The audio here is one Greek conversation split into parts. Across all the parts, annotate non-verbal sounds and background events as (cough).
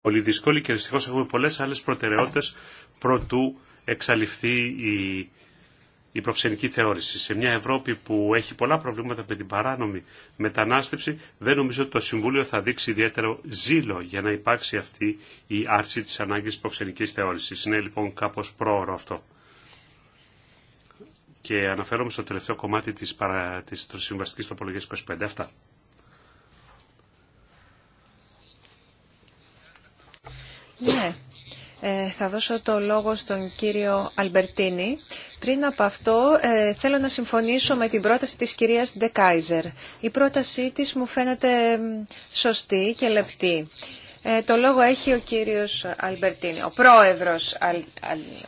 πολύ δύσκολη και δυστυχώ έχουμε πολλέ άλλε προτεραιότητε προτού εξαλειφθεί η, η προξενική θεώρηση. Σε μια Ευρώπη που έχει πολλά προβλήματα με την παράνομη μετανάστευση, δεν νομίζω ότι το Συμβούλιο θα δείξει ιδιαίτερο ζήλο για να υπάρξει αυτή η άρση τη ανάγκη προξενική θεώρηση. Είναι λοιπόν κάπω πρόωρο αυτό. Και αναφέρομαι στο τελευταίο κομμάτι της, παρα... της συμβαστικής Τοπολογίας 25. Αυτά. Ναι. Ε, θα δώσω το λόγο στον κύριο Αλμπερτίνη. Πριν από αυτό, ε, θέλω να συμφωνήσω με την πρόταση της κυρίας Ντεκάιζερ. Η πρότασή της μου φαίνεται σωστή και λεπτή. Ε, το λόγο έχει ο κύριος Αλμπερτίνη, ο πρόεδρος,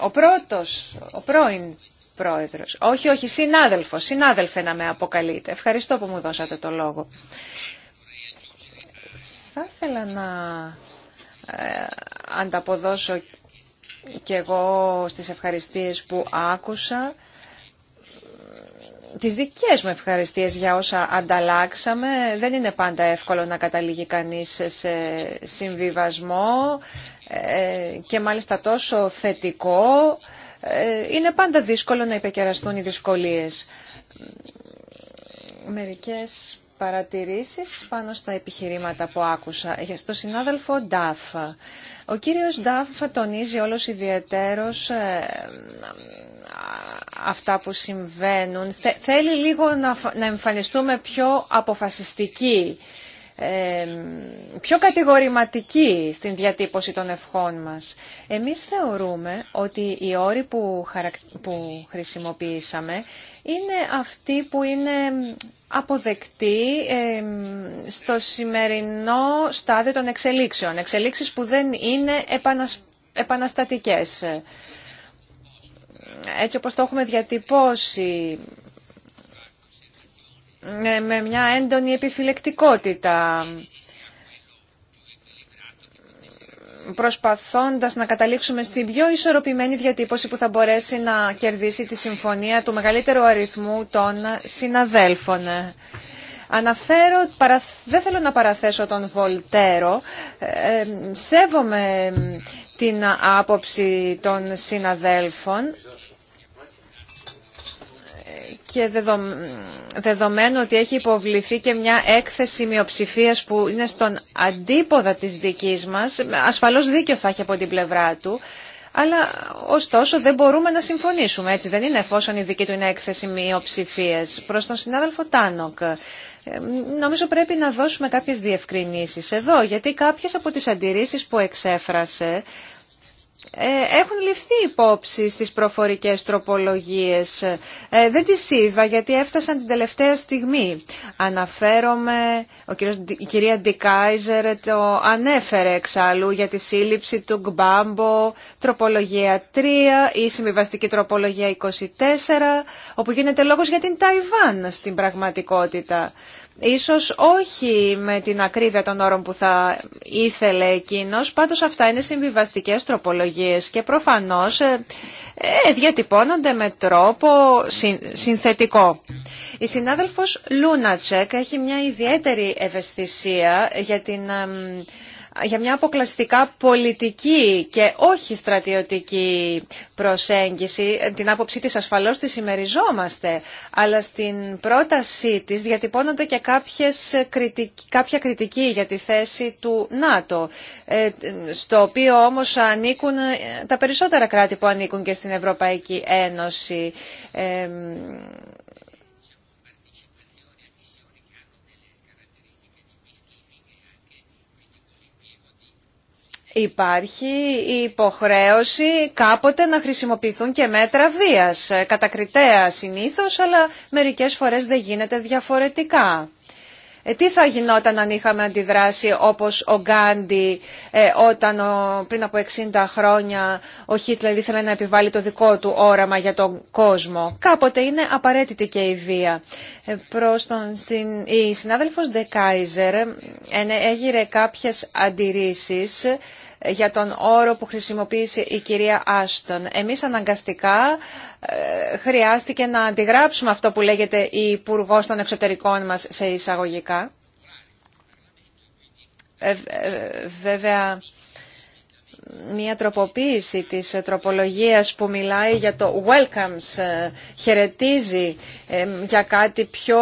ο πρώτος, ο πρώην πρόεδρος. Όχι, όχι, συνάδελφο, συνάδελφε να με αποκαλείτε. Ευχαριστώ που μου δώσατε το λόγο. Θα ήθελα να ε, ανταποδώσω και εγώ στις ευχαριστίες που άκουσα, τις δικές μου ευχαριστίες για όσα ανταλλάξαμε. Δεν είναι πάντα εύκολο να καταλήγει κανείς σε συμβιβασμό ε, και μάλιστα τόσο θετικό. Ε, είναι πάντα δύσκολο να υπεκεραστούν οι δυσκολίες. Μερικές παρατηρήσεις πάνω στα επιχειρήματα που άκουσα. Στο συνάδελφο Ντάφα. Ο κύριος Ντάφα τονίζει όλος ιδιαιτέρως ε, αυτά που συμβαίνουν. Θέλει λίγο να εμφανιστούμε πιο αποφασιστικοί, πιο κατηγορηματικοί στην διατύπωση των ευχών μας. Εμείς θεωρούμε ότι οι όροι που χρησιμοποιήσαμε είναι αυτοί που είναι αποδεκτή στο σημερινό στάδιο των εξελίξεων. Εξελίξεις που δεν είναι επαναστατικές. Έτσι όπως το έχουμε διατυπώσει ε, με μια έντονη επιφυλεκτικότητα προσπαθώντας να καταλήξουμε στην πιο ισορροπημένη διατύπωση που θα μπορέσει να κερδίσει τη συμφωνία του μεγαλύτερου αριθμού των συναδέλφων. Αναφέρω, δεν θέλω να παραθέσω τον Βολτέρο, ε, ε, σέβομαι την άποψη των συναδέλφων, και δεδομένου ότι έχει υποβληθεί και μια έκθεση μειοψηφίας που είναι στον αντίποδα της δικής μας, ασφαλώς δίκιο θα έχει από την πλευρά του, αλλά ωστόσο δεν μπορούμε να συμφωνήσουμε, έτσι δεν είναι, εφόσον η δική του είναι έκθεση μειοψηφίας. Προς τον συνάδελφο Τάνοκ, ε, νομίζω πρέπει να δώσουμε κάποιες διευκρινήσεις εδώ, γιατί κάποιες από τις αντιρρήσεις που εξέφρασε ε, έχουν ληφθεί υπόψη στις προφορικές τροπολογίες. Ε, δεν τις είδα γιατί έφτασαν την τελευταία στιγμή. Αναφέρομαι, ο κύριος, η κυρία Ντικάιζερ το ανέφερε εξάλλου για τη σύλληψη του Γκμπάμπο, τροπολογία 3 ή συμβιβαστική τροπολογία 24, όπου γίνεται λόγος για την Ταϊβάν στην πραγματικότητα. Ίσως όχι με την ακρίβεια των όρων που θα ήθελε εκείνος, πάντως αυτά είναι συμβιβαστικές τροπολογίες και προφανώς ε, ε, διατυπώνονται με τρόπο συνθετικό. Η συνάδελφος Λούνατσεκ έχει μια ιδιαίτερη ευαισθησία για την για μια αποκλαστικά πολιτική και όχι στρατιωτική προσέγγιση. Την άποψή της ασφαλώς τη συμμεριζόμαστε, αλλά στην πρότασή της διατυπώνονται και κάποιες, κάποια κριτική για τη θέση του ΝΑΤΟ, ε, στο οποίο όμως ανήκουν ε, τα περισσότερα κράτη που ανήκουν και στην Ευρωπαϊκή Ένωση. Ε, Υπάρχει η υποχρέωση κάποτε να χρησιμοποιηθούν και μέτρα βίας, ε, κατακριτέα συνήθως, αλλά μερικές φορές δεν γίνεται διαφορετικά. Ε, τι θα γινόταν αν είχαμε αντιδράσει όπως ο Γκάντι ε, όταν πριν από 60 χρόνια ο Χίτλερ ήθελε να επιβάλλει το δικό του όραμα για τον κόσμο. Κάποτε είναι απαραίτητη και η βία. προς τον, στην, η συνάδελφος Ντεκάιζερ έγιρε κάποιες αντιρρήσεις για τον όρο που χρησιμοποίησε η κυρία Άστον. Εμείς αναγκαστικά ε, χρειάστηκε να αντιγράψουμε αυτό που λέγεται η υπουργό των εξωτερικών μας σε εισαγωγικά. Ε, ε, βέβαια, μια τροποποίηση της τροπολογίας που μιλάει για το welcomes, χαιρετίζει για κάτι πιο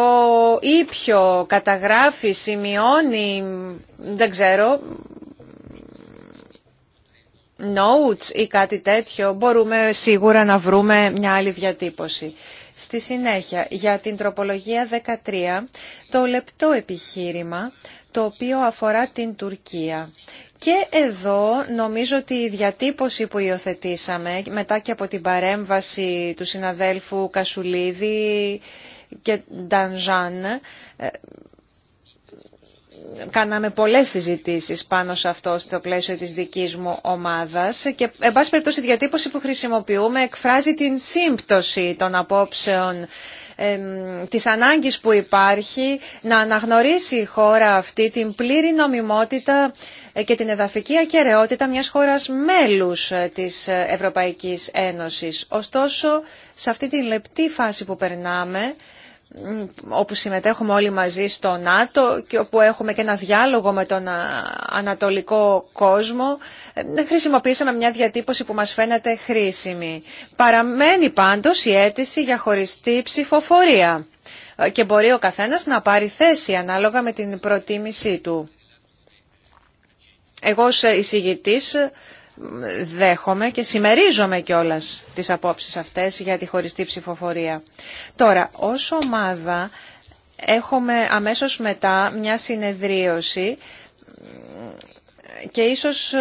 ήπιο, καταγράφει, σημειώνει, δεν ξέρω, notes ή κάτι τέτοιο, μπορούμε σίγουρα να βρούμε μια άλλη διατύπωση. Στη συνέχεια, για την τροπολογία 13, το λεπτό επιχείρημα, το οποίο αφορά την Τουρκία. Και εδώ νομίζω ότι η διατύπωση που υιοθετήσαμε μετά και από την παρέμβαση του συναδέλφου Κασουλίδη και Ντανζάν ε, κάναμε πολλές συζητήσεις πάνω σε αυτό στο πλαίσιο της δικής μου ομάδας και εν πάση περιπτώσει η διατύπωση που χρησιμοποιούμε εκφράζει την σύμπτωση των απόψεων της ανάγκης που υπάρχει να αναγνωρίσει η χώρα αυτή την πλήρη νομιμότητα ε, και την εδαφική ακαιρεότητα μιας χώρας μέλους ε, της Ευρωπαϊκής Ένωσης. Ωστόσο, σε αυτή τη λεπτή φάση που περνάμε, όπου συμμετέχουμε όλοι μαζί στο ΝΑΤΟ και όπου έχουμε και ένα διάλογο με τον ανατολικό κόσμο, ε, χρησιμοποίησαμε μια διατύπωση που μας φαίνεται χρήσιμη. Παραμένει πάντως η αίτηση για χωριστή ψηφοφορία ε, και μπορεί ο καθένας να πάρει θέση ανάλογα με την προτίμησή του. Εγώ ως εισηγητής δέχομαι και συμμερίζομαι κιόλα τις απόψεις αυτές για τη χωριστή ψηφοφορία. Τώρα, ως ομάδα έχουμε αμέσως μετά μια συνεδρίωση και ίσως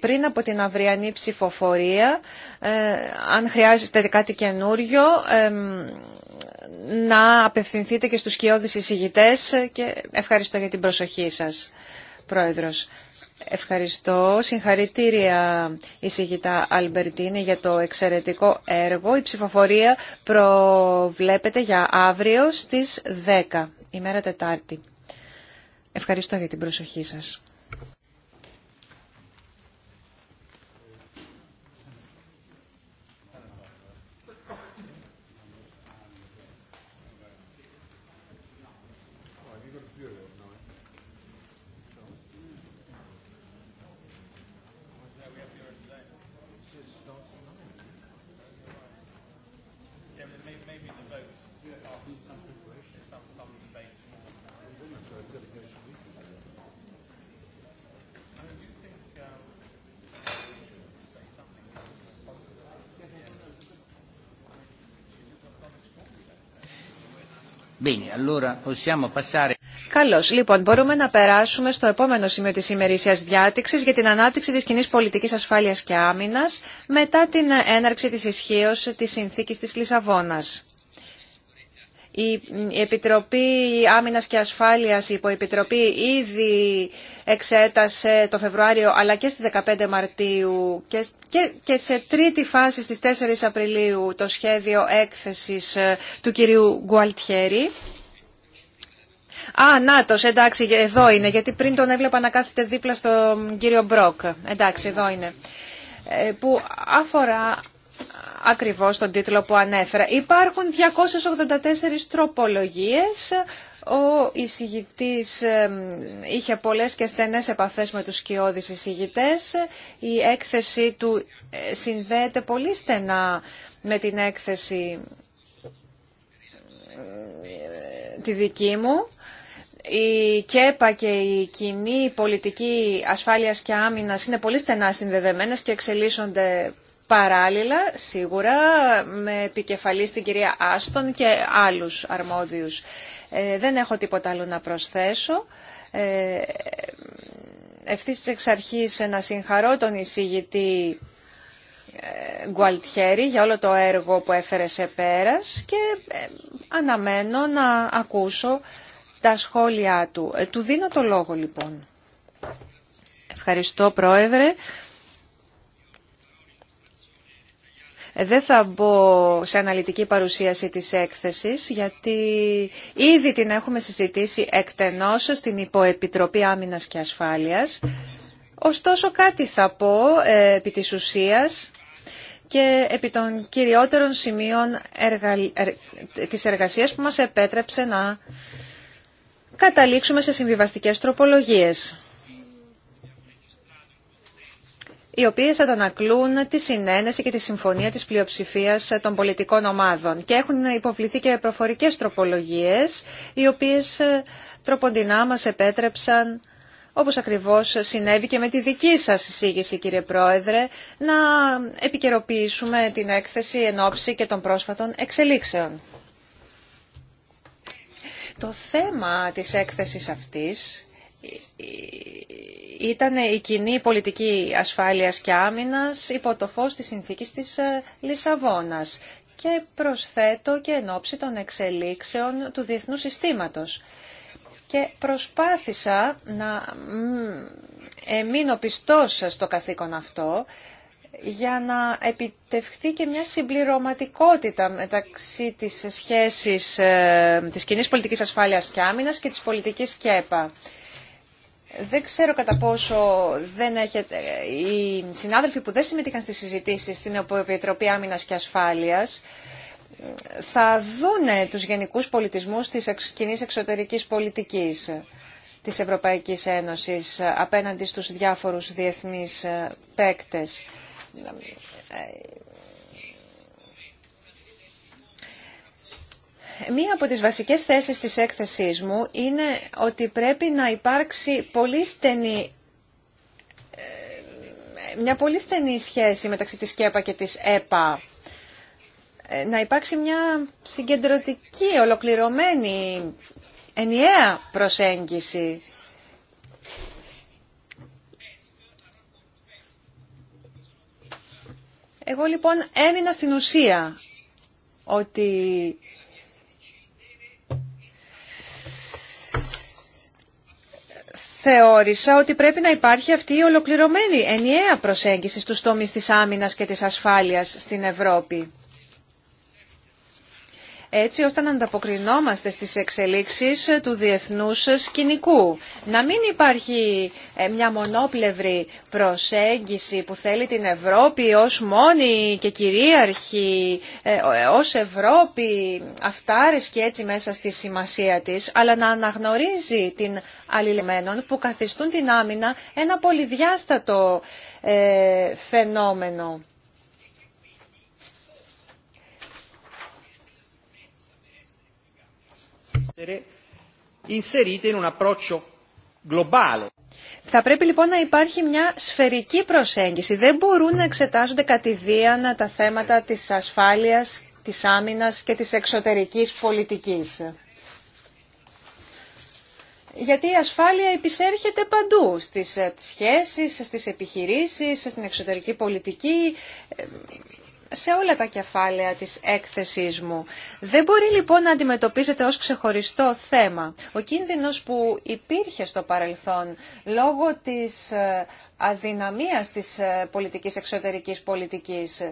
πριν από την αυριανή ψηφοφορία, ε, αν χρειάζεστε κάτι καινούριο, να απευθυνθείτε και στους κοιόδης εισηγητές και ευχαριστώ για την προσοχή σας, Πρόεδρος. Ευχαριστώ. Συγχαρητήρια εισηγητά Αλμπερτίνη για το εξαιρετικό έργο. Η ψηφοφορία προβλέπεται για αύριο στις 10, ημέρα Τετάρτη. Ευχαριστώ για την προσοχή σας. Bene, Καλώς. Λοιπόν, μπορούμε να περάσουμε στο επόμενο σημείο της ημερήσιας διάτηξης για την ανάπτυξη της κοινή πολιτικής ασφάλειας και άμυνας μετά την έναρξη της ισχύω της συνθήκης της Λισαβόνας. Η Επιτροπή Άμυνας και Ασφάλειας, η Υποεπιτροπή, ήδη εξέτασε το Φεβρουάριο αλλά και στις 15 Μαρτίου και, σε τρίτη φάση στις 4 Απριλίου το σχέδιο έκθεσης ε, του κυρίου Γκουαλτιέρη. Α, Νάτος, εντάξει, εδώ είναι, γιατί πριν τον έβλεπα να κάθεται δίπλα στον κύριο Μπρόκ. Εντάξει, εδώ είναι ε, που αφορά ακριβώς τον τίτλο που ανέφερα. Υπάρχουν 284 τροπολογίες. Ο εισηγητής είχε πολλές και στενές επαφές με τους σκιώδεις εισηγητές. Η έκθεση του ε, συνδέεται πολύ στενά με την έκθεση ε, τη δική μου. Η ΚΕΠΑ και η κοινή πολιτική ασφάλειας και άμυνας είναι πολύ στενά συνδεδεμένες και εξελίσσονται παράλληλα σίγουρα με επικεφαλή στην κυρία Άστον και άλλους αρμόδιους. Ε, δεν έχω τίποτα άλλο να προσθέσω. Ε, ευθύς εξ αρχής να συγχαρώ τον εισηγητή ε, Γκουαλτιέρη για όλο το έργο που έφερε σε πέρας και ε, αναμένω να ακούσω τα σχόλιά του. Του δίνω το λόγο λοιπόν. Ευχαριστώ Πρόεδρε. Ε, δεν θα μπω σε αναλυτική παρουσίαση της έκθεσης, γιατί ήδη την έχουμε συζητήσει εκτενώς στην Υποεπιτροπή Άμυνας και Ασφάλειας. Ωστόσο κάτι θα πω ε, επί της ουσίας και επί των κυριότερων σημείων ε, της εργασίας που μας επέτρεψε να καταλήξουμε σε συμβιβαστικές τροπολογίες οι οποίες αντανακλούν τη συνένεση και τη συμφωνία της πλειοψηφίας των πολιτικών ομάδων. Και έχουν υποβληθεί και προφορικές τροπολογίες, οι οποίες ε, τροποντινά μας επέτρεψαν όπως ακριβώς συνέβη και με τη δική σας εισήγηση κύριε Πρόεδρε, να επικαιροποιήσουμε την έκθεση εν ώψη και των πρόσφατων εξελίξεων. Το θέμα της έκθεσης αυτής ήταν η κοινή πολιτική ασφάλειας και άμυνας υπό το φως της συνθήκης της ε, Λισαβόνας και προσθέτω και εν ώψη των εξελίξεων του διεθνού συστήματος. Και προσπάθησα να εμείνω πιστός στο καθήκον αυτό για να επιτευχθεί και μια συμπληρωματικότητα μεταξύ της σχέσης ε, της κοινής πολιτικής ασφάλειας και άμυνας και της πολιτικής ΚΕΠΑ. Δεν ξέρω κατά πόσο δεν έχετε... οι συνάδελφοι που δεν συμμετείχαν στις συζητήσεις στην Επιτροπή Άμυνας και Ασφάλειας θα δούνε τους γενικούς πολιτισμούς της κοινή εξωτερικής πολιτικής της Ευρωπαϊκής Ένωσης απέναντι στους διάφορους διεθνείς ε, παίκτες. Μία από τις βασικές θέσεις της έκθεσής μου είναι ότι πρέπει να υπάρξει πολύ στενή ε, μια πολύ στενή να υπαρξει πολυ μια μεταξύ της ΚΕΠΑ και της ΕΠΑ. Ε, να υπάρξει μια συγκεντρωτική, ολοκληρωμένη, ενιαία προσέγγιση. Εγώ λοιπόν έμεινα στην ουσία ότι θεώρησα ότι πρέπει να υπάρχει αυτή η ολοκληρωμένη ενιαία προσέγγιση στους τομείς της άμυνας και της ασφάλειας στην Ευρώπη έτσι ώστε να ανταποκρινόμαστε στις εξελίξεις του διεθνούς σκηνικού. Να μην υπάρχει ε, μια μονόπλευρη προσέγγιση που θέλει την Ευρώπη ως μόνη και κυρίαρχη, ε, ως Ευρώπη και έτσι μέσα στη σημασία της, αλλά να αναγνωρίζει την αλληλεμένων που καθιστούν την άμυνα ένα πολυδιάστατο ε, φαινόμενο. Θα πρέπει λοιπόν να υπάρχει μια σφαιρική προσέγγιση. Δεν μπορούν να εξετάζονται κατηδίαν τα θέματα της ασφάλειας, της άμυνας και της εξωτερικής πολιτικής. Γιατί η ασφάλεια επισέρχεται παντού, στις ε, σχέσεις, στις επιχειρήσεις, στην εξωτερική πολιτική. Ε, σε όλα τα κεφάλαια της έκθεσής μου. Δεν μπορεί λοιπόν να αντιμετωπίζεται ως ξεχωριστό θέμα. Ο κίνδυνος που υπήρχε στο παρελθόν λόγω της ε, αδυναμίας της ε, πολιτικής εξωτερικής πολιτικής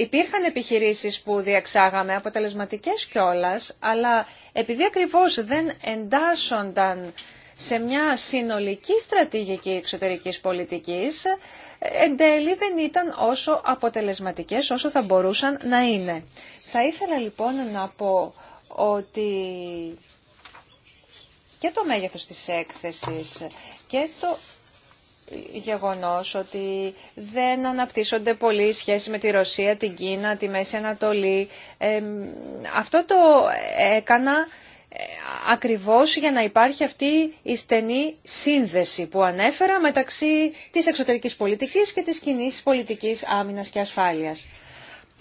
υπήρχαν επιχειρήσεις που διεξάγαμε, αποτελεσματικές κιόλας, αλλά επειδή ακριβώς δεν εντάσσονταν σε μια συνολική στρατηγική εξωτερικής πολιτικής, εν τέλει δεν ήταν όσο αποτελεσματικές όσο θα μπορούσαν να είναι. Θα ήθελα λοιπόν να πω ότι και το μέγεθος της έκθεσης και το γεγονός ότι δεν αναπτύσσονται πολύ σχέσεις με τη Ρωσία, την Κίνα, τη Μέση Ανατολή. αυτό το έκανα ακριβώς για να υπάρχει αυτή η στενή σύνδεση που ανέφερα μεταξύ της εξωτερικής πολιτικής και της κοινή πολιτικής άμυνας και ασφάλειας.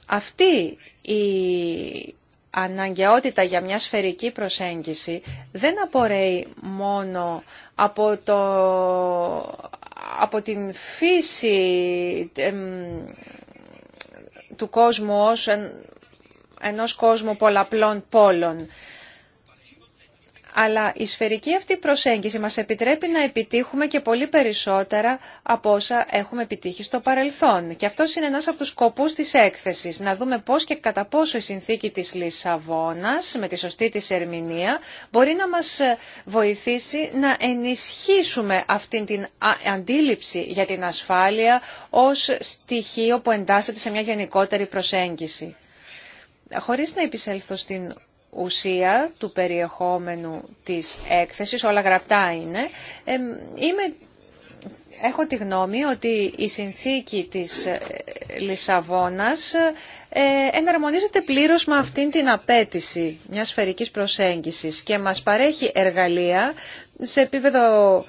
Αυτή η αναγκαιότητα για μια σφαιρική προσέγγιση δεν απορρέει μόνο από, το, από την φύση του κόσμου ως εν, ενός κόσμου πολλαπλών πόλων. Αλλά η σφαιρική αυτή προσέγγιση μας επιτρέπει να επιτύχουμε και πολύ περισσότερα από όσα έχουμε επιτύχει στο παρελθόν. Και αυτό είναι ένας από τους σκοπούς της έκθεσης, να δούμε πώς και κατά πόσο η συνθήκη της Λισαβόνας, με τη σωστή της ερμηνεία, μπορεί να μας ε, βοηθήσει να ενισχύσουμε αυτή την αντίληψη για την ασφάλεια ως στοιχείο που εντάσσεται σε μια γενικότερη προσέγγιση. Χωρίς να επισέλθω στην ουσία του περιεχόμενου της έκθεσης, όλα γραπτά είναι, έχω τη γνώμη ότι η συνθήκη της ε, Λισαβόνας ε, εναρμονίζεται πλήρως με αυτήν την απέτηση μιας σφαιρικής προσέγγισης και μας παρέχει εργαλεία σε επίπεδο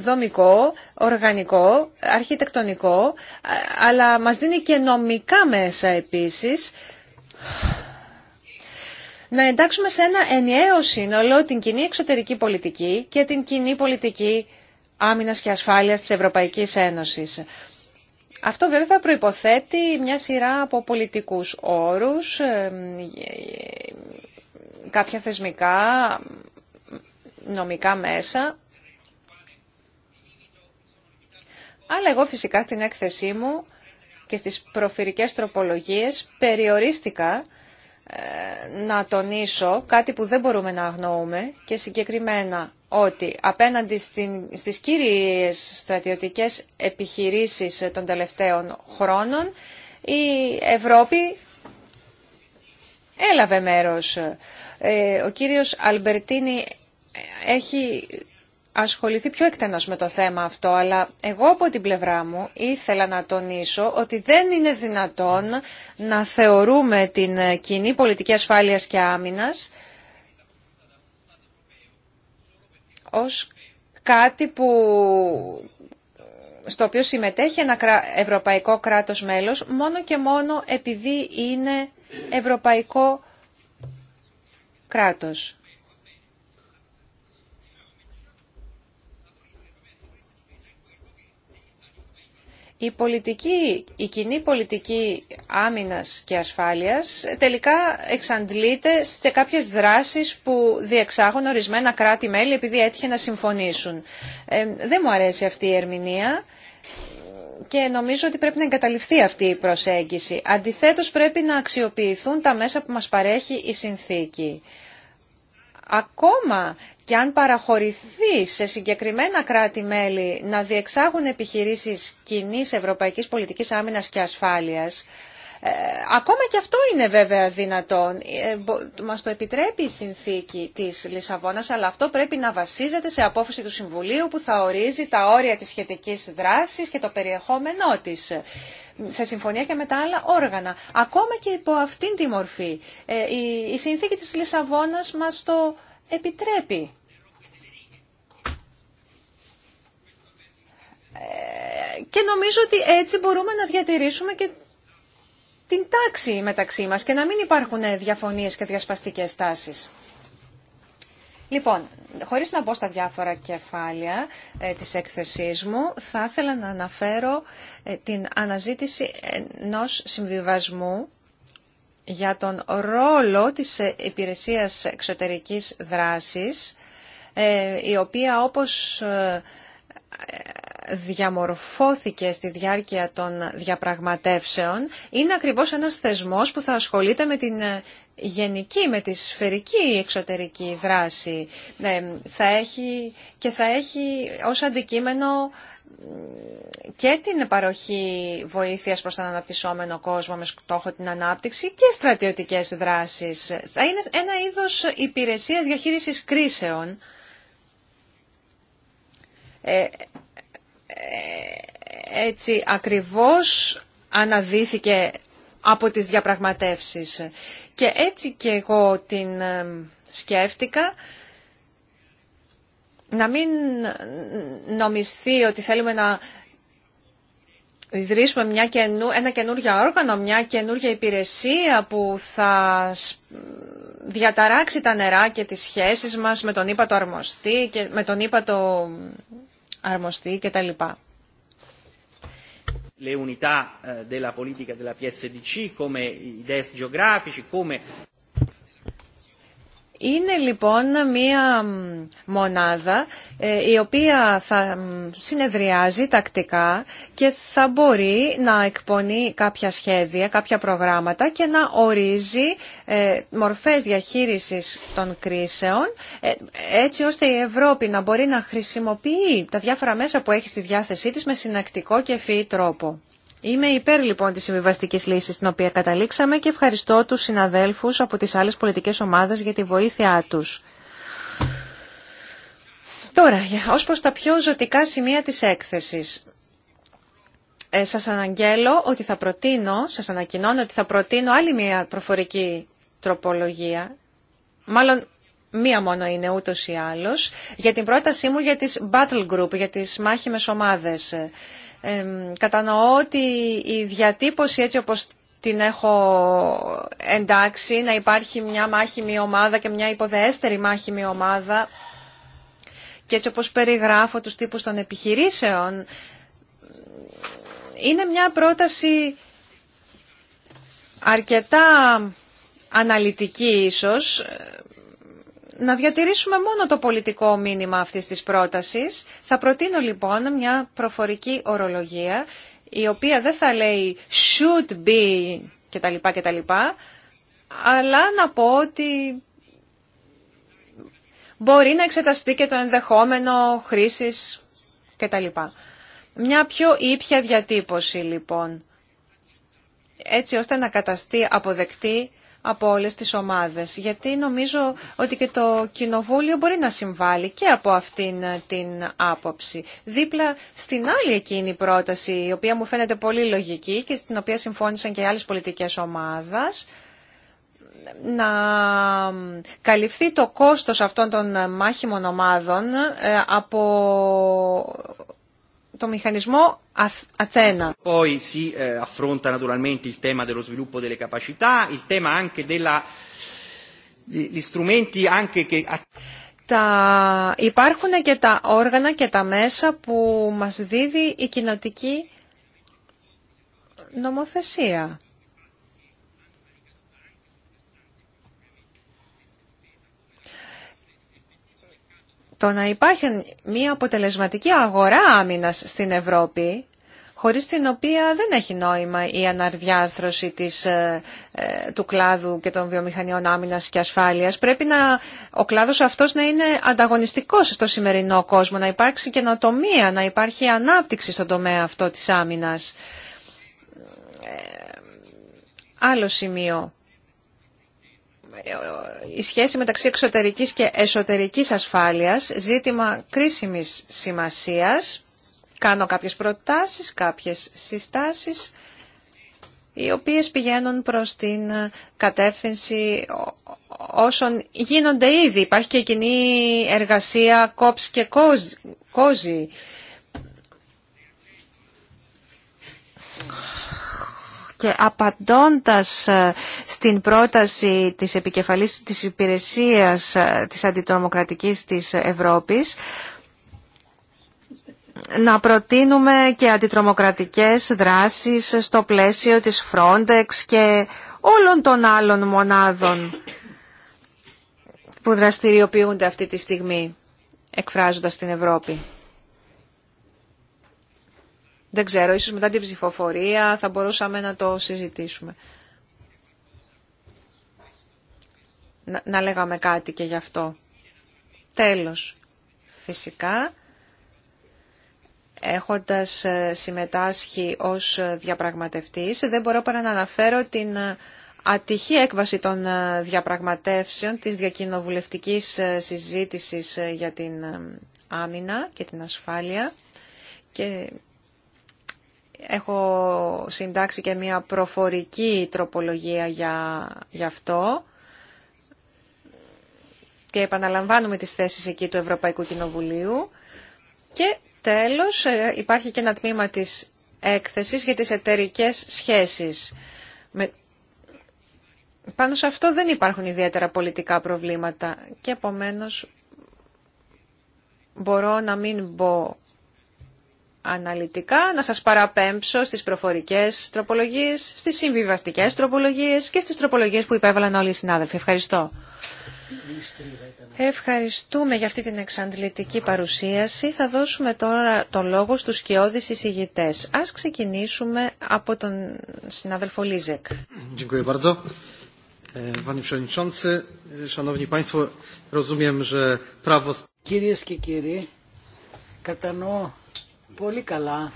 δομικό, οργανικό, αρχιτεκτονικό, ε, αλλά μας δίνει και νομικά μέσα επίσης να εντάξουμε σε ένα ενιαίο σύνολο την κοινή εξωτερική πολιτική και την κοινή πολιτική άμυνας και ασφάλειας της Ευρωπαϊκής Ένωσης. Αυτό βέβαια προϋποθέτει μια σειρά από πολιτικούς όρους, ε, κάποια θεσμικά, νομικά μέσα. Αλλά εγώ φυσικά στην έκθεσή μου και στις προφυρικές τροπολογίες περιορίστηκα ε, να τονίσω κάτι που δεν μπορούμε να αγνοούμε και συγκεκριμένα ότι απέναντι στις κύριες στρατιωτικές επιχειρήσεις των τελευταίων χρόνων η Ευρώπη έλαβε μέρος. Ε, ο κύριος Αλμπερτίνη έχει ασχοληθεί πιο εκτενώς με το θέμα αυτό, αλλά εγώ από την πλευρά μου ήθελα να τονίσω ότι δεν είναι δυνατόν να θεωρούμε την κοινή πολιτική ασφάλειας και άμυνας ως κάτι που στο οποίο συμμετέχει ένα ευρωπαϊκό κράτος μέλος μόνο και μόνο επειδή είναι ευρωπαϊκό κράτος. η, πολιτική, η κοινή πολιτική άμυνας και ασφάλειας τελικά εξαντλείται σε κάποιες δράσεις που διεξάγουν ορισμένα κράτη-μέλη επειδή έτυχε να συμφωνήσουν. Ε, δεν μου αρέσει αυτή η ερμηνεία και νομίζω ότι πρέπει να εγκαταληφθεί αυτή η προσέγγιση. Αντιθέτως πρέπει να αξιοποιηθούν τα μέσα που μας παρέχει η συνθήκη ακόμα και αν παραχωρηθεί σε συγκεκριμένα κράτη-μέλη να διεξάγουν επιχειρήσεις κοινή ευρωπαϊκής πολιτικής άμυνας και ασφάλειας, ε, ακόμα και αυτό είναι βέβαια δυνατόν. Ε, μας το επιτρέπει η συνθήκη της Λισαβόνας, αλλά αυτό πρέπει να βασίζεται σε απόφαση του Συμβουλίου που θα ορίζει τα όρια της σχετικής δράσης και το περιεχόμενό της ε, σε συμφωνία και με τα άλλα όργανα. Ακόμα και υπό αυτήν τη μορφή. Η συνθήκη της Λισαβόνας μας το επιτρέπει. Και νομίζω ότι έτσι μπορούμε να διατηρήσουμε και την τάξη μεταξύ μας και να μην υπάρχουν διαφωνίες και διασπαστικές τάσεις. Λοιπόν, χωρίς να μπω στα διάφορα κεφάλια ε, της έκθεσής μου, θα ήθελα να αναφέρω ε, την αναζήτηση ενός συμβιβασμού για τον ρόλο της ε, υπηρεσίας εξωτερικής δράσης, η οποία όπως διαμορφώθηκε στη διάρκεια των διαπραγματεύσεων είναι ακριβώς ένας θεσμός που θα ασχολείται με την ε, γενική, με τη σφαιρική εξωτερική δράση ε, θα έχει και θα έχει ως αντικείμενο και την παροχή βοήθειας προς τον αναπτυσσόμενο κόσμο με στόχο την ανάπτυξη και στρατιωτικές δράσεις. Θα είναι ένα είδος υπηρεσίας διαχείρισης κρίσεων. Ε, ε, έτσι ακριβώς αναδύθηκε από τις διαπραγματεύσεις. Και έτσι και εγώ την ε, σκέφτηκα να μην νομιστεί ότι θέλουμε να ιδρύσουμε μια καινού, ένα καινούργιο όργανο, μια καινούργια υπηρεσία που θα διαταράξει τα νερά και τις σχέσεις μας με τον ύπατο αρμοστή και με τον ύπατο Le unità della politica della PSDC, come i desk geografici, come είναι λοιπόν μία μονάδα ε, η οποία θα συνεδριάζει τακτικά και θα μπορεί να εκπονεί κάποια σχέδια, κάποια προγράμματα και να ορίζει ε, μορφές διαχείρισης των κρίσεων ε, έτσι ώστε η Ευρώπη να μπορεί να χρησιμοποιεί τα διάφορα μέσα που έχει στη διάθεσή της με συνακτικό και ευφυή τρόπο. Είμαι υπέρ λοιπόν τη συμβιβαστική λύση στην οποία καταλήξαμε και ευχαριστώ τους συναδέλφους από τις άλλες πολιτικές ομάδες για τη βοήθειά τους. Τώρα, ως προς τα πιο ζωτικά σημεία της έκθεσης. Ε, σας αναγγέλω ότι θα προτείνω, σας ανακοινώνω ότι θα προτείνω άλλη μια προφορική τροπολογία, μάλλον μία μόνο είναι ούτως ή άλλως, για την πρότασή μου για τις battle group, για τις μάχημες ομάδες κατανοώ ότι η διατύπωση έτσι όπως την έχω εντάξει, να υπάρχει μια μάχημη ομάδα και μια υποδεέστερη μάχημη ομάδα και έτσι όπως περιγράφω τους τύπους των επιχειρήσεων, είναι μια πρόταση αρκετά αναλυτική ίσως, να διατηρήσουμε μόνο το πολιτικό μήνυμα αυτής της πρότασης. Θα προτείνω λοιπόν μια προφορική ορολογία η οποία δεν θα λέει should be κτλ. κτλ αλλά να πω ότι μπορεί να εξεταστεί και το ενδεχόμενο χρήσης κτλ. Μια πιο ήπια διατύπωση λοιπόν, έτσι ώστε να καταστεί αποδεκτή από όλες τις ομάδες. Γιατί νομίζω ότι και το Κοινοβούλιο μπορεί να συμβάλλει και από αυτήν την άποψη. Δίπλα στην άλλη εκείνη πρόταση, η οποία μου φαίνεται πολύ λογική και στην οποία συμφώνησαν και οι άλλες πολιτικές ομάδες, να καλυφθεί το κόστος αυτών των μάχημων ομάδων ε, από το μηχανισμό Αθένα. Poi si affronta naturalmente il tema dello sviluppo delle capacità, il tema anche della gli strumenti anche che τα... Υπάρχουν και τα όργανα και τα μέσα που μας δίδει η κοινοτική νομοθεσία. το να υπάρχει μια αποτελεσματική αγορά άμυνας στην Ευρώπη, χωρίς την οποία δεν έχει νόημα η αναρδιάρθρωση της, ε, ε, του κλάδου και των βιομηχανιών άμυνας και ασφάλειας. Πρέπει να, ο κλάδος αυτός να είναι ανταγωνιστικός στο σημερινό κόσμο, να υπάρξει καινοτομία, να υπάρχει ανάπτυξη στον τομέα αυτό της άμυνας. Ε, άλλο σημείο η σχέση μεταξύ εξωτερικής και εσωτερικής ασφάλειας, ζήτημα κρίσιμης σημασίας. Κάνω κάποιες προτάσεις, κάποιες συστάσεις, οι οποίες πηγαίνουν προς την κατεύθυνση όσων γίνονται ήδη. Υπάρχει και κοινή εργασία κόψ και κόζι και απαντώντας ε, στην πρόταση της επικεφαλής της υπηρεσίας ε, της αντιτρομοκρατικής της Ευρώπης, να προτείνουμε και αντιτρομοκρατικές δράσεις στο πλαίσιο της Frontex και όλων των άλλων μονάδων που δραστηριοποιούνται αυτή τη στιγμή εκφράζοντας την Ευρώπη. Δεν ξέρω, ίσως μετά την ψηφοφορία θα μπορούσαμε να το συζητήσουμε. Να, λέγαμε κάτι και γι' αυτό. Τέλος, φυσικά, έχοντας ε, συμμετάσχει ως διαπραγματευτής, δεν μπορώ παρά να αναφέρω την ε, ατυχή έκβαση των ε, διαπραγματεύσεων της διακοινοβουλευτικής συζήτησης για την άμυνα και την ασφάλεια και Έχω συντάξει και μια προφορική τροπολογία για, για αυτό και επαναλαμβάνουμε τις θέσεις εκεί του Ευρωπαϊκού Κοινοβουλίου. Και τέλος ε, υπάρχει και ένα τμήμα της έκθεσης για τις εταιρικές σχέσεις. Με... Πάνω σε αυτό δεν υπάρχουν ιδιαίτερα πολιτικά προβλήματα και επομένως μπορώ να μην μπω αναλυτικά, να σας παραπέμψω στις προφορικές τροπολογίες, στις συμβιβαστικές τροπολογίες και στις τροπολογίες που υπέβαλαν όλοι οι συνάδελφοι. Ευχαριστώ. Ευχαριστούμε για αυτή την εξαντλητική παρουσίαση. Θα δώσουμε τώρα το λόγο στους σκιώδεις εισηγητές. Ας ξεκινήσουμε από τον συνάδελφο Λίζεκ. Ε, ε, Κυρίες και κύριοι, κατανοώ πολύ καλά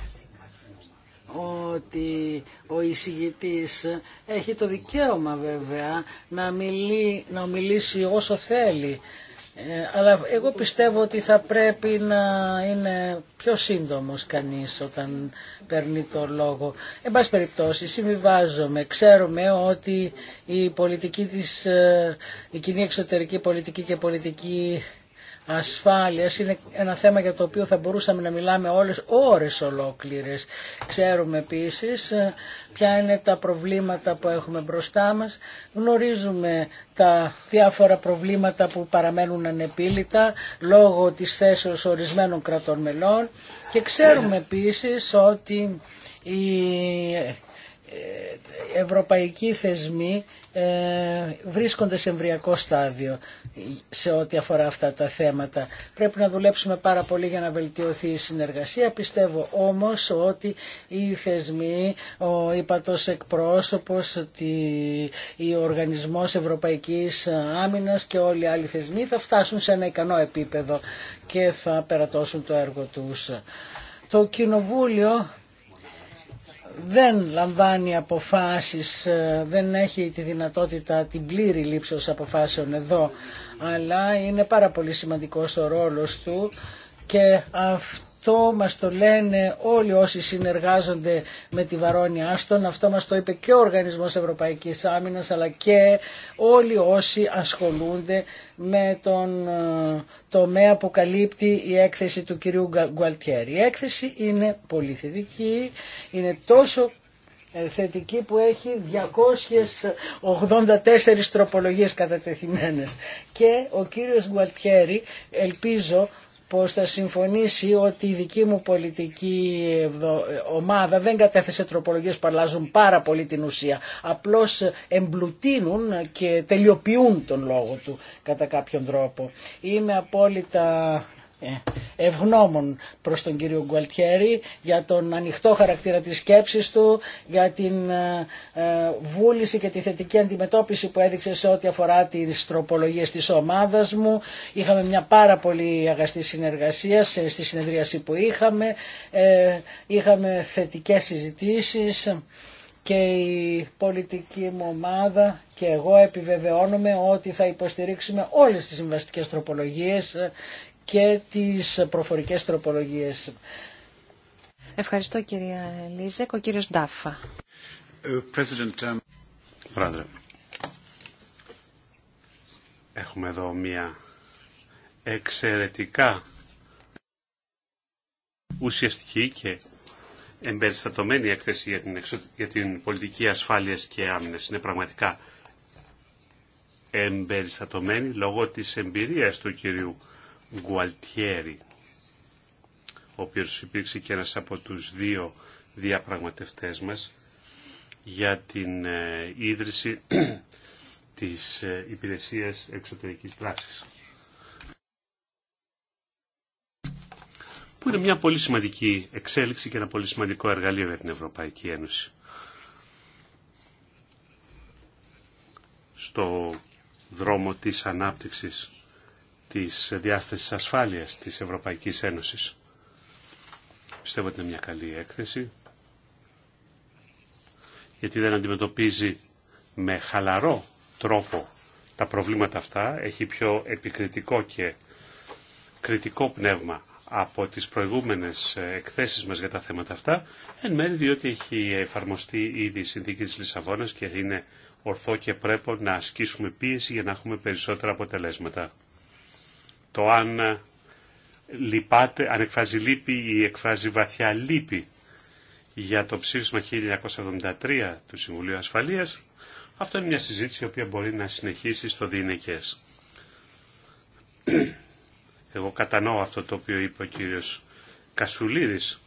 ότι ο εισηγητής έχει το δικαίωμα βέβαια να, μιλεί, να μιλήσει όσο θέλει. Ε, αλλά εγώ πιστεύω ότι θα πρέπει να είναι πιο σύντομος κανείς όταν παίρνει το λόγο. Εν πάση περιπτώσει, συμβιβάζομαι. Ξέρουμε ότι η πολιτική της, ε, η κοινή εξωτερική πολιτική και πολιτική ασφάλειας είναι ένα θέμα για το οποίο θα μπορούσαμε να μιλάμε όλες ώρες ολόκληρες. Ξέρουμε επίσης ε, ποια είναι τα προβλήματα που έχουμε μπροστά μας. Γνωρίζουμε τα διάφορα προβλήματα που παραμένουν ανεπίλητα λόγω της θέσεως ορισμένων κρατών μελών και ξέρουμε επίσης ότι οι ε, ε, ευρωπαϊκοί θεσμοί ε, βρίσκονται σε εμβριακό στάδιο σε ό,τι αφορά αυτά τα θέματα. Πρέπει να δουλέψουμε πάρα πολύ για να βελτιωθεί η συνεργασία. Πιστεύω όμως ότι οι θεσμοί, ο υπατός εκπρόσωπος, ότι ο Οργανισμός Ευρωπαϊκής Άμυνας και όλοι οι άλλοι θεσμοί θα φτάσουν σε ένα ικανό επίπεδο και θα περατώσουν το έργο τους. Το Κοινοβούλιο δεν λαμβάνει αποφάσεις, ε, δεν έχει τη δυνατότητα την πλήρη λήψη αποφάσεων εδώ, αλλά είναι πάρα πολύ σημαντικός ο ρόλος του και αυτό αυτό μας το λένε όλοι όσοι συνεργάζονται με τη Βαρόνια Άστον. Αυτό μας το είπε και ο Οργανισμός Ευρωπαϊκής Άμυνας αλλά και όλοι όσοι ασχολούνται με τον ε, τομέα που καλύπτει η έκθεση του κυρίου Γκουαλτιέρη. Η έκθεση είναι πολύ θετική. είναι τόσο ε, θετική που έχει 284 τροπολογίες κατατεθειμένες. Και ο κύριος Γκουαλτιέρη ελπίζω πως θα συμφωνήσει ότι η δική μου πολιτική ομάδα δεν κατέθεσε τροπολογίες που αλλάζουν πάρα πολύ την ουσία. Απλώς εμπλουτίνουν και τελειοποιούν τον λόγο του κατά κάποιον τρόπο. Είμαι απόλυτα ε, ευγνώμων προς τον κύριο Γκουαλτιέρη για τον ανοιχτό χαρακτήρα της σκέψης του, για την ε, ε, βούληση και τη θετική αντιμετώπιση που έδειξε σε ό,τι αφορά τις τροπολογίες της ομάδας μου. Είχαμε μια πάρα πολύ αγαστή συνεργασία στη συνεδρίαση που είχαμε. Είχαμε θετικές συζητήσεις και η πολιτική μου ομάδα και εγώ επιβεβαιώνουμε ότι θα υποστηρίξουμε όλες τις συμβαστικές τροπολογίες και τις προφορικές τροπολογίες. Ευχαριστώ κυρία Λίζεκ. Ο κύριος Ντάφα. Ε, um, Πρόεδρε, έχουμε εδώ μία εξαιρετικά ουσιαστική και εμπεριστατωμένη έκθεση για την, για την πολιτική ασφάλειας και άμυνας. Είναι πραγματικά εμπεριστατωμένη λόγω της εμπειρίας του κυρίου Γκουαλτιέρη, ο οποίος υπήρξε και ένας από τους δύο διαπραγματευτές μας για την ε, ίδρυση (clears throat) της ε, υπηρεσίας εξωτερικής δράσης. Που είναι μια πολύ σημαντική εξέλιξη και ένα πολύ σημαντικό εργαλείο για την Ευρωπαϊκή Ένωση. Στο δρόμο της ανάπτυξης της διάστασης ασφάλειας της Ευρωπαϊκής Ένωσης. Πιστεύω ότι είναι μια καλή έκθεση, γιατί δεν αντιμετωπίζει με χαλαρό τρόπο τα προβλήματα αυτά, έχει πιο επικριτικό και κριτικό πνεύμα από τις προηγούμενες εκθέσεις μας για τα θέματα αυτά, εν μέρει διότι έχει εφαρμοστεί ήδη η συνθήκη της Λισαβόνας και είναι ορθό και πρέπει να ασκήσουμε πίεση για να έχουμε περισσότερα αποτελέσματα το αν ε, αν εκφράζει λύπη ή εκφράζει βαθιά λύπη για το ψήφισμα 1973 του Συμβουλίου Ασφαλείας, αυτό είναι μια συζήτηση η οποία μπορεί να συνεχίσει στο Δινεκές. Εγώ κατανοώ αυτό το οποίο είπε ο κύριος Κασουλίδης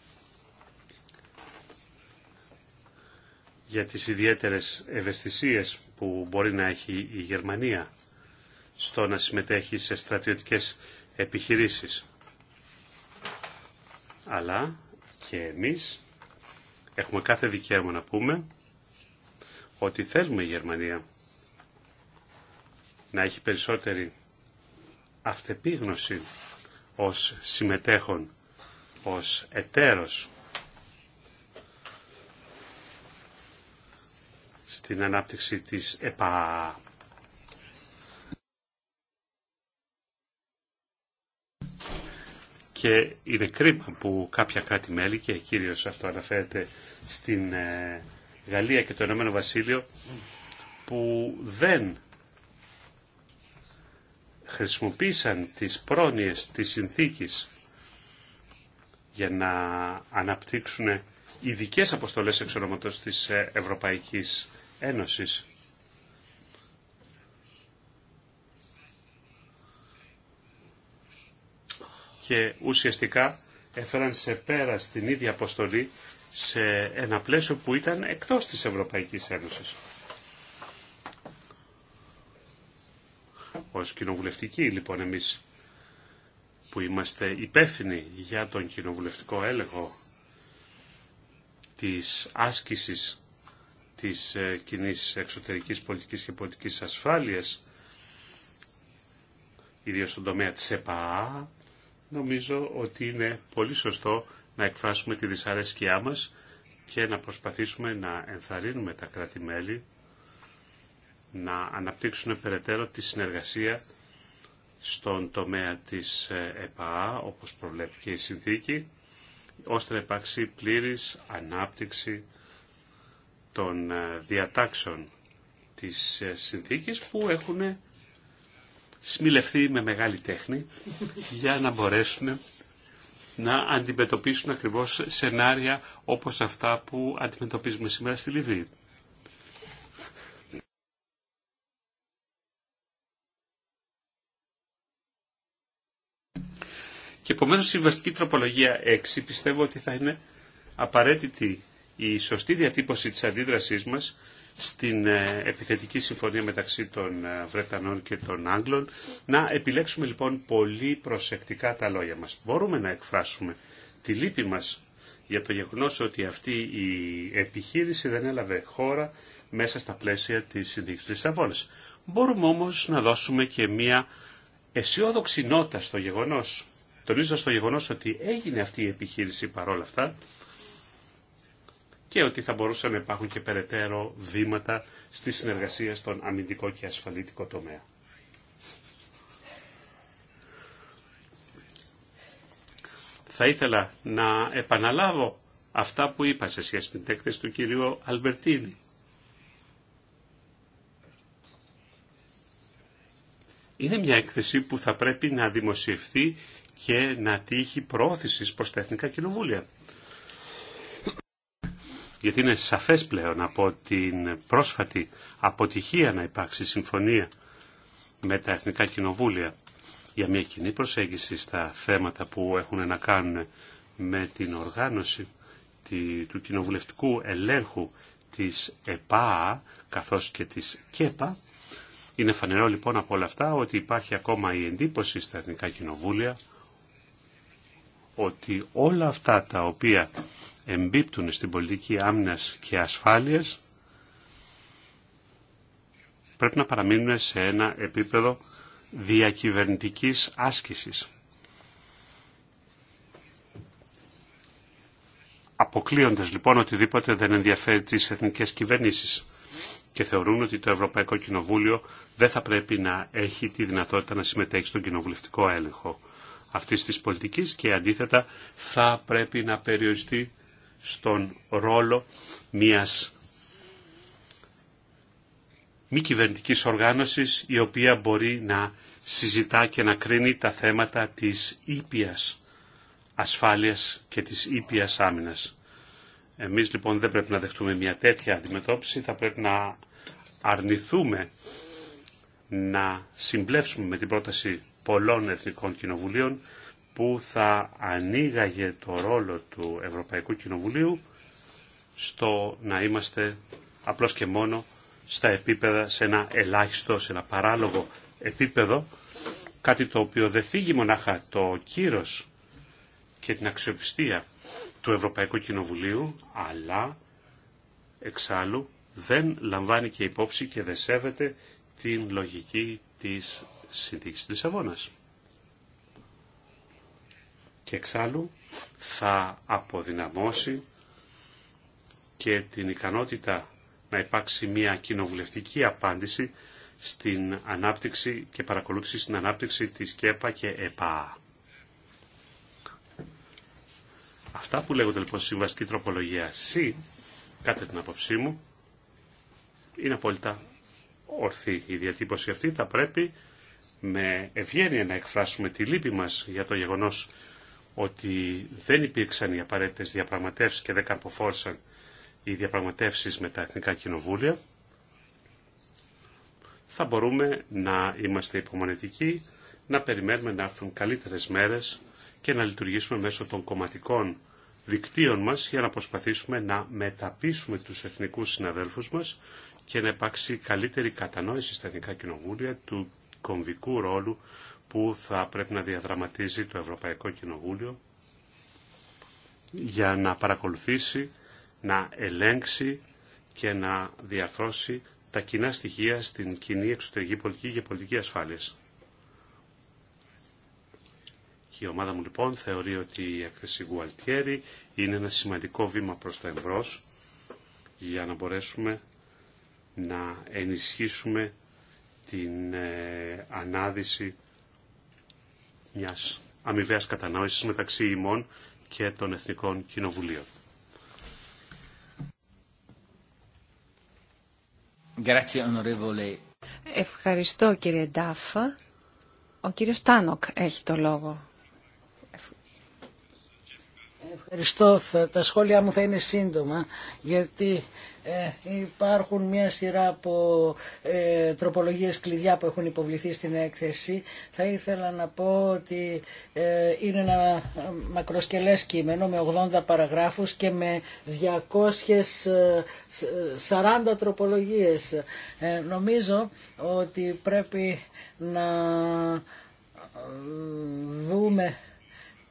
για τις ιδιαίτερες ευαισθησίες που μπορεί να έχει η Γερμανία στο να συμμετέχει σε στρατιωτικές επιχειρήσεις. Αλλά και εμείς έχουμε κάθε δικαίωμα να πούμε ότι θέλουμε η Γερμανία να έχει περισσότερη αυτεπίγνωση ως συμμετέχον, ως εταίρος στην ανάπτυξη της ΕΠΑ και είναι κρίμα που κάποια κράτη-μέλη και κυρίως αυτό αναφέρεται στην ε, Γαλλία και το Ηνωμένο Βασίλειο που δεν χρησιμοποίησαν τις πρόνοιες της συνθήκης για να αναπτύξουν ειδικέ αποστολές εξ της ε, Ευρωπαϊκής Ένωσης. και ουσιαστικά έφεραν σε πέρα στην ίδια αποστολή σε ένα πλαίσιο που ήταν εκτός της Ευρωπαϊκής Ένωσης. Ως κοινοβουλευτικοί λοιπόν εμείς που είμαστε υπεύθυνοι για τον κοινοβουλευτικό έλεγχο της άσκησης της ε, κοινή εξωτερικής πολιτικής και πολιτικής ασφάλειας, ιδίως στον τομέα της ΕΠΑΑ, νομίζω ότι είναι πολύ σωστό να εκφράσουμε τη δυσαρέσκειά μας και να προσπαθήσουμε να ενθαρρύνουμε τα κράτη-μέλη να αναπτύξουν περαιτέρω τη συνεργασία στον τομέα της ε, ΕΠΑΑ όπως προβλέπει και η συνθήκη, ώστε να υπάρξει πλήρης ανάπτυξη των ε, διατάξεων της ε, συνθήκης που έχουν σμιλευτεί με μεγάλη τέχνη για να μπορέσουν να αντιμετωπίσουν ακριβώς σενάρια όπως αυτά που αντιμετωπίζουμε σήμερα στη Λιβύη. Και επομένως η συμβαστική τροπολογία 6 πιστεύω ότι θα είναι απαραίτητη η σωστή διατύπωση της αντίδρασής μας στην ε, επιθετική συμφωνία μεταξύ των ε, Βρετανών και των Άγγλων. Να επιλέξουμε λοιπόν πολύ προσεκτικά τα λόγια μας. Μπορούμε να εκφράσουμε τη λύπη μας για το γεγονός ότι αυτή η επιχείρηση δεν έλαβε χώρα μέσα στα πλαίσια της συνδίκης Λισαβόνης. Μπορούμε όμως να δώσουμε και μία αισιόδοξη νότα στο γεγονός, τονίζοντας το γεγονός ότι έγινε αυτή η επιχείρηση παρόλα αυτά, και ότι θα μπορούσαν να υπάρχουν και περαιτέρω βήματα στη συνεργασία στον αμυντικό και ασφαλίτικο τομέα. Θα ήθελα να επαναλάβω αυτά που είπα σε σχέση με την έκθεση του κυρίου Αλμπερτίνη. Είναι μια έκθεση που θα πρέπει να δημοσιευθεί και να τύχει πρόθεσης προς τα Εθνικά Κοινοβούλια γιατί είναι σαφές πλέον από την πρόσφατη αποτυχία να υπάρξει συμφωνία με τα Εθνικά Κοινοβούλια για μια κοινή προσέγγιση στα θέματα που έχουν να κάνουν με την οργάνωση του κοινοβουλευτικού ελέγχου της ΕΠΑ καθώς και της ΚΕΠΑ. Είναι φανερό λοιπόν από όλα αυτά ότι υπάρχει ακόμα η εντύπωση στα Εθνικά Κοινοβούλια ότι όλα αυτά τα οποία εμπίπτουν στην πολιτική άμυνας και ασφάλειας πρέπει να παραμείνουν σε ένα επίπεδο διακυβερνητικής άσκησης. Αποκλείοντας λοιπόν οτιδήποτε δεν ενδιαφέρει τις εθνικές κυβερνήσεις και θεωρούν ότι το Ευρωπαϊκό Κοινοβούλιο δεν θα πρέπει να έχει τη δυνατότητα να συμμετέχει στον κοινοβουλευτικό έλεγχο αυτής της πολιτικής και αντίθετα θα πρέπει να περιοριστεί στον ρόλο μιας μη κυβερνητικής οργάνωσης η οποία μπορεί να συζητά και να κρίνει τα θέματα της ήπιας ασφάλειας και της ήπιας άμυνας. Εμείς λοιπόν δεν πρέπει να δεχτούμε μια τέτοια αντιμετώπιση, θα πρέπει να αρνηθούμε να συμπλέψουμε με την πρόταση πολλών εθνικών κοινοβουλίων που θα ανοίγαγε το ρόλο του Ευρωπαϊκού Κοινοβουλίου στο να είμαστε απλώς και μόνο στα επίπεδα, σε ένα ελάχιστο, σε ένα παράλογο επίπεδο, κάτι το οποίο δεν φύγει μονάχα το κύρος και την αξιοπιστία του Ευρωπαϊκού Κοινοβουλίου, αλλά εξάλλου δεν λαμβάνει και υπόψη και δεν σέβεται την λογική της συνθήκης της Λισαβόνας και εξάλλου θα αποδυναμώσει και την ικανότητα να υπάρξει μια κοινοβουλευτική απάντηση στην ανάπτυξη και παρακολούθηση στην ανάπτυξη της ΚΕΠΑ και ΕΠΑ. Αυτά που λέγονται λοιπόν στη συμβαστική τροπολογία C, κατά την απόψή μου, είναι απόλυτα ορθή η διατύπωση αυτή. Θα πρέπει με ευγένεια να εκφράσουμε τη λύπη μας για το γεγονός ότι δεν υπήρξαν οι απαραίτητες διαπραγματεύσεις και δεν καρποφόρησαν οι διαπραγματεύσεις με τα Εθνικά Κοινοβούλια, θα μπορούμε να είμαστε υπομονετικοί, να περιμένουμε να έρθουν καλύτερες μέρες και να λειτουργήσουμε μέσω των κομματικών δικτύων μας για να προσπαθήσουμε να μεταπίσουμε τους εθνικούς συναδέλφους μας και να υπάρξει καλύτερη κατανόηση στα Εθνικά Κοινοβούλια του κομβικού ρόλου που θα πρέπει να διαδραματίζει το Ευρωπαϊκό Κοινοβούλιο για να παρακολουθήσει, να ελέγξει και να διαρθρώσει τα κοινά στοιχεία στην κοινή εξωτερική πολιτική και πολιτική ασφάλειας. Η ομάδα μου λοιπόν θεωρεί ότι η έκθεση Γουαλτιέρη είναι ένα σημαντικό βήμα προς το εμπρός για να μπορέσουμε να ενισχύσουμε την ε, ανάδυση μια αμοιβαία κατανόηση μεταξύ ημών και των Εθνικών Κοινοβουλίων. Ευχαριστώ κύριε Ντάφα. Ο κύριος Τάνοκ έχει το λόγο. Ευχαριστώ. Τα σχόλιά μου θα είναι σύντομα γιατί ε, υπάρχουν μια σειρά από ε, τροπολογίες κλειδιά που έχουν υποβληθεί στην έκθεση. Θα ήθελα να πω ότι ε, είναι ένα μακροσκελές κείμενο με 80 παραγράφους και με 240 ε, τροπολογίες. Νομίζω ότι πρέπει να δούμε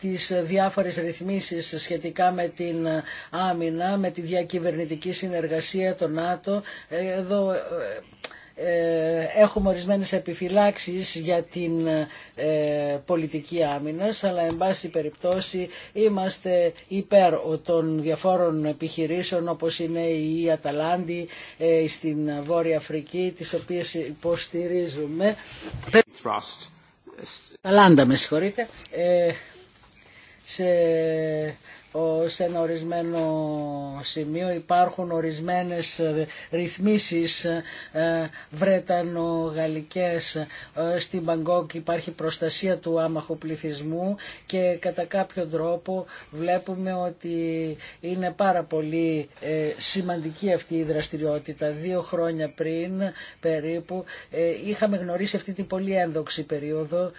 τις διάφορες ρυθμίσεις σχετικά με την άμυνα, με τη διακυβερνητική συνεργασία των ΝΑΤΟ. Ε, εδώ ε, ε, έχουμε ορισμένες επιφυλάξεις για την πολιτική άμυνας αλλά εν πάση περιπτώσει είμαστε υπέρ των διαφόρων επιχειρήσεων όπως είναι η Αταλάντη στην Βόρεια Αφρική τις οποίες υποστηρίζουμε Αταλάντα με συγχωρείτε ε, σε, σε ένα ορισμένο σημείο υπάρχουν ορισμένες ρυθμίσεις ε, βρετανογαλλικές ε, στην Μπαγκόκ υπάρχει προστασία του άμαχου πληθυσμού και κατά κάποιο τρόπο βλέπουμε ότι είναι πάρα πολύ ε, σημαντική αυτή η δραστηριότητα. Δύο χρόνια πριν περίπου είχαμε γνωρίσει αυτή την πολύ ένδοξη περίοδο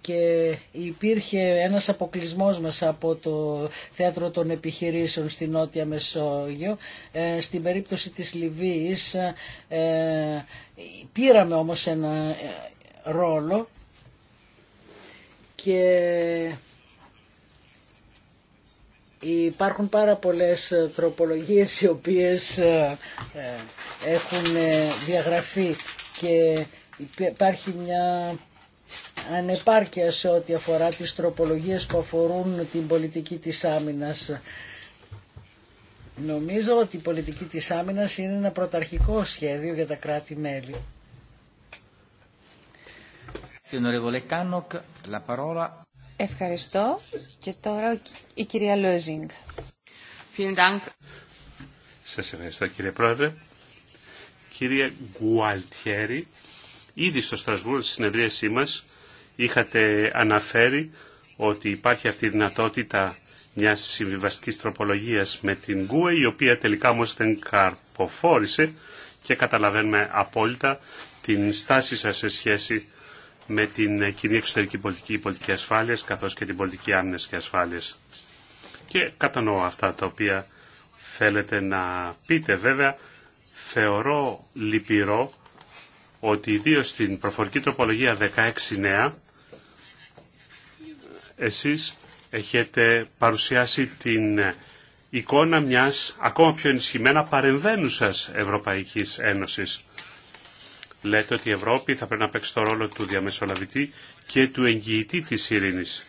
και υπήρχε ένας αποκλεισμός μας από το θέατρο των επιχειρήσεων στη Νότια Μεσόγειο. Ε, στην περίπτωση της Λιβύης ε, πήραμε όμως ένα ε, ρόλο και υπάρχουν πάρα πολλές τροπολογίες οι οποίες έχουν διαγραφεί και υπάρχει μια ανεπάρκεια σε ό,τι αφορά τις τροπολογίες που αφορούν την πολιτική της άμυνας. Νομίζω ότι η πολιτική της άμυνας είναι ένα πρωταρχικό σχέδιο για τα κράτη-μέλη. Ευχαριστώ. Και τώρα η κυρία Λόζινγκ. Σας ευχαριστώ κύριε Πρόεδρε. Κυρία Γκουαλτιέρη, Ήδη στο Στρασβούργο στη συνεδρίασή μας είχατε αναφέρει ότι υπάρχει αυτή η δυνατότητα μιας συμβιβαστικής τροπολογίας με την ΚΟΕ, η οποία τελικά όμως δεν καρποφόρησε και καταλαβαίνουμε απόλυτα την στάση σας σε σχέση με την κοινή εξωτερική πολιτική, πολιτική ασφάλειας, καθώς και την πολιτική άμυνας και ασφάλειας. Και κατανοώ αυτά τα οποία θέλετε να πείτε. Βέβαια, θεωρώ λυπηρό ότι ιδίω στην προφορική τροπολογία 16-ΝΕΑ εσείς έχετε παρουσιάσει την εικόνα μιας ακόμα πιο ενισχυμένα παρεμβαίνουσας Ευρωπαϊκής Ένωσης. Λέτε ότι η Ευρώπη θα πρέπει να παίξει το ρόλο του διαμεσολαβητή και του εγγυητή της ειρήνης.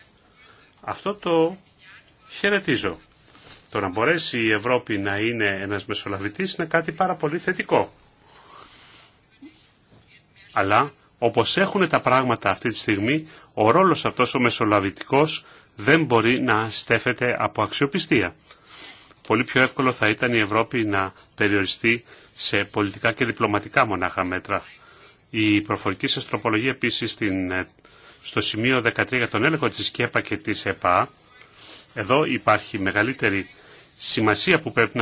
Αυτό το χαιρετίζω. Το να μπορέσει η Ευρώπη να είναι ένας μεσολαβητής είναι κάτι πάρα πολύ θετικό. Αλλά όπως έχουν τα πράγματα αυτή τη στιγμή, ο ρόλος αυτός ο μεσολαβητικός δεν μπορεί να στέφεται από αξιοπιστία. Πολύ πιο εύκολο θα ήταν η Ευρώπη να περιοριστεί σε πολιτικά και διπλωματικά μονάχα μέτρα. Η προφορική σας τροπολογία επίσης ε, στο σημείο 13 για τον έλεγχο της ΚΕΠΑ και της ΕΠΑ, εδώ υπάρχει μεγαλύτερη σημασία που πρέπει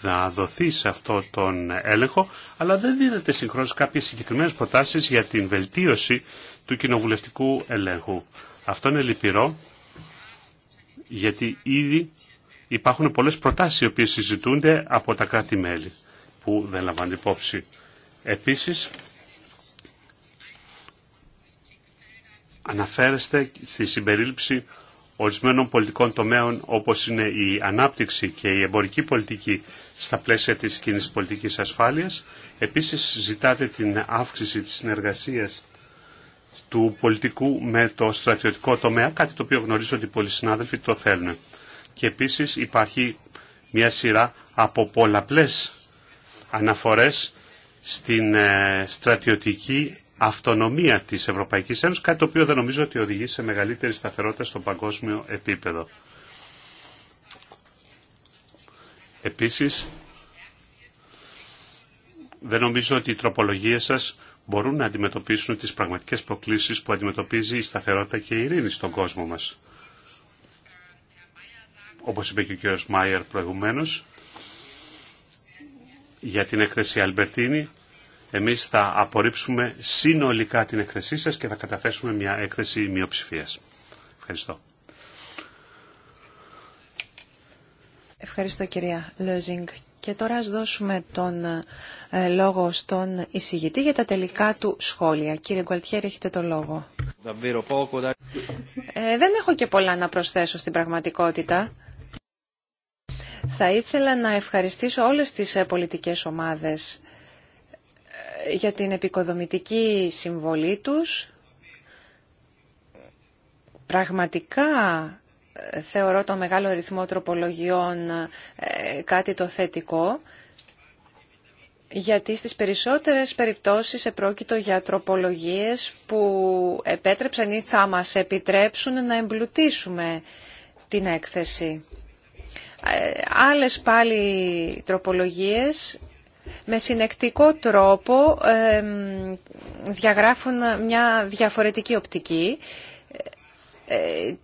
να δοθεί σε αυτό τον έλεγχο, αλλά δεν δίνεται συγχρόνως κάποιες συγκεκριμένες προτάσεις για την βελτίωση του κοινοβουλευτικού ελέγχου. Αυτό είναι λυπηρό, γιατί ήδη υπάρχουν πολλές προτάσεις οι οποίες συζητούνται από τα κράτη-μέλη, που δεν λαμβάνουν υπόψη. Επίσης, αναφέρεστε στη συμπερίληψη ορισμένων πολιτικών τομέων όπως είναι η ανάπτυξη και η εμπορική πολιτική στα πλαίσια της κοινή πολιτικής ασφάλειας. Επίσης ζητάτε την αύξηση της συνεργασίας του πολιτικού με το στρατιωτικό τομέα, κάτι το οποίο γνωρίζω ότι πολλοί συνάδελφοι το θέλουν. Και επίσης υπάρχει μια σειρά από πολλαπλές αναφορές στην ε, στρατιωτική αυτονομία της Ευρωπαϊκής Ένωσης, κάτι το οποίο δεν νομίζω ότι οδηγεί σε μεγαλύτερη σταθερότητα στο παγκόσμιο επίπεδο. Επίσης, δεν νομίζω ότι οι τροπολογίες σας μπορούν να αντιμετωπίσουν τις πραγματικές προκλήσεις που αντιμετωπίζει η σταθερότητα και η ειρήνη στον κόσμο μας. Όπως είπε και ο κ. Μάιερ προηγουμένως, για την έκθεση Αλμπερτίνη εμείς θα απορρίψουμε συνολικά την έκθεσή σας και θα καταθέσουμε μια έκθεση μειοψηφίας. Ευχαριστώ. Ευχαριστώ κυρία Λόζινγκ. Και τώρα ας δώσουμε τον ε, λόγο στον εισηγητή για τα τελικά του σχόλια. Κύριε Γκουαλτιέρη, έχετε το λόγο. Ε, δεν έχω και πολλά να προσθέσω στην πραγματικότητα. Θα ήθελα να ευχαριστήσω όλες τις ε, πολιτικές ομάδες για την επικοδομητική συμβολή τους. Πραγματικά ε, θεωρώ το μεγάλο ρυθμό τροπολογιών ε, κάτι το θετικό, γιατί στις περισσότερες περιπτώσεις επρόκειτο για τροπολογίες που επέτρεψαν ή θα μας επιτρέψουν να εμπλουτίσουμε την έκθεση. Ε, άλλες πάλι τροπολογίες με συνεκτικό τρόπο διαγράφουν μια διαφορετική οπτική ε, ε,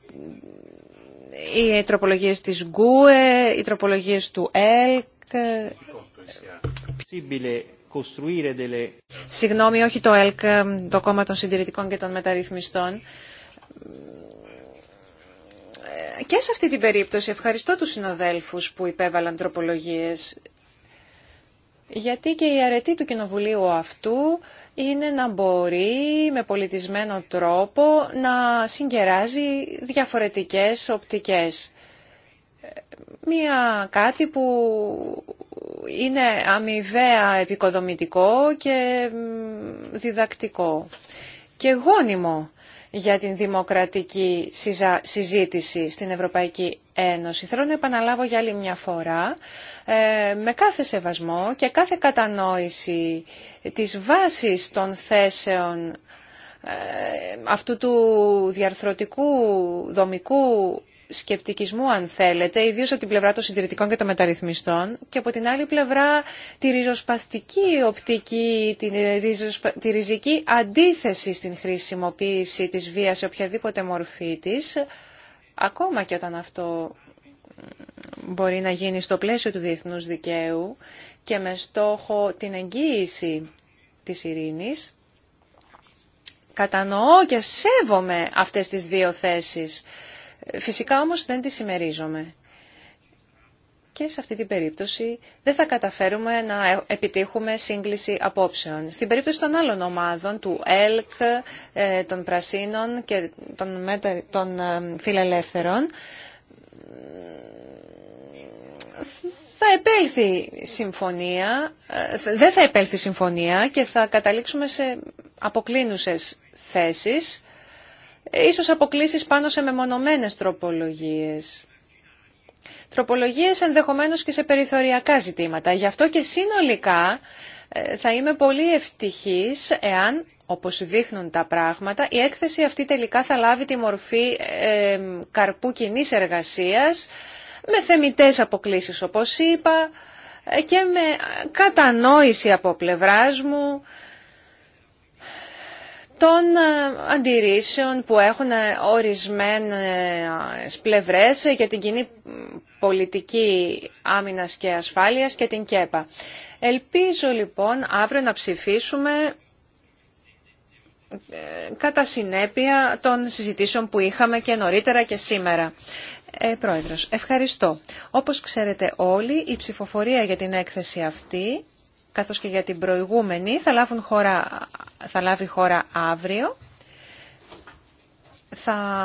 οι τροπολογίες της ΓΚΟΕ, οι τροπολογίες του ΕΛΚ. Ε, Συγγνώμη, όχι το ΕΛΚ, το κόμμα των συντηρητικών και των μεταρρυθμιστών. Και σε αυτή την περίπτωση ευχαριστώ τους συνοδέλφους που υπέβαλαν τροπολογίες γιατί και η αρετή του κοινοβουλίου αυτού είναι να μπορεί με πολιτισμένο τρόπο να συγκεράζει διαφορετικές οπτικές. Μία κάτι που είναι αμοιβαία επικοδομητικό και διδακτικό και γόνιμο για την δημοκρατική συζήτηση στην Ευρωπαϊκή Ένωση. Θέλω να επαναλάβω για άλλη μια φορά, ε, με κάθε σεβασμό και κάθε κατανόηση της βάσης των θέσεων ε, αυτού του διαρθρωτικού δομικού σκεπτικισμού αν θέλετε, ιδίω από την πλευρά των συντηρητικών και των μεταρρυθμιστών και από την άλλη πλευρά τη ριζοσπαστική οπτική, τη, ριζοσπα... τη ριζική αντίθεση στην χρησιμοποίηση τη βία σε οποιαδήποτε μορφή τη, ακόμα και όταν αυτό μπορεί να γίνει στο πλαίσιο του διεθνούς δικαίου και με στόχο την εγγύηση της ειρήνης. Κατανοώ και σέβομαι αυτές τις δύο θέσεις. Φυσικά όμως δεν τη συμμερίζομαι. Και σε αυτή την περίπτωση δεν θα καταφέρουμε να ε, επιτύχουμε σύγκληση απόψεων. Στην περίπτωση των άλλων ομάδων, του ΕΛΚ, ε, των Πρασίνων και των ε, Φιλελεύθερων, θα επέλθει συμφωνία, δεν θα επέλθει συμφωνία και θα καταλήξουμε σε αποκλίνουσες θέσεις ίσως αποκλήσεις πάνω σε μεμονωμένες τροπολογίες. Τροπολογίες ενδεχομένως και σε περιθωριακά ζητήματα. Γι' αυτό και συνολικά ε, θα είμαι πολύ ευτυχής εάν, όπως δείχνουν τα πράγματα, η έκθεση αυτή τελικά θα λάβει τη μορφή ε, καρπού κοινή εργασίας, με θεμητές αποκλήσεις όπως είπα ε, και με κατανόηση από πλευράς μου των ε, αντιρρήσεων που έχουν ε, ορισμένες πλευρές για την κοινή πολιτική άμυνας και ασφάλειας και την ΚΕΠΑ. Ελπίζω λοιπόν αύριο να ψηφίσουμε ε, κατά συνέπεια των συζητήσεων που είχαμε και νωρίτερα και σήμερα. Ε, Πρόεδρος, ευχαριστώ. Όπως ξέρετε όλοι, η ψηφοφορία για την έκθεση αυτή καθώς και για την προηγούμενη θα, λάβουν χώρα, θα λάβει χώρα αύριο. Θα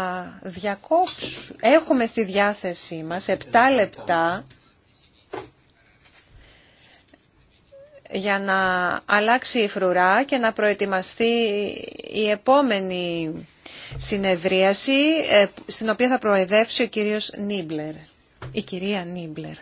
έχουμε στη διάθεσή μας 7 λεπτά για να αλλάξει η φρουρά και να προετοιμαστεί η επόμενη συνεδρίαση ε, στην οποία θα προεδρεύσει ο κύριος Νίμπλερ, η κυρία Νίμπλερ.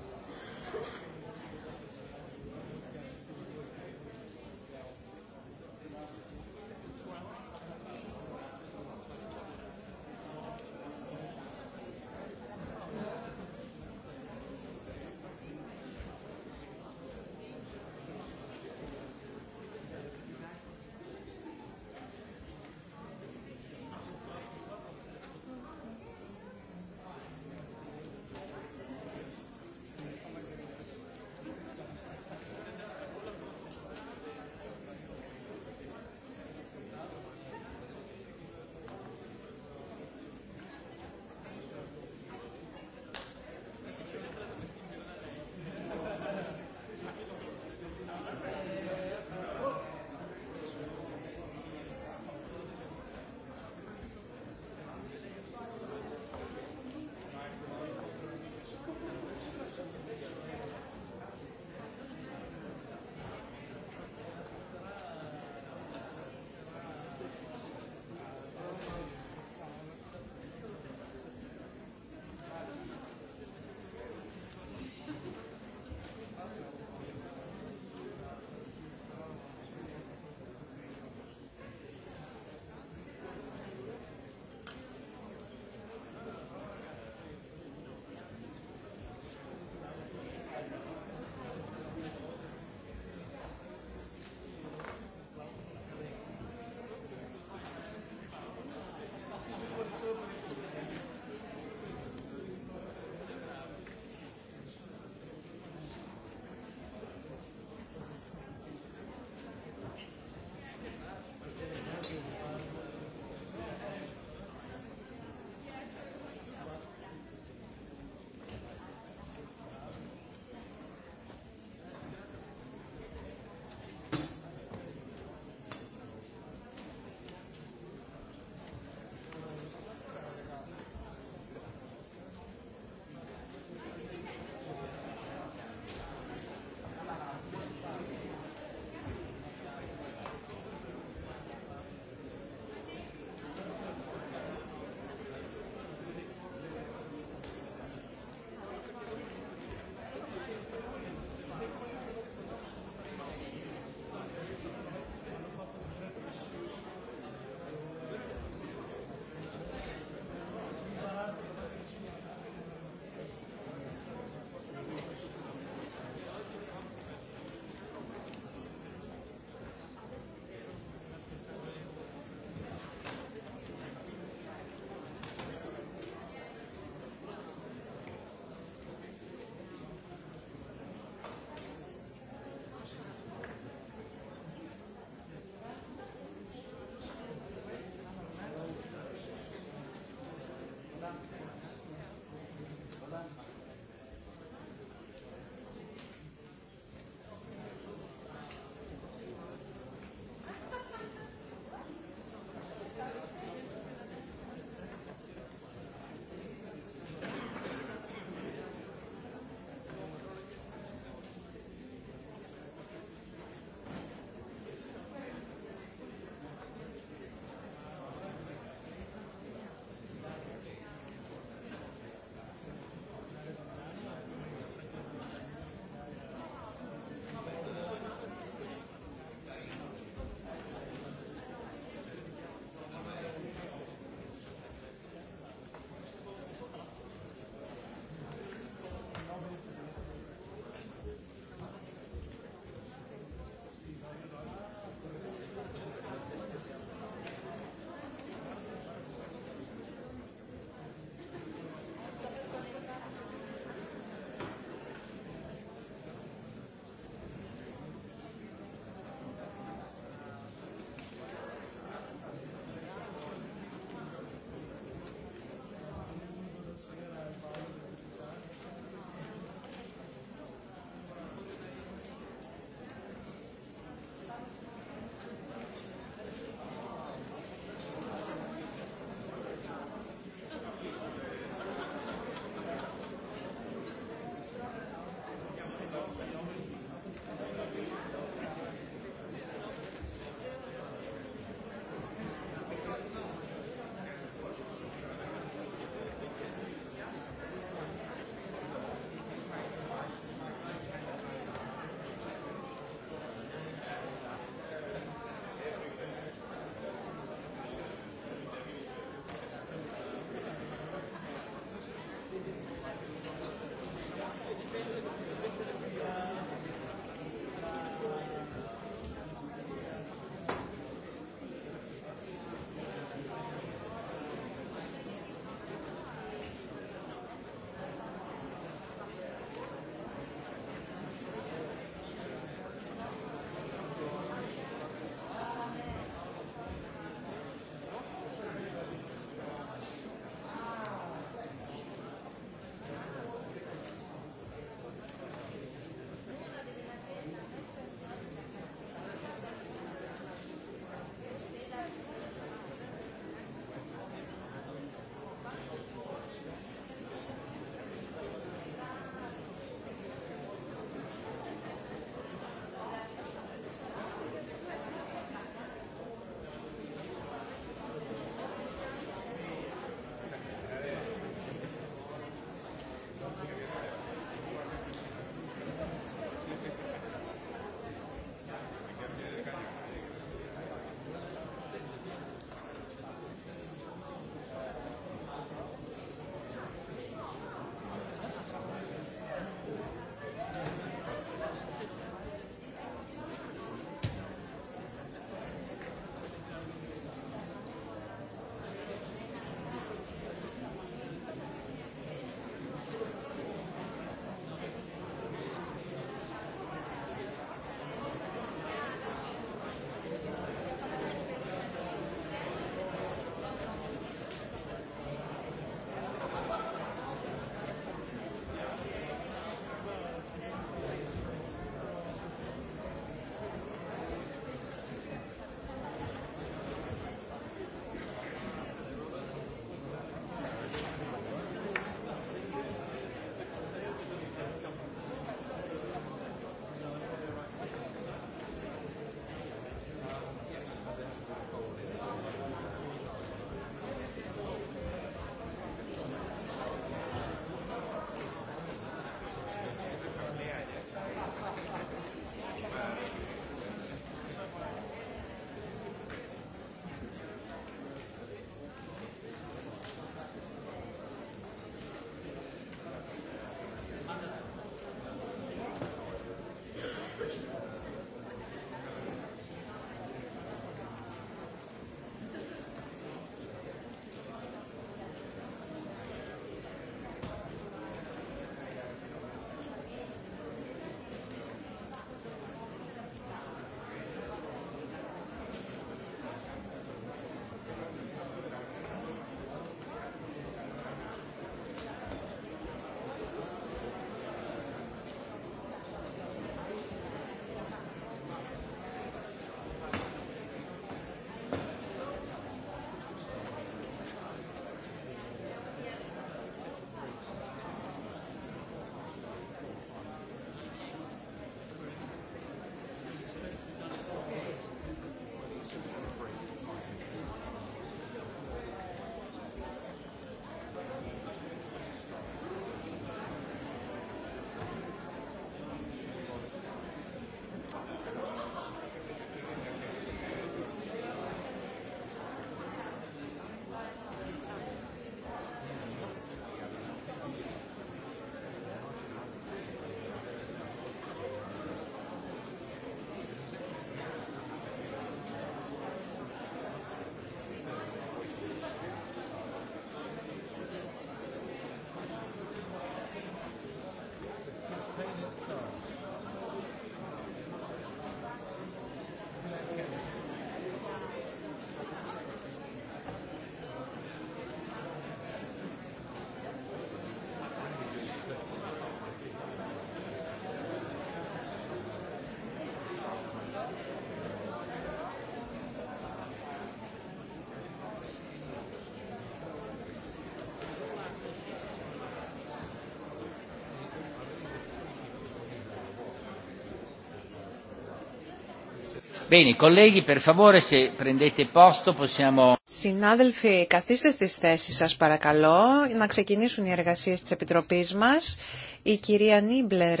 Συνάδελφοι, καθίστε στις θέσεις σας παρακαλώ να ξεκινήσουν οι εργασίες της Επιτροπής μας. Η κυρία Νίμπλερ,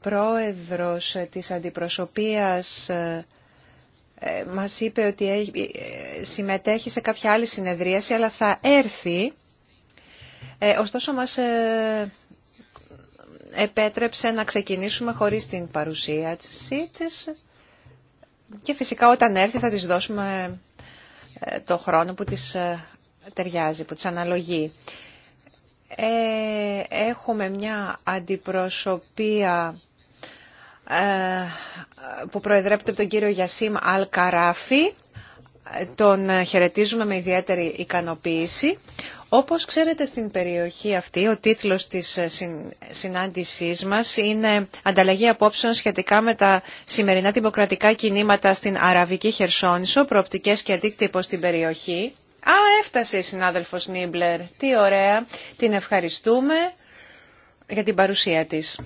πρόεδρος της Αντιπροσωπείας, ε, ε, μας είπε ότι ε, συμμετέχει σε κάποια άλλη συνεδρίαση, αλλά θα έρθει. Ωστόσο, μας επέτρεψε να ξεκινήσουμε χωρίς την παρουσία της. Και φυσικά όταν έρθει θα της δώσουμε ε, το χρόνο που της ε, ταιριάζει, που της αναλογεί. Ε, έχουμε μια αντιπροσωπεία που προεδρέπεται από τον κύριο Γιασίμ Αλκαράφη τον ε, χαιρετίζουμε με ιδιαίτερη ικανοποίηση. Όπως ξέρετε στην περιοχή αυτή, ο τίτλος της ε, συνάντησής μας είναι «Ανταλλαγή απόψεων σχετικά με τα σημερινά δημοκρατικά κινήματα στην Αραβική Χερσόνησο, προοπτικές και αντίκτυπο στην περιοχή». Α, έφτασε η συνάδελφος Νίμπλερ. Τι ωραία. Την ευχαριστούμε για την παρουσία της.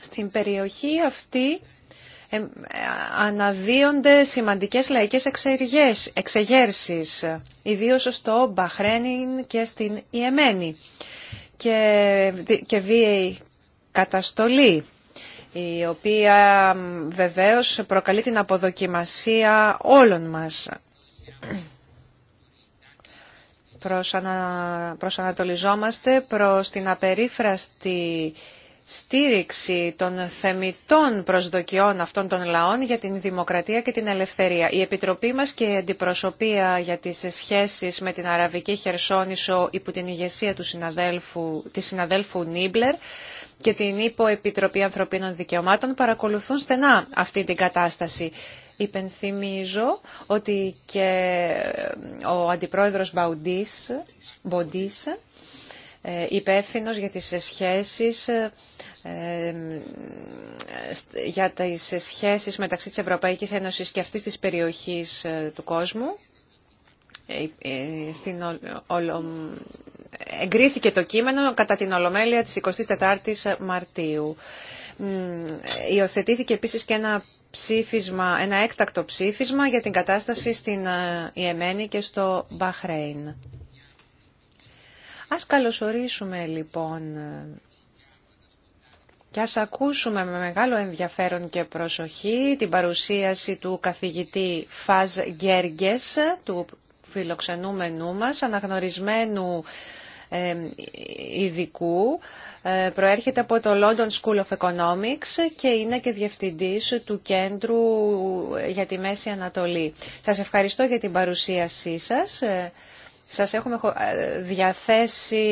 Στην περιοχή αυτή ε, αναδύονται σημαντικές λαϊκές εξεργές, εξεγέρσεις, ιδίως στο Μπαχρένιν και στην Ιεμένη και, και βίαιη καταστολή η οποία βεβαίως προκαλεί την αποδοκιμασία όλων μας. Προσανα... Προσανατολιζόμαστε προς την απερίφραστη στήριξη των θεμητών προσδοκιών αυτών των λαών για την δημοκρατία και την ελευθερία. Η Επιτροπή μας και η Αντιπροσωπεία για τις σχέσεις με την Αραβική Χερσόνησο υπό την ηγεσία του συναδέλφου, της συναδέλφου Νίμπλερ και την Υποεπιτροπή Ανθρωπίνων Δικαιωμάτων παρακολουθούν στενά αυτή την κατάσταση. Υπενθυμίζω ότι και ο Αντιπρόεδρος Μπαουντής, Μποντής ε, υπεύθυνο για τις σχέσεις, ε, ε, για τις σχέσεις μεταξύ της Ευρωπαϊκής Ένωσης και αυτής της περιοχής του κόσμου. Στην ολο... Εγκρίθηκε το κείμενο κατά την Ολομέλεια της 24ης Μαρτίου. Υιοθετήθηκε επίσης και ένα ψήφισμα, ένα έκτακτο ψήφισμα για την κατάσταση στην Ιεμένη και στο Μπαχρέιν. Ας καλωσορίσουμε λοιπόν και ας ακούσουμε με μεγάλο ενδιαφέρον και προσοχή την παρουσίαση του καθηγητή Φαζ Γκέργκες, του φιλοξενούμενού μας, αναγνωρισμένου ειδικού. Ε, προέρχεται από το London School of Economics και είναι και διευθυντής του Κέντρου για τη Μέση Ανατολή. Σας ευχαριστώ για την παρουσίασή σας. Ε, σας έχουμε ε, διαθέσει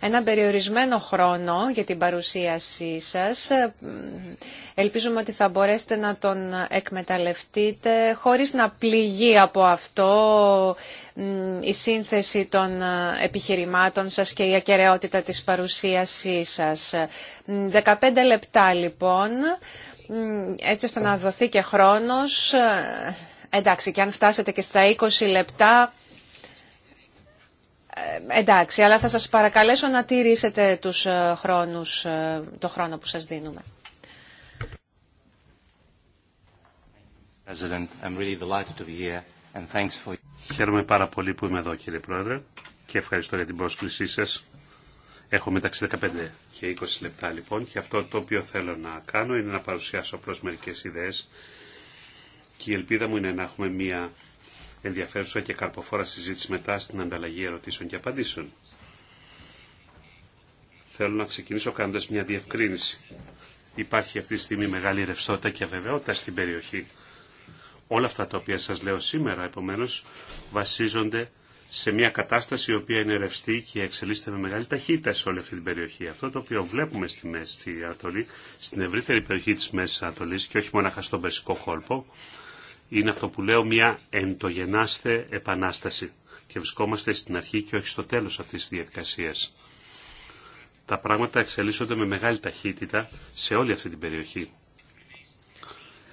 ένα περιορισμένο χρόνο για την παρουσίασή σας. Ελπίζουμε ότι θα μπορέσετε να τον εκμεταλλευτείτε χωρίς να πληγεί από αυτό η σύνθεση των ε, επιχειρημάτων σας και η ακεραιότητα της παρουσίασής σας. 15 λεπτά λοιπόν, έτσι ώστε να δοθεί και χρόνος. Ε, εντάξει, και αν φτάσετε και στα 20 λεπτά ε, εντάξει, αλλά θα σας παρακαλέσω να τηρήσετε τους ε, χρόνους, ε, το χρόνο που σας δίνουμε. Χαίρομαι πάρα πολύ που είμαι εδώ κύριε Πρόεδρε και ευχαριστώ για την πρόσκλησή σας. Έχω μεταξύ 15 και 20 λεπτά λοιπόν και αυτό το οποίο θέλω να κάνω είναι να παρουσιάσω απλώς μερικές ιδέες και η ελπίδα μου είναι να έχουμε μία ενδιαφέρουσα και καρποφόρα συζήτηση μετά στην ανταλλαγή ερωτήσεων και απαντήσεων. Θέλω να ξεκινήσω κάνοντα μια διευκρίνηση. Υπάρχει αυτή τη στιγμή μεγάλη ρευστότητα και αβεβαιότητα στην περιοχή. Όλα αυτά τα οποία σας λέω σήμερα, επομένως, βασίζονται σε μια κατάσταση η οποία είναι ρευστή και εξελίσσεται με μεγάλη ταχύτητα σε όλη αυτή την περιοχή. Αυτό το οποίο βλέπουμε στη Μέση Ανατολή, στην ευρύτερη περιοχή της Μέσης Ανατολής και όχι μόνο στον Περσικό κόλπο, είναι αυτό που λέω μια εντογενάστε επανάσταση και βρισκόμαστε στην αρχή και όχι στο τέλος αυτής της διαδικασίας. Τα πράγματα εξελίσσονται με μεγάλη ταχύτητα σε όλη αυτή την περιοχή.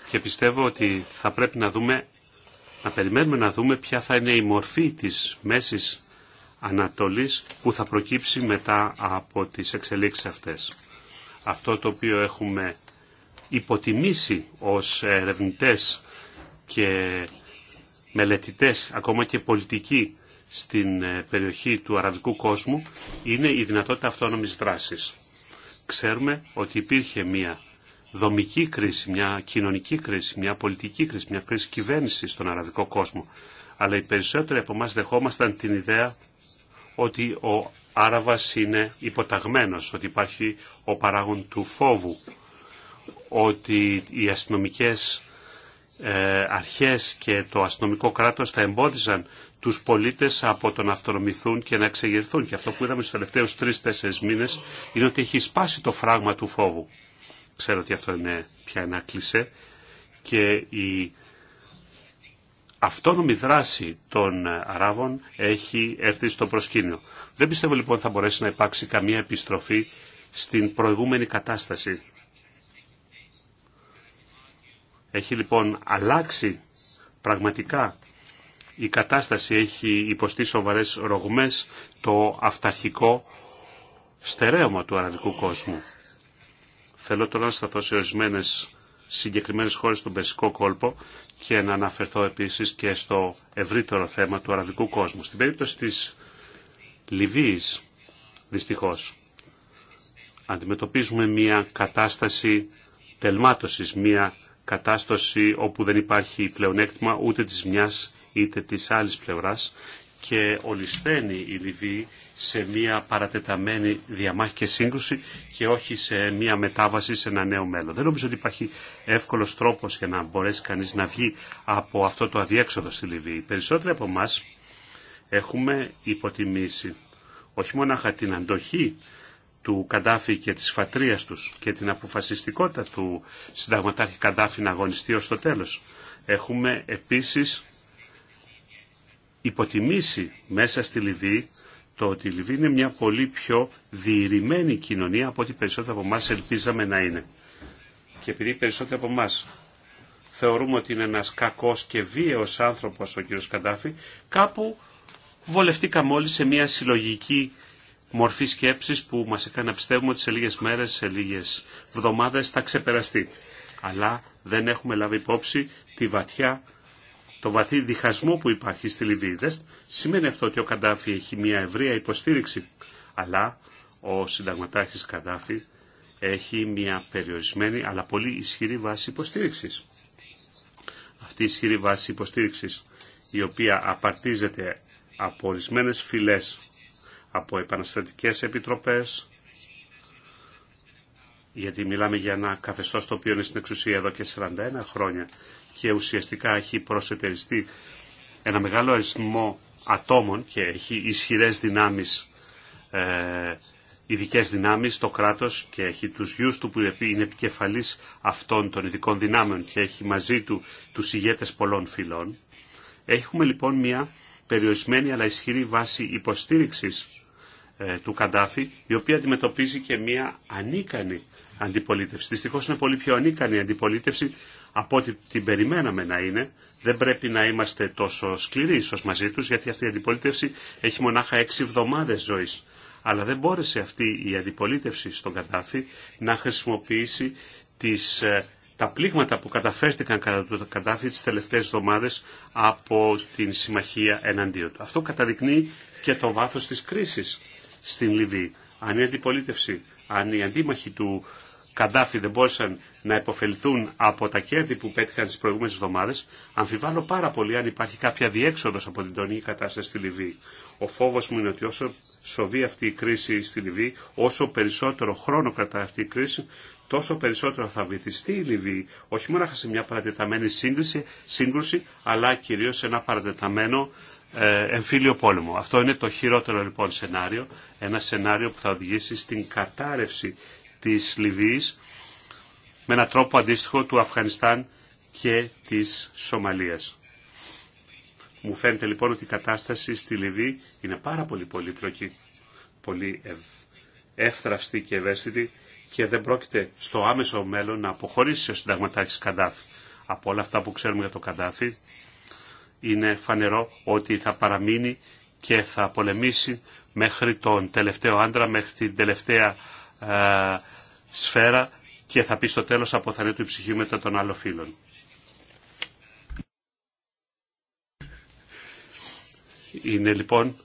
Και πιστεύω ότι θα πρέπει να δούμε, να περιμένουμε να δούμε ποια θα είναι η μορφή της Μέσης Ανατολής που θα προκύψει μετά από τις εξελίξεις αυτές. Αυτό το οποίο έχουμε υποτιμήσει ως ερευνητές και μελετητές, ακόμα και πολιτικοί στην ε, περιοχή του αραβικού κόσμου, είναι η δυνατότητα αυτόνομης δράσης. Ξέρουμε ότι υπήρχε μια δομική κρίση, μια κοινωνική κρίση, μια πολιτική κρίση, μια κρίση κυβέρνηση στον αραβικό κόσμο. Αλλά οι περισσότεροι από εμά δεχόμασταν την ιδέα ότι ο Άραβας είναι υποταγμένος, ότι υπάρχει ο παράγον του φόβου, ότι οι αστυνομικές ε, αρχές και το αστυνομικό κράτος θα εμπόδιζαν τους πολίτες από το να αυτονομηθούν και να εξεγερθούν. Και αυτό που είδαμε στους τελευταίους τρεις-τέσσερις μήνες είναι ότι έχει σπάσει το φράγμα του φόβου. Ξέρω ότι αυτό είναι πια ένα κλισέ και η αυτόνομη δράση των Αράβων έχει έρθει στο προσκήνιο. Δεν πιστεύω λοιπόν θα μπορέσει να υπάρξει καμία επιστροφή στην προηγούμενη κατάσταση. Έχει λοιπόν αλλάξει πραγματικά η κατάσταση, έχει υποστεί σοβαρές ρογμές το αυταρχικό στερέωμα του αραβικού κόσμου. Θέλω τώρα να σταθώ σε ορισμένε συγκεκριμένες χώρες στον Περσικό κόλπο και να αναφερθώ επίσης και στο ευρύτερο θέμα του αραβικού κόσμου. Στην περίπτωση της Λιβύης, δυστυχώς, αντιμετωπίζουμε μια κατάσταση τελμάτωσης, μια κατάσταση όπου δεν υπάρχει πλεονέκτημα ούτε της μιας είτε της άλλης πλευράς και ολισθαίνει η Λιβύη σε μια παρατεταμένη διαμάχη και σύγκρουση και όχι σε μια μετάβαση σε ένα νέο μέλλον. Δεν νομίζω ότι υπάρχει εύκολος τρόπος για να μπορέσει κανείς να βγει από αυτό το αδιέξοδο στη Λιβύη. Οι περισσότεροι από εμά έχουμε υποτιμήσει όχι μόνο την αντοχή του Καντάφη και της φατρίας τους και την αποφασιστικότητα του συνταγματάρχη Καντάφη να αγωνιστεί ως το τέλος. Έχουμε επίσης υποτιμήσει μέσα στη Λιβύη το ότι η Λιβύη είναι μια πολύ πιο διηρημένη κοινωνία από ό,τι περισσότερο από εμά ελπίζαμε να είναι. Και επειδή περισσότερο από εμά θεωρούμε ότι είναι ένας κακός και βίαιος άνθρωπος ο κύριος Καντάφη, κάπου βολευτήκαμε όλοι σε μια συλλογική μορφή σκέψης που μας έκανε να πιστεύουμε ότι σε λίγες μέρες, σε λίγες βδομάδες θα ξεπεραστεί. Αλλά δεν έχουμε λάβει υπόψη τη βαθιά, το βαθύ διχασμό που υπάρχει στη Λιβύη. σημαίνει αυτό ότι ο Καντάφη έχει μια ευρεία υποστήριξη, αλλά ο συνταγματάρχης Καντάφη έχει μια περιορισμένη αλλά πολύ ισχυρή βάση υποστήριξης. Αυτή η ισχυρή βάση υποστήριξης η οποία απαρτίζεται από ορισμένε φυλές από επαναστατικές επιτροπές, γιατί μιλάμε για ένα καθεστώς το οποίο είναι στην εξουσία εδώ και 41 χρόνια και ουσιαστικά έχει προσετεριστεί ένα μεγάλο αριθμό ατόμων και έχει ισχυρές δυνάμεις, ε, ειδικές δυνάμεις το κράτος και έχει τους γιους του που είναι επικεφαλής αυτών των ειδικών δυνάμεων και έχει μαζί του τους ηγέτες πολλών φυλών. Έχουμε λοιπόν μια περιορισμένη αλλά ισχυρή βάση υποστήριξης ε, του Καντάφη, η οποία αντιμετωπίζει και μία ανίκανη αντιπολίτευση. Δυστυχώ είναι πολύ πιο ανίκανη η αντιπολίτευση από ό,τι την περιμέναμε να είναι. Δεν πρέπει να είμαστε τόσο σκληροί ίσω μαζί του, γιατί αυτή η αντιπολίτευση έχει μονάχα έξι εβδομάδε ζωή. Αλλά δεν μπόρεσε αυτή η αντιπολίτευση στον Καντάφη να χρησιμοποιήσει τις, ε, τα πλήγματα που καταφέρθηκαν κατά του Καντάφη τις τελευταίες εβδομάδες από την συμμαχία εναντίον του. Αυτό καταδεικνύει και το βάθος της κρίσης στην Λιβύη. Αν η αντιπολίτευση, αν οι αντίμαχοι του Καντάφη δεν μπόρεσαν να υποφεληθούν από τα κέρδη που πέτυχαν τι προηγούμενε εβδομάδε, αμφιβάλλω πάρα πολύ αν υπάρχει κάποια διέξοδο από την τονική κατάσταση στη Λιβύη. Ο φόβο μου είναι ότι όσο σοβεί αυτή η κρίση στη Λιβύη, όσο περισσότερο χρόνο κρατά αυτή η κρίση, τόσο περισσότερο θα βυθιστεί η Λιβύη, όχι μόνο σε μια παρατεταμένη σύγκριση, σύγκρουση, αλλά κυρίως σε ένα παρατεταμένο ε, εμφύλιο πόλεμο. Αυτό είναι το χειρότερο λοιπόν σενάριο, ένα σενάριο που θα οδηγήσει στην κατάρρευση της Λιβύης με έναν τρόπο αντίστοιχο του Αφγανιστάν και της Σομαλίας. Μου φαίνεται λοιπόν ότι η κατάσταση στη Λιβύη είναι πάρα πολύ πολύπλοκη, πολύ εύθραυστη και ευαίσθητη και δεν πρόκειται στο άμεσο μέλλον να αποχωρήσει ο συνταγματάρχης Καντάφη. Από όλα αυτά που ξέρουμε για το Καντάφη, είναι φανερό ότι θα παραμείνει και θα πολεμήσει μέχρι τον τελευταίο άντρα, μέχρι την τελευταία ε, σφαίρα και θα πει στο τέλος από θανέτου η ψυχή μετά των άλλων φίλων. Είναι λοιπόν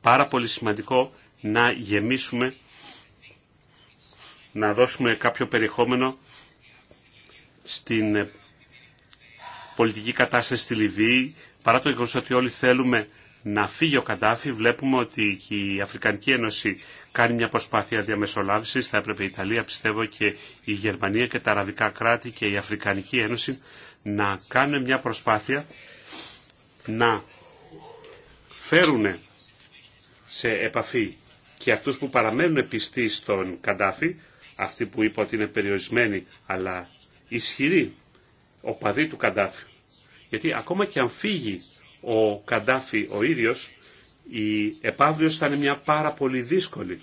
πάρα πολύ σημαντικό να γεμίσουμε, να δώσουμε κάποιο περιεχόμενο στην ε, πολιτική κατάσταση στη Λιβύη, παρά το γεγονό ότι όλοι θέλουμε να φύγει ο Καντάφη, βλέπουμε ότι η Αφρικανική Ένωση κάνει μια προσπάθεια διαμεσολάβησης. Θα έπρεπε η Ιταλία, πιστεύω, και η Γερμανία και τα Αραβικά κράτη και η Αφρικανική Ένωση να κάνουν μια προσπάθεια να φέρουν σε επαφή και αυτούς που παραμένουν πιστοί στον Καντάφη, αυτοί που είπα ότι είναι περιορισμένοι αλλά ισχυροί οπαδοί του Καντάφη. Γιατί ακόμα και αν φύγει ο Καντάφη ο ίδιος, η επαύριο θα είναι μια πάρα πολύ δύσκολη,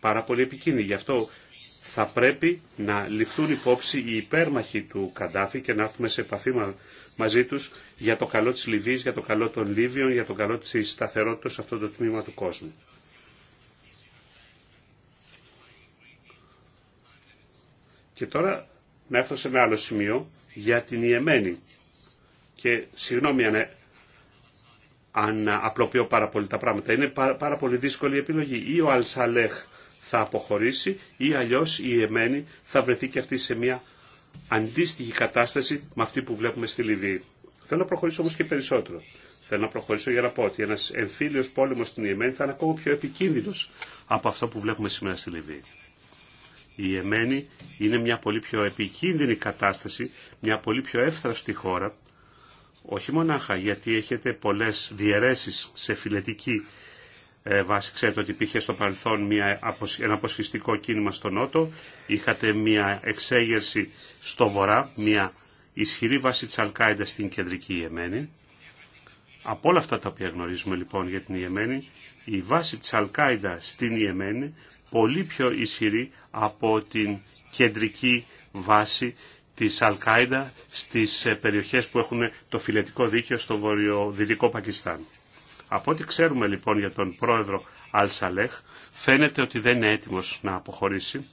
πάρα πολύ επικίνδυνη. Γι' αυτό θα πρέπει να ληφθούν υπόψη οι υπέρμαχοι του Καντάφη και να έρθουμε σε επαφή μαζί τους για το καλό της Λιβύης, για το καλό των Λίβιων, για το καλό της σταθερότητας σε αυτό το τμήμα του κόσμου. Και τώρα να έρθω σε ένα άλλο σημείο για την Ιεμένη και συγγνώμη αν, ε, αν απλοποιώ πάρα πολύ τα πράγματα. Είναι πάρα, πάρα πολύ δύσκολη η επιλογή. Ή ο Αλσαλέχ θα αποχωρήσει ή αλλιώς η Εμένη θα βρεθεί και αυτή σε μια αντίστοιχη κατάσταση με αυτή που βλέπουμε στη Λιβύη. Θέλω να προχωρήσω όμως και περισσότερο. Θέλω να προχωρήσω για να πω ότι ένας εμφύλιος πόλεμος στην Ιεμένη θα είναι ακόμα πιο επικίνδυνος από αυτό που βλέπουμε σήμερα στη Λιβύη. Η Ιεμένη είναι μια πολύ πιο επικίνδυνη κατάσταση, μια πολύ πιο εύθραυστη χώρα όχι μονάχα γιατί έχετε πολλές διαιρέσεις σε φιλετική ε, βάση. Ξέρετε ότι υπήρχε στο παρελθόν μια, ένα αποσχιστικό κίνημα στο Νότο, είχατε μια εξέγερση στο Βορρά, μια ισχυρή βάση της στην κεντρική Ιεμένη. Από όλα αυτά τα οποία γνωρίζουμε λοιπόν για την Ιεμένη, η βάση της Αλκάιντα στην Ιεμένη πολύ πιο ισχυρή από την κεντρική βάση της Αλ-Κάιντα στις ε, περιοχές που έχουν το φιλετικό δίκαιο στο βορειοδυτικό Πακιστάν. Από ό,τι ξέρουμε λοιπόν για τον πρόεδρο Αλ Σαλέχ, φαίνεται ότι δεν είναι έτοιμος να αποχωρήσει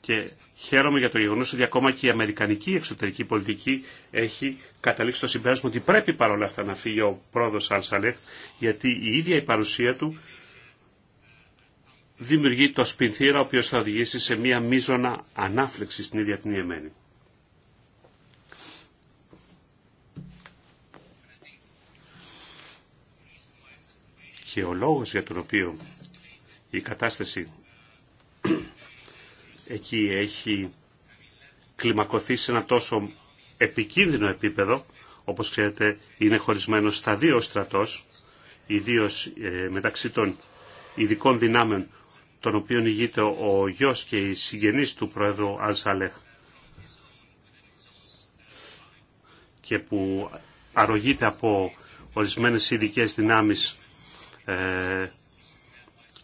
και χαίρομαι για το γεγονός ότι ακόμα και η αμερικανική εξωτερική πολιτική έχει καταλήξει στο συμπέρασμα ότι πρέπει παρόλα αυτά να φύγει ο πρόεδρος Αλ Σαλέχ, γιατί η ίδια η παρουσία του δημιουργεί το σπινθήρα ο οποίο θα οδηγήσει σε μία μίζωνα ανάφλεξη στην ίδια την Ιεμένη. Και ο λόγος για τον οποίο η κατάσταση εκεί έχει κλιμακωθεί σε ένα τόσο επικίνδυνο επίπεδο, όπως ξέρετε είναι χωρισμένο στα δύο στρατός, ιδίως ε, μεταξύ των ειδικών δυνάμεων τον οποίο ηγείται ο γιος και οι συγγενείς του Πρόεδρου Αλσαλέχ και που αρρωγείται από ορισμένες ειδικέ δυνάμεις ε,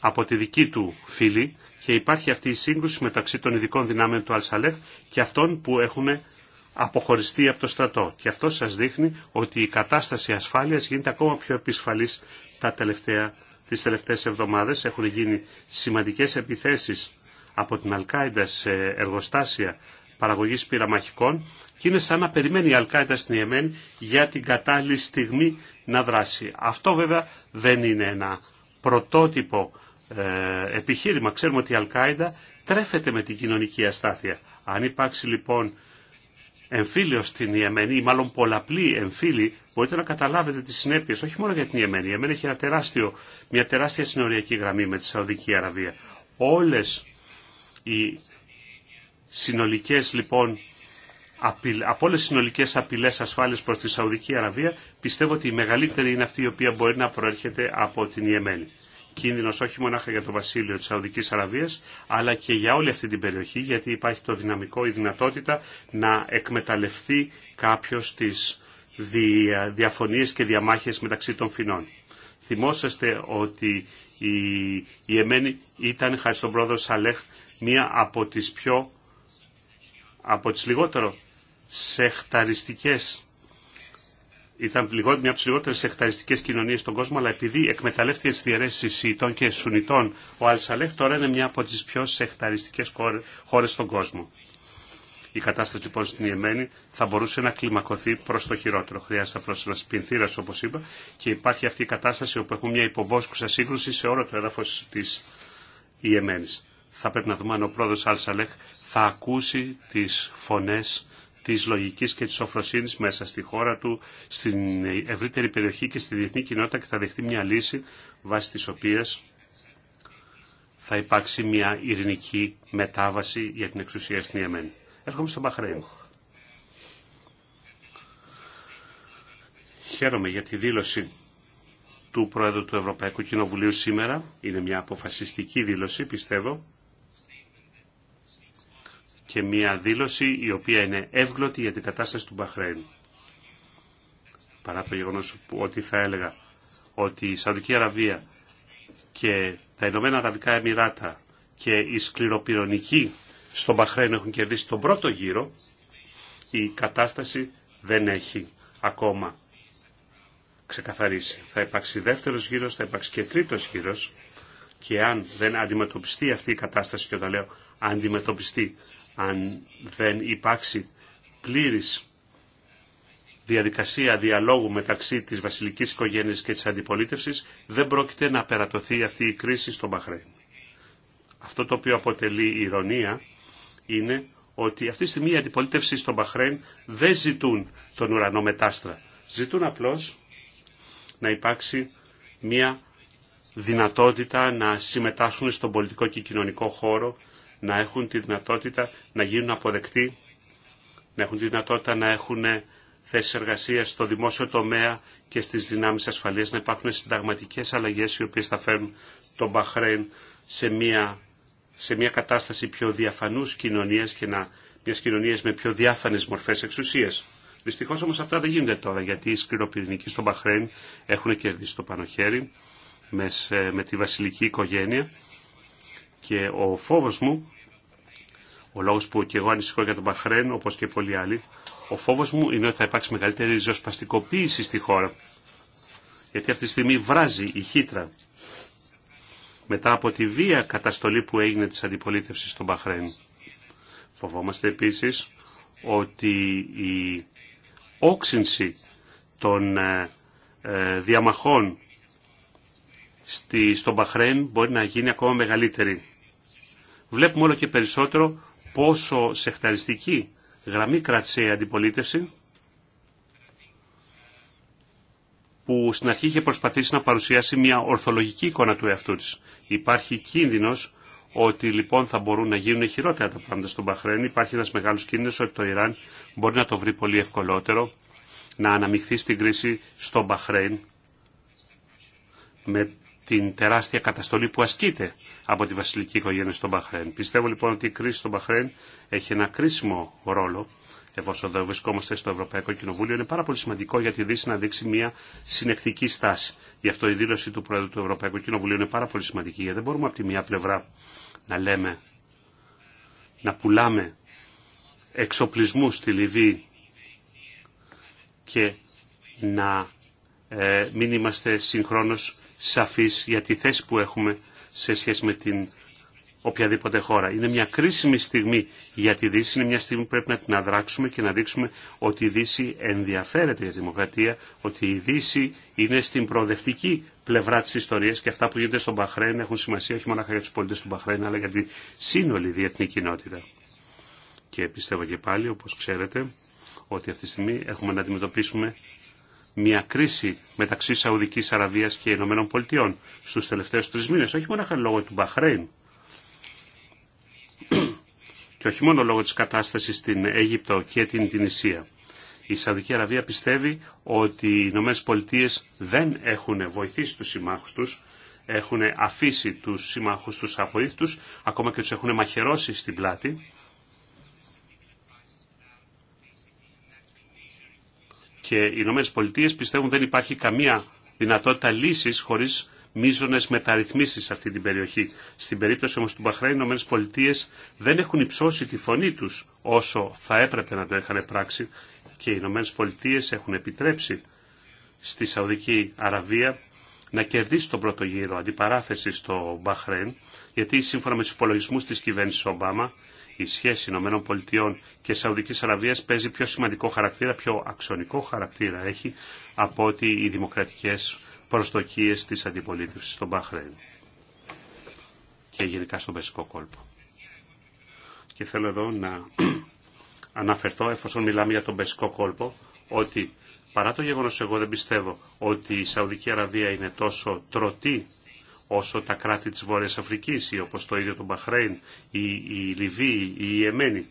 από τη δική του φίλη και υπάρχει αυτή η σύγκρουση μεταξύ των ειδικών δυνάμεων του Αλσαλέχ και αυτών που έχουμε αποχωριστεί από το στρατό. Και αυτό σας δείχνει ότι η κατάσταση ασφάλειας γίνεται ακόμα πιο επισφαλής τα τελευταία τις τελευταίες εβδομάδες. Έχουν γίνει σημαντικές επιθέσεις από την Αλκάιντα σε εργοστάσια παραγωγής πυραμαχικών και είναι σαν να περιμένει η Αλκάιντα στην Ιεμένη για την κατάλληλη στιγμή να δράσει. Αυτό βέβαια δεν είναι ένα πρωτότυπο ε, επιχείρημα. Ξέρουμε ότι η Αλκάιντα τρέφεται με την κοινωνική αστάθεια. Αν υπάρξει λοιπόν εμφύλιο στην Ιεμένη, ή μάλλον πολλαπλή εμφύλη, μπορείτε να καταλάβετε τι συνέπειε, όχι μόνο για την Ιεμένη. Η Ιεμένη έχει ένα τεράστιο, μια τεράστια συνοριακή γραμμή με τη Σαουδική Αραβία. Όλες οι συνολικές λοιπόν από όλε τι συνολικέ απειλέ ασφάλεια προ τη Σαουδική Αραβία, πιστεύω ότι η μεγαλύτερη είναι αυτή η οποία μπορεί να προέρχεται από την Ιεμένη. Κίνδυνο, όχι μονάχα για το βασίλειο της Σαουδική Αραβίας, αλλά και για όλη αυτή την περιοχή, γιατί υπάρχει το δυναμικό, η δυνατότητα να εκμεταλλευτεί κάποιο τις διαφωνίε και διαμάχες μεταξύ των φινών. Θυμόσαστε ότι η, η Εμένη ήταν, χάρη στον πρόεδρο Σαλέχ, μία από τις πιο, από τις λιγότερο σεχταριστικές ήταν λιγότερο, μια από τι λιγότερε εκταριστικέ κοινωνίε στον κόσμο, αλλά επειδή εκμεταλλεύτηκε τι διαιρέσει Ιητών και Σουνιτών, ο Αλσαλέχ τώρα είναι μια από τι πιο εκταριστικέ χώρε στον κόσμο. Η κατάσταση λοιπόν στην Ιεμένη θα μπορούσε να κλιμακωθεί προ το χειρότερο. Χρειάζεται απλώ ένα πινθήρα, όπω είπα, και υπάρχει αυτή η κατάσταση όπου έχουμε μια υποβόσκουσα σύγκρουση σε όλο το έδαφο τη Ιεμένη. Θα πρέπει να δούμε αν ο πρόεδρο Αλσαλεχ θα ακούσει τι φωνέ της λογικής και της οφροσύνη μέσα στη χώρα του, στην ευρύτερη περιοχή και στη διεθνή κοινότητα και θα δεχτεί μια λύση βάσει της οποίας θα υπάρξει μια ειρηνική μετάβαση για την εξουσία στην Ιεμένη. Έρχομαι στο Μπαχρέιν. Χαίρομαι για τη δήλωση του Πρόεδρου του Ευρωπαϊκού Κοινοβουλίου σήμερα. Είναι μια αποφασιστική δήλωση, πιστεύω, και μια δήλωση η οποία είναι εύγλωτη για την κατάσταση του Μπαχρέιν. Παρά το γεγονό ότι θα έλεγα ότι η Σαουδική Αραβία και τα Ηνωμένα Αραβικά Εμμυράτα και οι σκληροπυρονικοί στον Μπαχρέιν έχουν κερδίσει τον πρώτο γύρο, η κατάσταση δεν έχει ακόμα ξεκαθαρίσει. Θα υπάρξει δεύτερος γύρος, θα υπάρξει και τρίτος γύρος και αν δεν αντιμετωπιστεί αυτή η κατάσταση και όταν λέω αντιμετωπιστεί αν δεν υπάρξει πλήρης διαδικασία διαλόγου μεταξύ της βασιλικής οικογένειας και της αντιπολίτευσης, δεν πρόκειται να περατωθεί αυτή η κρίση στο Μπαχρέιν. Αυτό το οποίο αποτελεί ηρωνία είναι ότι αυτή τη στιγμή η αντιπολίτευση στο Μπαχρέιν δεν ζητούν τον ουρανό μετάστρα. Ζητούν απλώς να υπάρξει μια δυνατότητα να συμμετάσχουν στον πολιτικό και κοινωνικό χώρο, να έχουν τη δυνατότητα να γίνουν αποδεκτοί, να έχουν τη δυνατότητα να έχουν θέσεις εργασίας στο δημόσιο τομέα και στις δυνάμεις ασφαλείας, να υπάρχουν συνταγματικές αλλαγές οι οποίες θα φέρουν τον Μπαχρέν σε μια, σε μια κατάσταση πιο διαφανούς κοινωνίας και να, μιας κοινωνίας με πιο διάφανες μορφές εξουσίας. Δυστυχώς όμως αυτά δεν γίνονται τώρα γιατί οι σκληροπυρηνικοί στο Μπαχρέν έχουν κερδίσει το πάνω ε, με τη βασιλική οικογένεια και ο φόβος μου, ο λόγος που και εγώ ανησυχώ για τον Μπαχρέν όπως και πολλοί άλλοι, ο φόβος μου είναι ότι θα υπάρξει μεγαλύτερη ριζοσπαστικοποίηση στη χώρα. Γιατί αυτή τη στιγμή βράζει η χύτρα μετά από τη βία καταστολή που έγινε της αντιπολίτευσης στον Μπαχρέν. Φοβόμαστε επίσης ότι η όξυνση των ε, ε, διαμαχών στη, στο Μπαχρέν μπορεί να γίνει ακόμα μεγαλύτερη. Βλέπουμε όλο και περισσότερο πόσο σεχταριστική γραμμή κράτησε η αντιπολίτευση που στην αρχή είχε προσπαθήσει να παρουσιάσει μια ορθολογική εικόνα του εαυτού της. Υπάρχει κίνδυνος ότι λοιπόν θα μπορούν να γίνουν χειρότερα τα πράγματα στον Παχρέν. Υπάρχει ένας μεγάλος κίνδυνος ότι το Ιράν μπορεί να το βρει πολύ ευκολότερο να αναμειχθεί στην κρίση στον Παχρέν με την τεράστια καταστολή που ασκείται από τη βασιλική οικογένεια στον Μπαχρέν. Πιστεύω λοιπόν ότι η κρίση στον Μπαχρέν έχει ένα κρίσιμο ρόλο. Εφόσον βρισκόμαστε στο Ευρωπαϊκό Κοινοβούλιο, είναι πάρα πολύ σημαντικό για τη Δύση να δείξει μια συνεκτική στάση. Γι' αυτό η δήλωση του Πρόεδρου του Ευρωπαϊκού Κοινοβουλίου είναι πάρα πολύ σημαντική, γιατί δεν μπορούμε από τη μία πλευρά να λέμε, να πουλάμε εξοπλισμού στη Λιβύη και να ε, μην είμαστε συγχρόνως σαφής για τη θέση που έχουμε σε σχέση με την οποιαδήποτε χώρα. Είναι μια κρίσιμη στιγμή για τη Δύση, είναι μια στιγμή που πρέπει να την αδράξουμε και να δείξουμε ότι η Δύση ενδιαφέρεται για τη δημοκρατία, ότι η Δύση είναι στην προοδευτική πλευρά της ιστορίας και αυτά που γίνονται στον Παχρέν έχουν σημασία όχι μόνο για τους πολίτες του Παχρέν αλλά για τη σύνολη διεθνή κοινότητα. Και πιστεύω και πάλι, όπως ξέρετε, ότι αυτή τη στιγμή έχουμε να αντιμετωπίσουμε μια κρίση μεταξύ Σαουδική Αραβία και Ηνωμένων Πολιτειών στους τελευταίους τρει μήνες, όχι μόνο λόγω του Μπαχρέιν (clears throat) και όχι μόνο λόγω τη κατάσταση στην Αίγυπτο και την Τινησία. Η Σαουδική Αραβία πιστεύει ότι οι Ηνωμένε Πολιτείε δεν έχουν βοηθήσει τους συμμάχους τους, έχουν αφήσει τους συμμάχους τους αποήθου, ακόμα και του έχουν μαχαιρώσει στην πλάτη και οι Ηνωμένε Πολιτείε πιστεύουν δεν υπάρχει καμία δυνατότητα λύση χωρί μείζονε μεταρρυθμίσει σε αυτή την περιοχή. Στην περίπτωση όμω του Μπαχρέιν, οι Ηνωμένε Πολιτείε δεν έχουν υψώσει τη φωνή του όσο θα έπρεπε να το είχαν πράξει και οι Ηνωμένε Πολιτείε έχουν επιτρέψει στη Σαουδική Αραβία να κερδίσει τον πρώτο γύρο αντιπαράθεση στο Μπαχρέν, γιατί σύμφωνα με του υπολογισμού τη κυβέρνηση Ομπάμα, η σχέση Πολιτειών και Σαουδικής Αραβίας παίζει πιο σημαντικό χαρακτήρα, πιο αξονικό χαρακτήρα έχει από ότι οι δημοκρατικές προσδοκίε τη αντιπολίτευσης στο Μπαχρέν και γενικά στον Περσικό κόλπο. Και θέλω εδώ να (clears throat) αναφερθώ, εφόσον μιλάμε για τον Περσικό κόλπο, ότι παρά το γεγονός εγώ δεν πιστεύω ότι η Σαουδική Αραβία είναι τόσο τρωτή όσο τα κράτη της Βόρειας Αφρικής ή όπως το ίδιο το Μπαχρέιν ή η Λιβύη ή η Εμένη.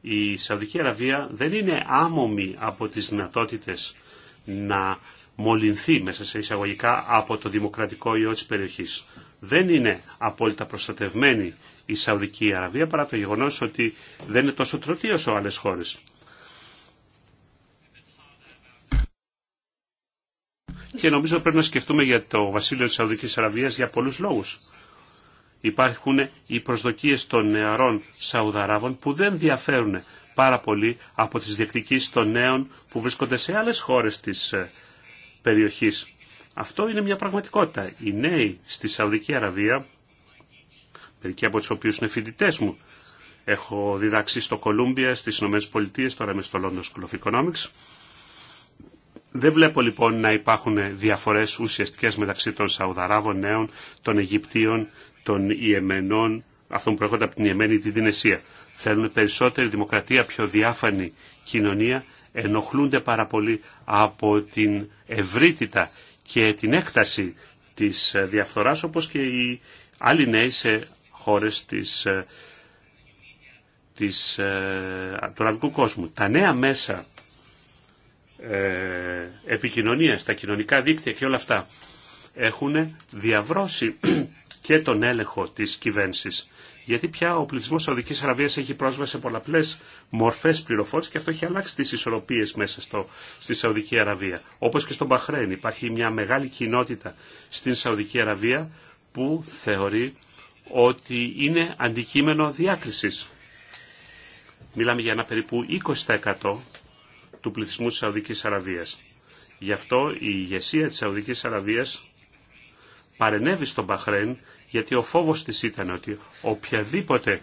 Η Σαουδική Αραβία δεν είναι άμομη από τις δυνατότητες να μολυνθεί μέσα σε εισαγωγικά από το δημοκρατικό ιό της περιοχής. Δεν είναι απόλυτα προστατευμένη η Σαουδική Αραβία παρά το γεγονός ότι δεν είναι τόσο τρωτή όσο άλλες χώρες. και νομίζω πρέπει να σκεφτούμε για το βασίλειο της Σαουδικής Αραβίας για πολλούς λόγους. Υπάρχουν οι προσδοκίες των νεαρών Σαουδαράβων που δεν διαφέρουν πάρα πολύ από τις διεκδικήσεις των νέων που βρίσκονται σε άλλες χώρες της ε, περιοχής. Αυτό είναι μια πραγματικότητα. Οι νέοι στη Σαουδική Αραβία, μερικοί από τους οποίους είναι φοιτητέ μου, έχω διδάξει στο Κολούμπια, στις Ηνωμένες τώρα είμαι στο London School of Economics, δεν βλέπω λοιπόν να υπάρχουν διαφορές ουσιαστικές μεταξύ των Σαουδαράβων νέων, των Αιγυπτίων, των Ιεμενών, αυτών που προέρχονται από την Ιεμένη ή την Θέλουν περισσότερη δημοκρατία, πιο διάφανη κοινωνία, ενοχλούνται πάρα πολύ από την ευρύτητα και την έκταση της διαφθοράς, όπως και οι άλλοι νέοι σε χώρες της, ε, της, ε, του αραβικού κόσμου. Τα νέα μέσα ε, επικοινωνία τα κοινωνικά δίκτυα και όλα αυτά έχουν διαβρώσει (clears throat) και τον έλεγχο της κυβέρνησης. Γιατί πια ο πληθυσμό Σαουδικής Σαουδική έχει πρόσβαση σε πολλαπλέ μορφέ πληροφόρηση και αυτό έχει αλλάξει τι ισορροπίε μέσα στο, στη Σαουδική Αραβία. Όπω και στον Παχρέν. Υπάρχει μια μεγάλη κοινότητα στην Σαουδική Αραβία που θεωρεί ότι είναι αντικείμενο διάκρισης. Μιλάμε για ένα περίπου 20% του πληθυσμού της Σαουδικής Αραβίας. Γι' αυτό η ηγεσία της Σαουδικής Αραβίας παρενέβη στον Παχρέν γιατί ο φόβος της ήταν ότι οποιαδήποτε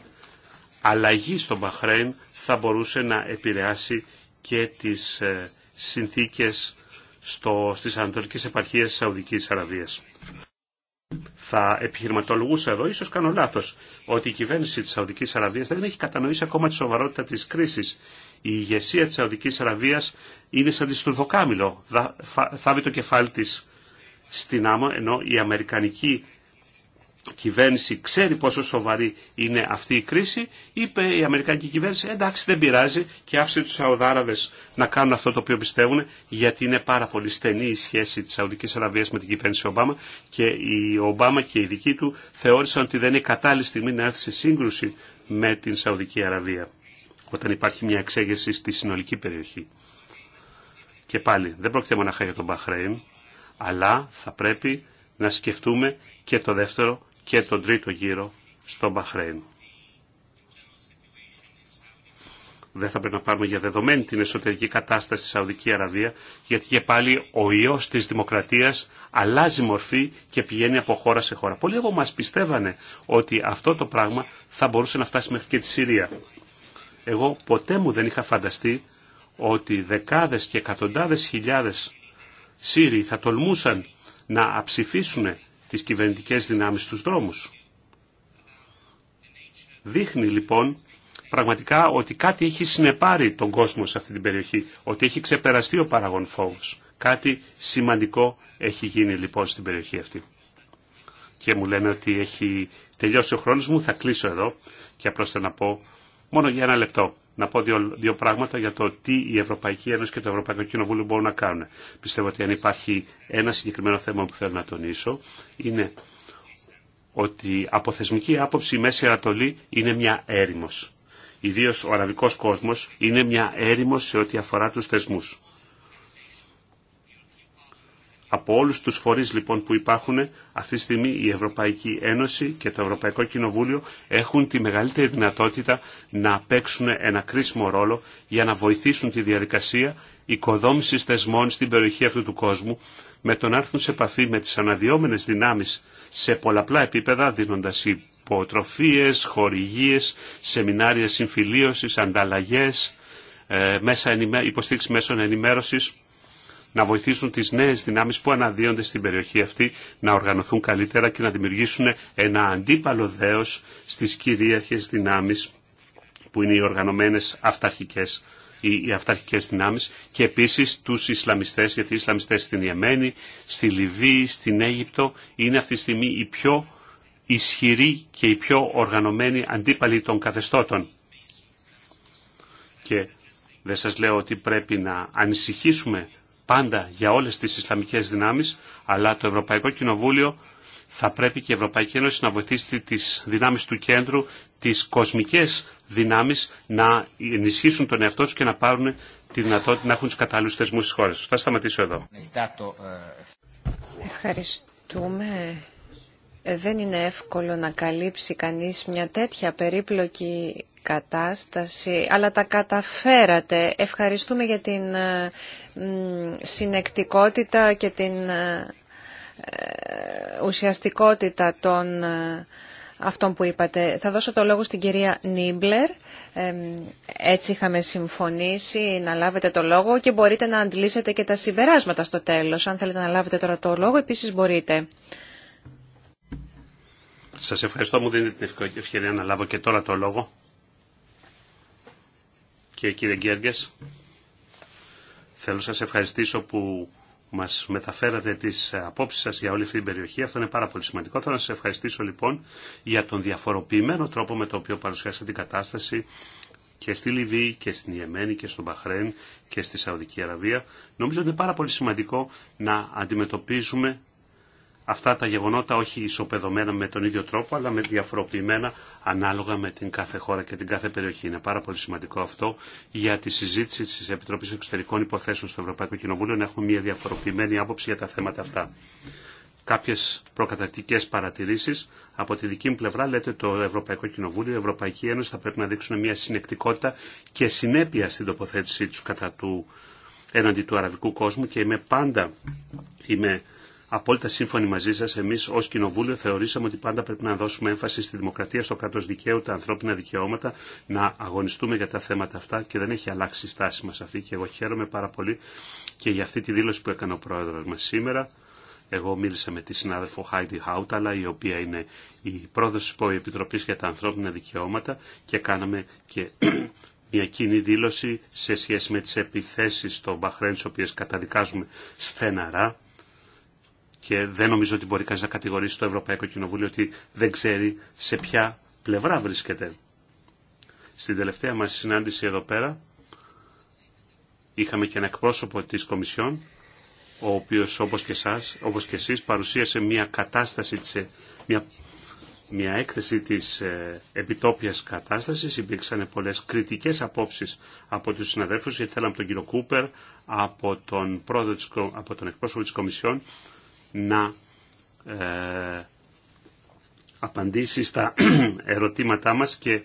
αλλαγή στον Παχρέν θα μπορούσε να επηρεάσει και τις ε, συνθήκες στο, στις ανατολικές επαρχίες της Σαουδικής Αραβίας θα επιχειρηματολογούσα εδώ, ίσως κάνω λάθος, ότι η κυβέρνηση της Σαουδικής Αραβίας δεν έχει κατανοήσει ακόμα τη σοβαρότητα της κρίσης. Η ηγεσία της Σαουδικής Αραβίας είναι σαν τη στουρδοκάμιλο, θάβει το κεφάλι της στην άμμο, ενώ η αμερικανική κυβέρνηση ξέρει πόσο σοβαρή είναι αυτή η κρίση, είπε η Αμερικανική κυβέρνηση εντάξει δεν πειράζει και άφησε τους Σαουδάραβες να κάνουν αυτό το οποίο πιστεύουν γιατί είναι πάρα πολύ στενή η σχέση της Σαουδικής Αραβίας με την κυβέρνηση Ομπάμα και η Ομπάμα και οι δικοί του θεώρησαν ότι δεν είναι κατάλληλη στιγμή να έρθει σε σύγκρουση με την Σαουδική Αραβία όταν υπάρχει μια εξέγερση στη συνολική περιοχή. Και πάλι δεν πρόκειται μοναχά για τον Μπαχρέιν αλλά θα πρέπει να σκεφτούμε και το δεύτερο και τον τρίτο γύρο στο Μπαχρέιν. Δεν θα πρέπει να πάρουμε για δεδομένη την εσωτερική κατάσταση στη Σαουδική Αραβία, γιατί και πάλι ο ιός της δημοκρατίας αλλάζει μορφή και πηγαίνει από χώρα σε χώρα. Πολλοί από μας πιστεύανε ότι αυτό το πράγμα θα μπορούσε να φτάσει μέχρι και τη Συρία. Εγώ ποτέ μου δεν είχα φανταστεί ότι δεκάδες και εκατοντάδες χιλιάδες Σύριοι θα τολμούσαν να αψηφίσουν τις κυβερνητικές δυνάμεις στους δρόμους. Δείχνει λοιπόν πραγματικά ότι κάτι έχει συνεπάρει τον κόσμο σε αυτή την περιοχή, ότι έχει ξεπεραστεί ο παραγόν φόβος. Κάτι σημαντικό έχει γίνει λοιπόν στην περιοχή αυτή. Και μου λένε ότι έχει τελειώσει ο χρόνος μου, θα κλείσω εδώ και απλώς θέλω να πω μόνο για ένα λεπτό να πω δύο, δύο πράγματα για το τι η Ευρωπαϊκή Ένωση και το Ευρωπαϊκό Κοινοβούλιο μπορούν να κάνουν. Πιστεύω ότι αν υπάρχει ένα συγκεκριμένο θέμα που θέλω να τονίσω, είναι ότι από θεσμική άποψη η Μέση Ανατολή είναι μια έρημος. Ιδίω ο αραβικός κόσμος είναι μια έρημος σε ό,τι αφορά τους θεσμούς. Από όλους τους φορείς λοιπόν που υπάρχουν αυτή τη στιγμή η Ευρωπαϊκή Ένωση και το Ευρωπαϊκό Κοινοβούλιο έχουν τη μεγαλύτερη δυνατότητα να παίξουν ένα κρίσιμο ρόλο για να βοηθήσουν τη διαδικασία οικοδόμησης θεσμών στην περιοχή αυτού του κόσμου με τον να έρθουν σε επαφή με τις αναδυόμενες δυνάμεις σε πολλαπλά επίπεδα δίνοντας υποτροφίες, χορηγίες, σεμινάρια συμφιλίωσης, ανταλλαγές, ε, υποστήριξη μέσων ενημέρωσης να βοηθήσουν τις νέες δυνάμεις που αναδύονται στην περιοχή αυτή να οργανωθούν καλύτερα και να δημιουργήσουν ένα αντίπαλο δέος στις κυρίαρχες δυνάμεις που είναι οι οργανωμένες αυταρχικές οι αυταρχικές δυνάμεις και επίσης τους Ισλαμιστές, γιατί οι Ισλαμιστές στην Ιεμένη, στη Λιβύη, στην Αίγυπτο είναι αυτή τη στιγμή οι πιο ισχυροί και οι πιο οργανωμένοι αντίπαλοι των καθεστώτων. Και δεν σας λέω ότι πρέπει να ανησυχήσουμε πάντα για όλες τις Ισλαμικές δυνάμεις, αλλά το Ευρωπαϊκό Κοινοβούλιο θα πρέπει και η Ευρωπαϊκή Ένωση να βοηθήσει τις δυνάμεις του κέντρου, τις κοσμικές δυνάμεις να ενισχύσουν τον εαυτό τους και να πάρουν τη δυνατότητα να έχουν τους κατάλληλους θεσμούς στις χώρες τους. Θα σταματήσω εδώ. Ευχαριστούμε. Ε, δεν είναι εύκολο να καλύψει κανείς μια τέτοια περίπλοκη κατάσταση, αλλά τα καταφέρατε. Ευχαριστούμε για την ε, συνεκτικότητα και την ε, ε, ουσιαστικότητα των αυτών που είπατε. Θα δώσω το λόγο στην κυρία Νίμπλερ. έτσι είχαμε συμφωνήσει να λάβετε το λόγο και μπορείτε να αντλήσετε και τα συμπεράσματα στο τέλος. Αν θέλετε να λάβετε τώρα το λόγο, επίσης μπορείτε. Σας ευχαριστώ μου δίνετε την ευκαιρία να λάβω και τώρα το λόγο και κύριε Γκέργες. Θέλω να σας ευχαριστήσω που μας μεταφέρατε τις απόψεις σας για όλη αυτή την περιοχή. Αυτό είναι πάρα πολύ σημαντικό. Θέλω να σας ευχαριστήσω λοιπόν για τον διαφοροποιημένο τρόπο με το οποίο παρουσιάσατε την κατάσταση και στη Λιβύη και στην Ιεμένη και στον Παχρέν και στη Σαουδική Αραβία. Νομίζω ότι είναι πάρα πολύ σημαντικό να αντιμετωπίζουμε αυτά τα γεγονότα όχι ισοπεδωμένα με τον ίδιο τρόπο, αλλά με διαφοροποιημένα ανάλογα με την κάθε χώρα και την κάθε περιοχή. Είναι πάρα πολύ σημαντικό αυτό για τη συζήτηση τη Επιτροπή Εξωτερικών Υποθέσεων στο Ευρωπαϊκό Κοινοβούλιο να έχουμε μια διαφοροποιημένη άποψη για τα θέματα αυτά. Κάποιε προκαταρκτικέ παρατηρήσει. Από τη δική μου πλευρά, λέτε το Ευρωπαϊκό Κοινοβούλιο, η Ευρωπαϊκή Ένωση θα πρέπει να δείξουν μια συνεκτικότητα και συνέπεια στην τοποθέτησή του κατά του έναντι του αραβικού κόσμου και είμαι πάντα είμαι απόλυτα σύμφωνοι μαζί σα. Εμεί ω Κοινοβούλιο θεωρήσαμε ότι πάντα πρέπει να δώσουμε έμφαση στη δημοκρατία, στο κράτο δικαίου, τα ανθρώπινα δικαιώματα, να αγωνιστούμε για τα θέματα αυτά και δεν έχει αλλάξει η στάση μα αυτή. Και εγώ χαίρομαι πάρα πολύ και για αυτή τη δήλωση που έκανε ο πρόεδρο μα σήμερα. Εγώ μίλησα με τη συνάδελφο Χάιντι Χάουταλα, η οποία είναι η πρόεδρο τη Επιτροπή για τα Ανθρώπινα Δικαιώματα και κάναμε και (clears throat) μια κοινή δήλωση σε σχέση με τις επιθέσεις στο Μπαχρέν, τις οποίες καταδικάζουμε στεναρά και δεν νομίζω ότι μπορεί κανείς να κατηγορήσει το Ευρωπαϊκό Κοινοβούλιο ότι δεν ξέρει σε ποια πλευρά βρίσκεται. Στην τελευταία μας συνάντηση εδώ πέρα είχαμε και ένα εκπρόσωπο της Κομισιόν ο οποίος όπως και, εσάς, και εσείς παρουσίασε μια κατάσταση της, ε, μια, μια έκθεση της ε, επιτόπιας κατάστασης. Υπήρξαν πολλές κριτικές απόψεις από τους συναδέλφους γιατί θέλαμε τον κύριο Κούπερ από τον, πρόεδρο από τον εκπρόσωπο της Κομισιόν να ε, απαντήσει στα (clears throat) ερωτήματά μας και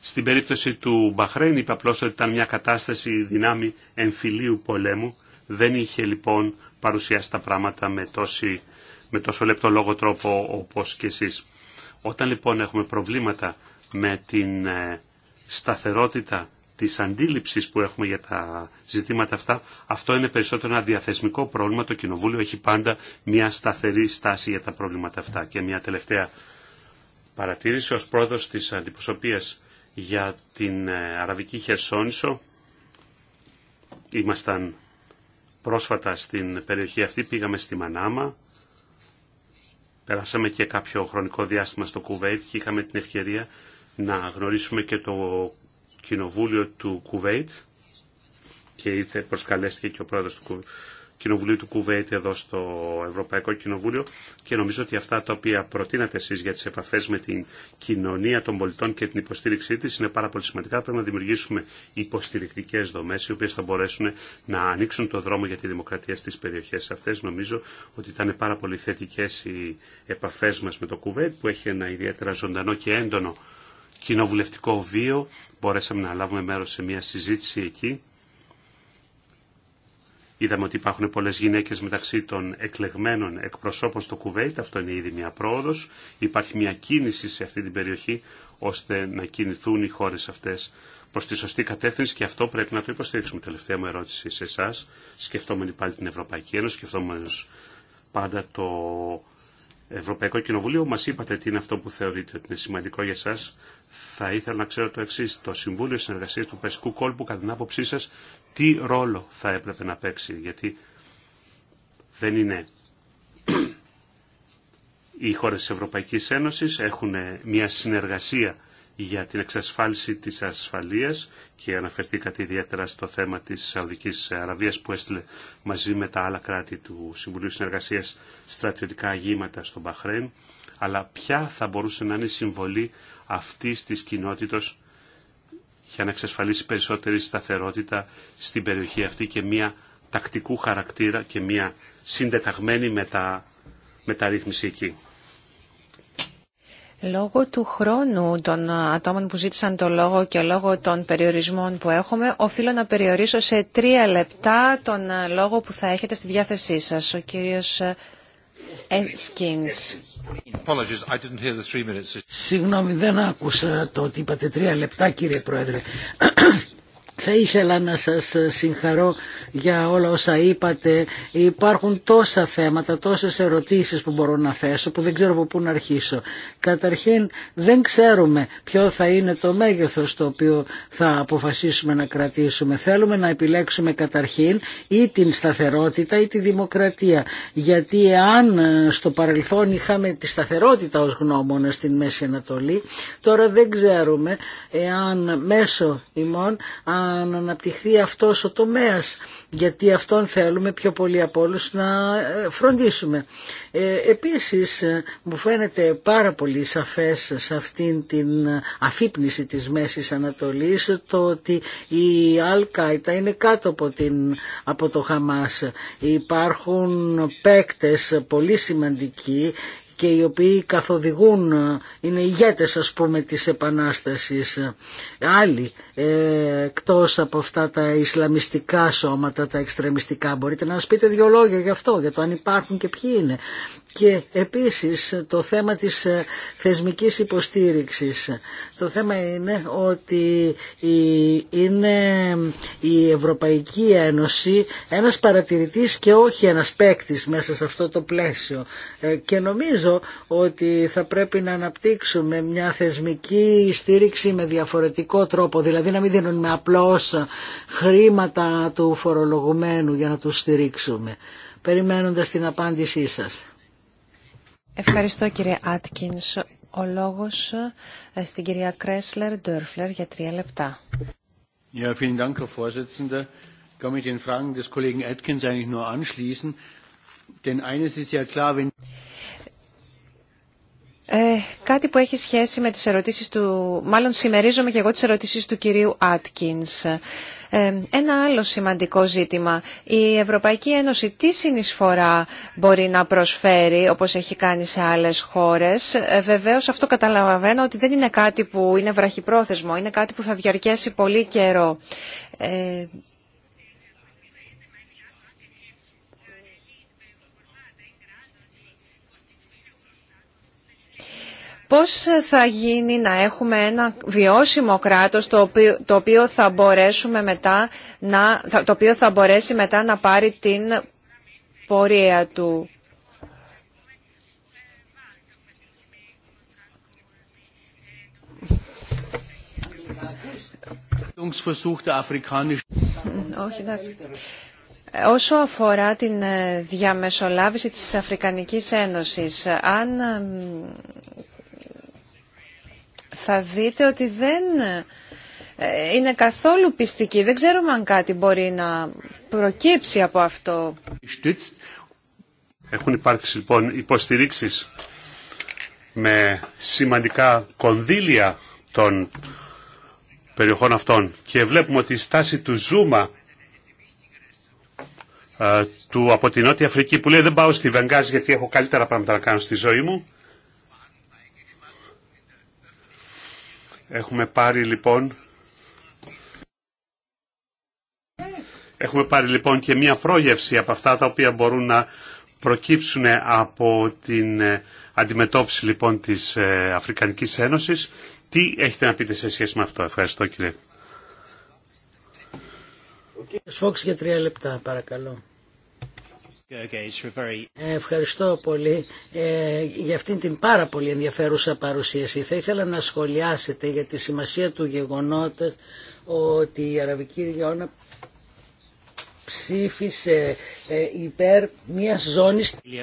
στην περίπτωση του Μπαχρέν είπε απλώς ότι ήταν μια κατάσταση δυνάμει εμφυλίου πολέμου. Δεν είχε λοιπόν παρουσιάσει τα πράγματα με, τόση, με τόσο λεπτολόγο τρόπο όπως και εσείς. Όταν λοιπόν έχουμε προβλήματα με την ε, σταθερότητα της αντίληψης που έχουμε για τα ζητήματα αυτά, αυτό είναι περισσότερο ένα διαθεσμικό πρόβλημα. Το Κοινοβούλιο έχει πάντα μια σταθερή στάση για τα πρόβληματα αυτά. Και μια τελευταία παρατήρηση ως πρόεδρος της αντιπροσωπείας για την ε, Αραβική Χερσόνησο. Ήμασταν πρόσφατα στην περιοχή αυτή, πήγαμε στη Μανάμα, περάσαμε και κάποιο χρονικό διάστημα στο Κουβέιτ και είχαμε την ευκαιρία να γνωρίσουμε και το Κοινοβούλιο του Κουβέιτ και ήρθε, προσκαλέστηκε και ο πρόεδρος του Κοινοβουλίου του Κουβέιτ εδώ στο Ευρωπαϊκό Κοινοβούλιο και νομίζω ότι αυτά τα οποία προτείνατε εσείς για τις επαφές με την κοινωνία των πολιτών και την υποστήριξή της είναι πάρα πολύ σημαντικά. Πρέπει να δημιουργήσουμε υποστηρικτικές δομές οι οποίες θα μπορέσουν να ανοίξουν το δρόμο για τη δημοκρατία στις περιοχές αυτές. Νομίζω ότι ήταν πάρα πολύ θετικέ οι επαφές μας με το Κουβέιτ που έχει ένα ιδιαίτερα ζωντανό και έντονο κοινοβουλευτικό βίο μπορέσαμε να λάβουμε μέρος σε μια συζήτηση εκεί. Είδαμε ότι υπάρχουν πολλές γυναίκες μεταξύ των εκλεγμένων εκπροσώπων στο Κουβέιτ. Αυτό είναι ήδη μια πρόοδο. Υπάρχει μια κίνηση σε αυτή την περιοχή ώστε να κινηθούν οι χώρες αυτές προς τη σωστή κατεύθυνση και αυτό πρέπει να το υποστηρίξουμε. Τελευταία μου ερώτηση σε εσά. Σκεφτόμενοι πάλι την Ευρωπαϊκή Ένωση, σκεφτόμενοι πάντα το Ευρωπαϊκό Κοινοβούλιο. Μας είπατε τι είναι αυτό που θεωρείτε ότι είναι σημαντικό για σας. Θα ήθελα να ξέρω το εξή, Το Συμβούλιο Συνεργασίας του Περσικού Κόλπου, κατά την άποψή σα τι ρόλο θα έπρεπε να παίξει. Γιατί δεν είναι (clears throat) οι χώρες της Ευρωπαϊκής Ένωσης έχουν μια συνεργασία για την εξασφάλιση της ασφαλείας και αναφερθήκατε ιδιαίτερα στο θέμα της Σαουδικής Αραβίας που έστειλε μαζί με τα άλλα κράτη του Συμβουλίου Συνεργασίας στρατιωτικά αγίματα στον Παχρέν Αλλά ποια θα μπορούσε να είναι η συμβολή αυτής της κοινότητος για να εξασφαλίσει περισσότερη σταθερότητα στην περιοχή αυτή και μια τακτικού χαρακτήρα και μια συντεταγμένη μετα... μεταρρύθμιση εκεί. Λόγω του χρόνου των ατόμων που ζήτησαν το λόγο και λόγω των περιορισμών που έχουμε, οφείλω να περιορίσω σε τρία λεπτά τον λόγο που θα έχετε στη διάθεσή σας. Ο κύριος Ενσκίνς. Συγγνώμη, δεν άκουσα το ότι είπατε τρία λεπτά, κύριε Πρόεδρε. Θα ήθελα να σας ε, συγχαρώ για όλα όσα είπατε. Υπάρχουν τόσα θέματα, τόσες ερωτήσεις που μπορώ να θέσω που δεν ξέρω από πού να αρχίσω. Καταρχήν δεν ξέρουμε ποιο θα είναι το μέγεθος το οποίο θα αποφασίσουμε να κρατήσουμε. Θέλουμε να επιλέξουμε καταρχήν ή την σταθερότητα ή τη δημοκρατία. Γιατί αν ε, στο παρελθόν είχαμε τη σταθερότητα ως γνώμονα στην Μέση Ανατολή, τώρα δεν ξέρουμε εάν μέσω ημών να αναπτυχθεί αυτός ο τομέας γιατί αυτόν θέλουμε πιο πολύ από να ε, φροντίσουμε. Ε, επίσης ε, μου φαίνεται πάρα πολύ σαφές σε αυτήν την ε, αφύπνιση της Μέσης Ανατολής το ότι η Κάιτα είναι κάτω από, την, από το Χαμάς. Υπάρχουν παίκτες πολύ σημαντικοί και οι οποίοι καθοδηγούν, είναι ηγέτες ας πούμε της Επανάστασης. Άλλοι ε, εκτός από αυτά τα Ισλαμιστικά σώματα, τα εξτρεμιστικά. Μπορείτε να μας πείτε δύο λόγια γι' αυτό, για το αν υπάρχουν και ποιοι είναι και επίσης το θέμα της ε, θεσμικής υποστήριξης. Το θέμα είναι ότι είναι η Ευρωπαϊκή Ένωση ένας παρατηρητής και όχι ένας παίκτης μέσα σε αυτό το πλαίσιο. Ε, και νομίζω ότι θα πρέπει να αναπτύξουμε μια θεσμική στήριξη με διαφορετικό τρόπο, δηλαδή να μην δίνουμε απλώς χρήματα του φορολογουμένου για να τους στηρίξουμε, περιμένοντας την απάντησή σας. Ευχαριστώ κύριε Άτκινς. Ο λόγος στην κυρία Κρέσλερ Ντόρφλερ για τρία λεπτά. Ja, vielen Dank, Herr Vorsitzender. Ich kann mich den Fragen des Kollegen Atkins eigentlich nur anschließen. Denn eines ist ja klar, wenn ε, κάτι που έχει σχέση με τις ερωτήσεις του... Μάλλον συμμερίζομαι και εγώ τις ερωτήσεις του κυρίου Άτκινς. Ε, ένα άλλο σημαντικό ζήτημα. Η Ευρωπαϊκή Ένωση τι συνεισφορά μπορεί να προσφέρει, όπως έχει κάνει σε άλλες χώρες. Ε, βεβαίως αυτό καταλαβαίνω ότι δεν είναι κάτι που είναι βραχυπρόθεσμο. Είναι κάτι που θα διαρκέσει πολύ καιρό. Ε, Πώς θα γίνει να έχουμε ένα βιώσιμο κράτος το οποίο, θα μπορέσουμε μετά να, το οποίο θα μπορέσει μετά να πάρει την πορεία του. Όχι, Όσο αφορά την ε, διαμεσολάβηση της Αφρικανικής Ένωσης, αν θα δείτε ότι δεν ε, είναι καθόλου πιστική. Δεν ξέρουμε αν κάτι μπορεί να προκύψει από αυτό. Έχουν υπάρξει λοιπόν υποστηρίξεις με σημαντικά κονδύλια των περιοχών αυτών και βλέπουμε ότι η στάση του Ζούμα ε, του από την Νότια Αφρική που λέει δεν πάω στη Βενγάζη γιατί έχω καλύτερα πράγματα να κάνω στη ζωή μου Έχουμε πάρει λοιπόν... Έχουμε πάρει λοιπόν και μία πρόγευση από αυτά τα οποία μπορούν να προκύψουν από την ε, αντιμετώπιση λοιπόν της ε, Αφρικανικής Ένωσης. Τι έχετε να πείτε σε σχέση με αυτό. Ευχαριστώ κύριε. Ο κύριος Φόξ για τρία λεπτά παρακαλώ. Ευχαριστώ πολύ ε, για αυτήν την πάρα πολύ ενδιαφέρουσα παρουσίαση. Θα ήθελα να σχολιάσετε για τη σημασία του γεγονότος ότι η Αραβική Λιώνα ψήφισε ε, υπέρ μιας ζώνης e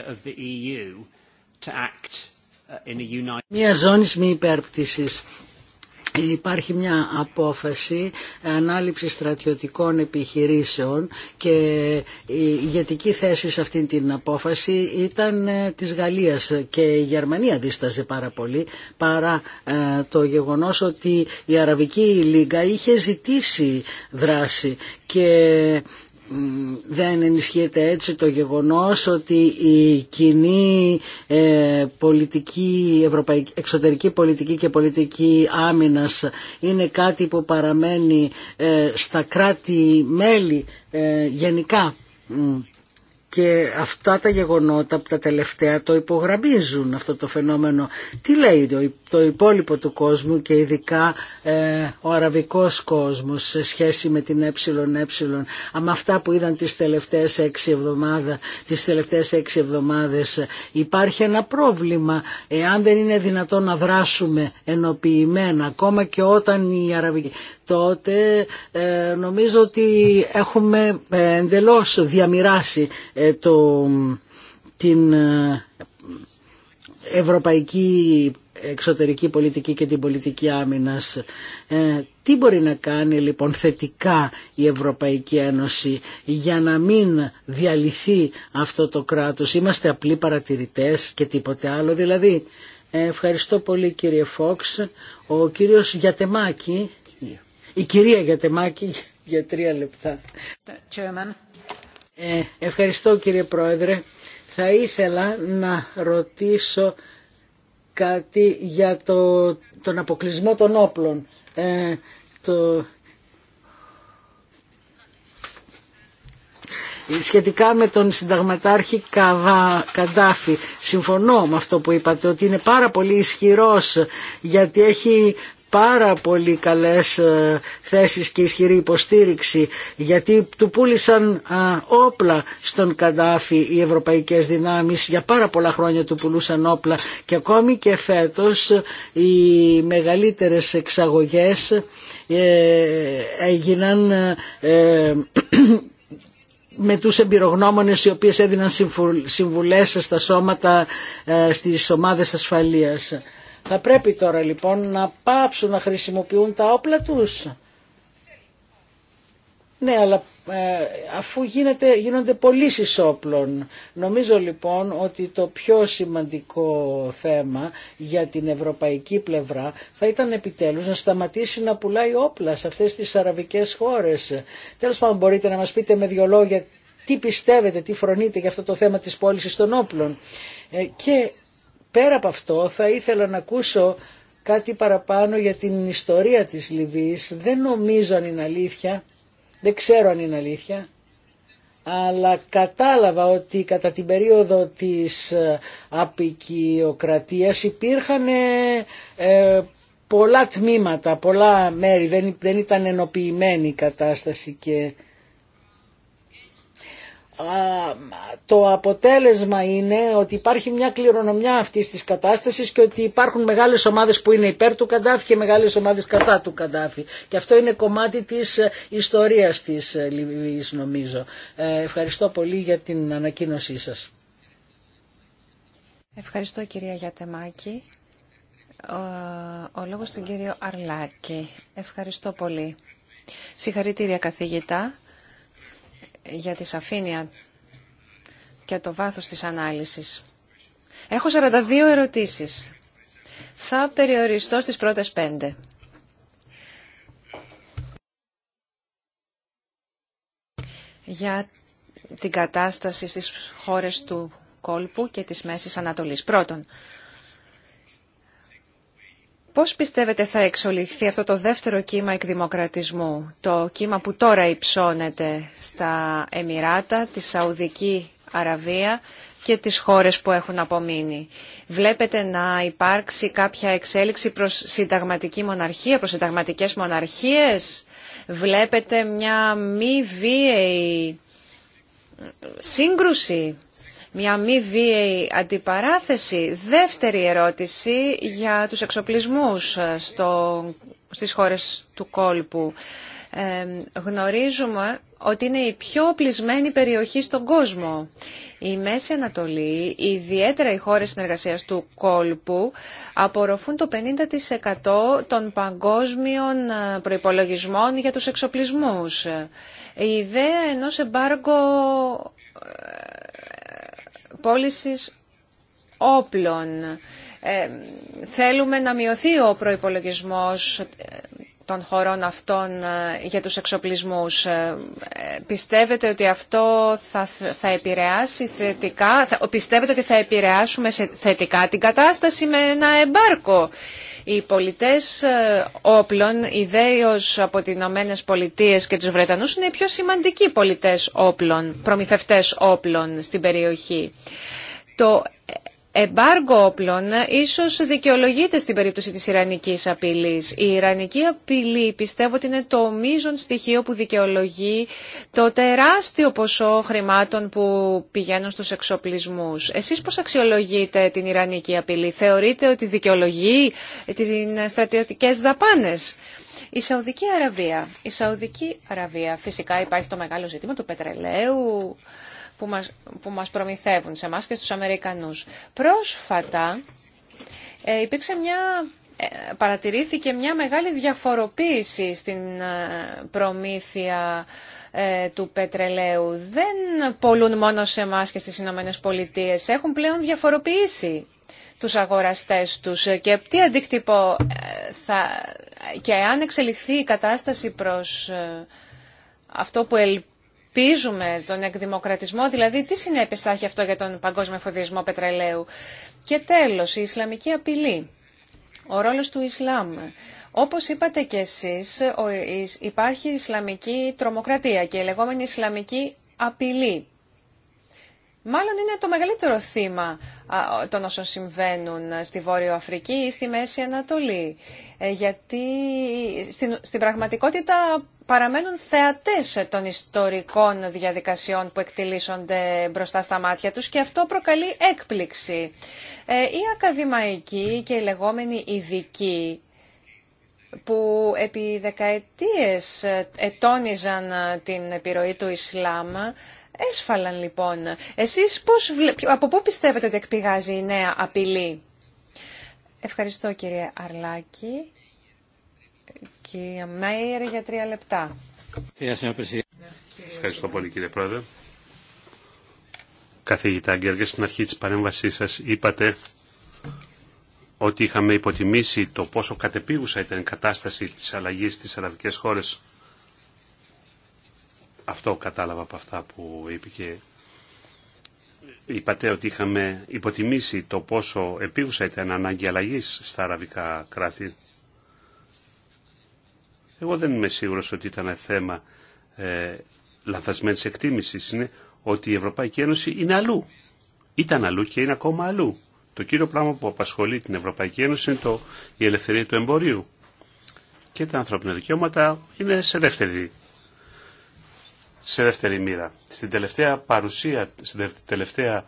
uh, μια ζώνης μη υπέρπτυσης ε, υπάρχει μια απόφαση ανάληψη στρατιωτικών επιχειρήσεων και η ηγετική θέση σε αυτή την απόφαση ήταν ε, της Γαλλίας και η Γερμανία δίσταζε πάρα πολύ παρά ε, το γεγονός ότι η Αραβική Λίγκα είχε ζητήσει δράση και δεν ενισχύεται έτσι το γεγονός ότι η κοινή ε, πολιτική, ευρωπαϊκή, εξωτερική πολιτική και πολιτική άμυνας είναι κάτι που παραμένει ε, στα κράτη-μέλη ε, γενικά και αυτά τα γεγονότα που τα τελευταία το υπογραμμίζουν αυτό το φαινόμενο. Τι λέει το υπόλοιπο του κόσμου και ειδικά ε, ο αραβικός κόσμος σε σχέση με την ΕΕ. Αν αυτά που είδαν τις τελευταίες έξι, εβδομάδες, τις τελευταίες έξι εβδομάδες υπάρχει ένα πρόβλημα εάν δεν είναι δυνατόν να δράσουμε ενοποιημένα ακόμα και όταν οι αραβικοί τότε ε, νομίζω ότι έχουμε ε, εντελώς διαμοιράσει ε, το, την ε, ευρωπαϊκή εξωτερική πολιτική και την πολιτική άμυνας. Ε, τι μπορεί να κάνει λοιπόν θετικά η Ευρωπαϊκή Ένωση για να μην διαλυθεί αυτό το κράτος. Είμαστε απλοί παρατηρητές και τίποτε άλλο δηλαδή. ευχαριστώ πολύ κύριε Φόξ. Ο κύριος Γιατεμάκη, η κυρία Γιατεμάκη για τρία λεπτά. Ε, ευχαριστώ κύριε Πρόεδρε. Θα ήθελα να ρωτήσω κάτι για το, τον αποκλεισμό των όπλων. Ε, το, σχετικά με τον συνταγματάρχη Καβα, Καντάφη. Συμφωνώ με αυτό που είπατε ότι είναι πάρα πολύ ισχυρός γιατί έχει πάρα πολύ καλές ε, θέσεις και ισχυρή υποστήριξη γιατί του πούλησαν ε, όπλα στον Καντάφη οι ευρωπαϊκές δυνάμεις για πάρα πολλά χρόνια του πουλούσαν όπλα και ακόμη και φέτος οι μεγαλύτερες εξαγωγές ε, έγιναν με τους εμπειρογνώμονες οι οποίες έδιναν συμβουλές στα σώματα στις ομάδες ασφαλείας. Θα πρέπει τώρα λοιπόν να πάψουν να χρησιμοποιούν τα όπλα τους. Ναι, αλλά ε, αφού γίνεται, γίνονται πωλήσει όπλων. Νομίζω λοιπόν ότι το πιο σημαντικό θέμα για την ευρωπαϊκή πλευρά θα ήταν επιτέλους να σταματήσει να πουλάει όπλα σε αυτές τις αραβικές χώρες. Τέλος πάντων μπορείτε να μας πείτε με δυο λόγια τι πιστεύετε, τι φρονείτε για αυτό το θέμα της πώληση των όπλων. Ε, και Πέρα από αυτό θα ήθελα να ακούσω κάτι παραπάνω για την ιστορία της Λιβύης. Δεν νομίζω αν είναι αλήθεια, δεν ξέρω αν είναι αλήθεια, αλλά κατάλαβα ότι κατά την περίοδο της ε, απικιοκρατίας υπήρχαν ε, ε, πολλά τμήματα, πολλά μέρη, δεν, δεν ήταν ενοποιημένη η κατάσταση και το αποτέλεσμα είναι ότι υπάρχει μια κληρονομιά αυτή τη κατάσταση και ότι υπάρχουν μεγάλες ομάδες που είναι υπέρ του Καντάφη και μεγάλες ομάδες κατά του Καντάφη. Και αυτό είναι κομμάτι της ιστορίας της Λιβύης νομίζω. Ε, ευχαριστώ πολύ για την ανακοίνωσή σας. Ευχαριστώ κυρία Γιατεμάκη. Ο, ο λόγος του κύριο Αρλάκη. Ευχαριστώ πολύ. Συγχαρητήρια καθηγητά για τη σαφήνεια και το βάθος της ανάλυσης. Έχω 42 ερωτήσεις. Θα περιοριστώ στις πρώτες πέντε. Για την κατάσταση στις χώρες του κόλπου και της Μέσης Ανατολής. Πρώτον, Πώς πιστεύετε θα εξολιχθεί αυτό το δεύτερο κύμα εκδημοκρατισμού, το κύμα που τώρα υψώνεται στα Εμμυράτα, τη Σαουδική Αραβία και τις χώρες που έχουν απομείνει. Βλέπετε να υπάρξει κάποια εξέλιξη προς συνταγματική μοναρχία, προς συνταγματικές μοναρχίες. Βλέπετε μια μη βίαιη σύγκρουση μια μη βίαιη αντιπαράθεση. Δεύτερη ερώτηση για τους εξοπλισμούς ε, στο, στις χώρες του κόλπου. Ε, γνωρίζουμε ότι είναι η πιο οπλισμένη περιοχή στον κόσμο. Η Μέση Ανατολή, ιδιαίτερα οι χώρες συνεργασίας του κόλπου, απορροφούν το 50% των παγκόσμιων ε, προϋπολογισμών για τους εξοπλισμούς. Η ιδέα ενός εμπάργου πώλησης όπλων. Ε, θέλουμε να μειωθεί ο προϋπολογισμός ε, των χωρών αυτών ε, για τους εξοπλισμούς. Πιστεύετε ότι αυτό θα, θα επηρεάσει θετικά, θα, πιστεύετε ότι θα επηρεάσουμε θετικά την κατάσταση με ένα εμπάρκο. Οι πολιτές ε, όπλων, ιδέως από τις Ηνωμένε Πολιτείε και τους Βρετανούς, είναι οι πιο σημαντικοί πολιτές όπλων, προμηθευτές όπλων στην περιοχή εμπάργκο όπλων ε, ίσως δικαιολογείται στην περίπτωση της Ιρανικής απειλής. Η Ιρανική απειλή πιστεύω ότι είναι το μείζον στοιχείο που δικαιολογεί το τεράστιο ποσό χρημάτων που πηγαίνουν στους εξοπλισμούς. Εσείς πώς αξιολογείτε την Ιρανική απειλή. Θεωρείτε ότι δικαιολογεί τις στρατιωτικές δαπάνες. Η Σαουδική Αραβία. Η Σαουδική Αραβία. Φυσικά υπάρχει το μεγάλο ζήτημα του πετρελαίου που μας, προμηθεύουν σε εμά και στους Αμερικανούς. Πρόσφατα ε, υπήρξε μια ε, παρατηρήθηκε μια μεγάλη διαφοροποίηση στην ε, προμήθεια του πετρελαίου. Δεν πολλούν μόνο σε εμά και στις Ηνωμένε Πολιτείε. Έχουν πλέον διαφοροποιήσει τους αγοραστές τους και τι αντίκτυπο θα... και αν εξελιχθεί η κατάσταση προς αυτό που ελπίζουμε πίζουμε τον εκδημοκρατισμό, δηλαδή τι συνέπειε θα έχει αυτό για τον παγκόσμιο εφοδιασμό πετρελαίου. Και τέλος, η Ισλαμική απειλή. Ο ρόλος του Ισλάμ. Όπως είπατε και εσεί υπάρχει Ισλαμική τρομοκρατία και η λεγόμενη Ισλαμική απειλή. Μάλλον είναι το μεγαλύτερο θύμα των όσων συμβαίνουν στη Βόρειο Αφρική ή στη Μέση Ανατολή. Ε, γιατί στην, στην πραγματικότητα παραμένουν θεατές των ιστορικών διαδικασιών που εκτελήσονται μπροστά στα μάτια τους και αυτό προκαλεί έκπληξη. Ε, οι ακαδημαϊκοί και οι λεγόμενοι ειδικοί που επί δεκαετίες ε, ετώνιζαν την επιρροή του Ισλάμ έσφαλαν λοιπόν. Εσείς πώς, από πού πιστεύετε ότι εκπηγάζει η νέα απειλή. Ευχαριστώ κύριε Αρλάκη. Κύριε Μέιερ για τρία λεπτά. Ευχαριστώ πολύ κύριε Πρόεδρε. Καθηγητά Αγγέργε, στην αρχή της παρέμβασής σας είπατε ότι είχαμε υποτιμήσει το πόσο κατεπίγουσα ήταν η κατάσταση της αλλαγής στις αραβικές χώρες. Αυτό κατάλαβα από αυτά που είπε και είπατε ότι είχαμε υποτιμήσει το πόσο επίγουσα ήταν ανάγκη αλλαγής στα αραβικά κράτη. Εγώ δεν είμαι σίγουρος ότι ήταν θέμα ε, λανθασμένης εκτίμησης. Είναι ότι η Ευρωπαϊκή Ένωση είναι αλλού. Ήταν αλλού και είναι ακόμα αλλού. Το κύριο πράγμα που απασχολεί την Ευρωπαϊκή Ένωση είναι το, η ελευθερία του εμπορίου. Και τα ανθρώπινα δικαιώματα είναι σε δεύτερη, σε δεύτερη μοίρα. Στην τελευταία παρουσία, στην τελευταία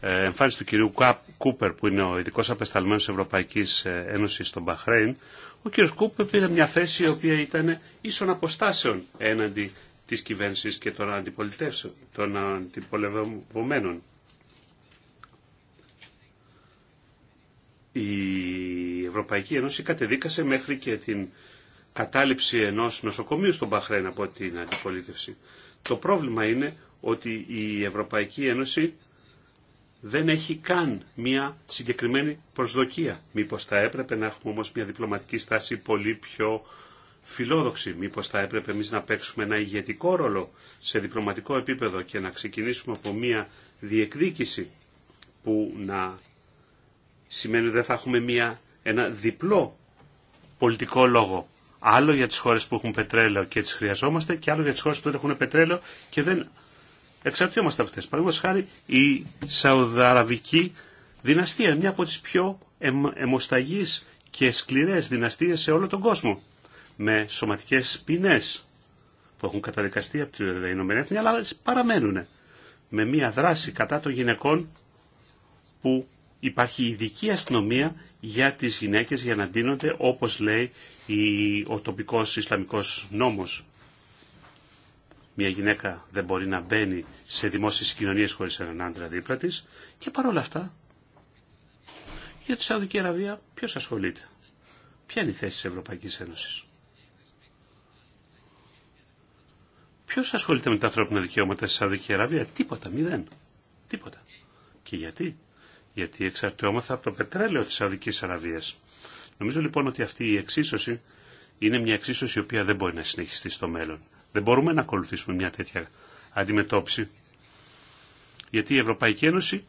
ε, εμφάνιση του κυρίου Κούπερ που είναι ο ειδικό απεσταλμένος Ευρωπαϊκής ε, Ένωσης στον Μπαχρέιν ο κ. Κούπ πήρε μια θέση η οποία ήταν ίσων αποστάσεων έναντι της κυβέρνησης και των αντιπολιτεύσεων, των αντιπολεμωμένων. Η Ευρωπαϊκή Ένωση κατεδίκασε μέχρι και την κατάληψη ενός νοσοκομείου στον Παχρέν από την αντιπολίτευση. Το πρόβλημα είναι ότι η Ευρωπαϊκή Ένωση δεν έχει καν μια συγκεκριμένη προσδοκία. Μήπως θα έπρεπε να έχουμε όμως μια διπλωματική στάση πολύ πιο φιλόδοξη. Μήπως θα έπρεπε εμείς να παίξουμε ένα ηγετικό ρόλο σε διπλωματικό επίπεδο και να ξεκινήσουμε από μια διεκδίκηση που να σημαίνει ότι δεν θα έχουμε μια, ένα διπλό πολιτικό λόγο. Άλλο για τις χώρες που έχουν πετρέλαιο και τις χρειαζόμαστε και άλλο για τις χώρες που δεν έχουν πετρέλαιο και δεν εξαρτιόμαστε από αυτές. Παραδείγματο χάρη η Σαουδαραβική δυναστεία, μια από τις πιο αιμοσταγείς και σκληρέ δυναστείε σε όλο τον κόσμο, με σωματικές ποινέ που έχουν καταδικαστεί από την Ηνωμένη αλλά παραμένουν με μια δράση κατά των γυναικών που υπάρχει ειδική αστυνομία για τις γυναίκες για να ντύνονται όπως λέει ο τοπικός Ισλαμικός νόμος. Μια γυναίκα δεν μπορεί να μπαίνει σε δημόσιες κοινωνίες χωρίς έναν άντρα δίπλα τη και παρόλα αυτά για τη Σαουδική Αραβία ποιος ασχολείται. Ποια είναι η θέση της Ευρωπαϊκής Ένωσης. Ποιος ασχολείται με τα ανθρώπινα δικαιώματα στη Σαουδική Αραβία. Τίποτα, μηδέν. Τίποτα. Και γιατί. Γιατί εξαρτώμαθα από το πετρέλαιο της Σαουδικής Αραβίας. Νομίζω λοιπόν ότι αυτή η εξίσωση είναι μια εξίσωση η οποία δεν μπορεί να συνεχιστεί στο μέλλον. Δεν μπορούμε να ακολουθήσουμε μια τέτοια αντιμετώπιση. Γιατί η Ευρωπαϊκή Ένωση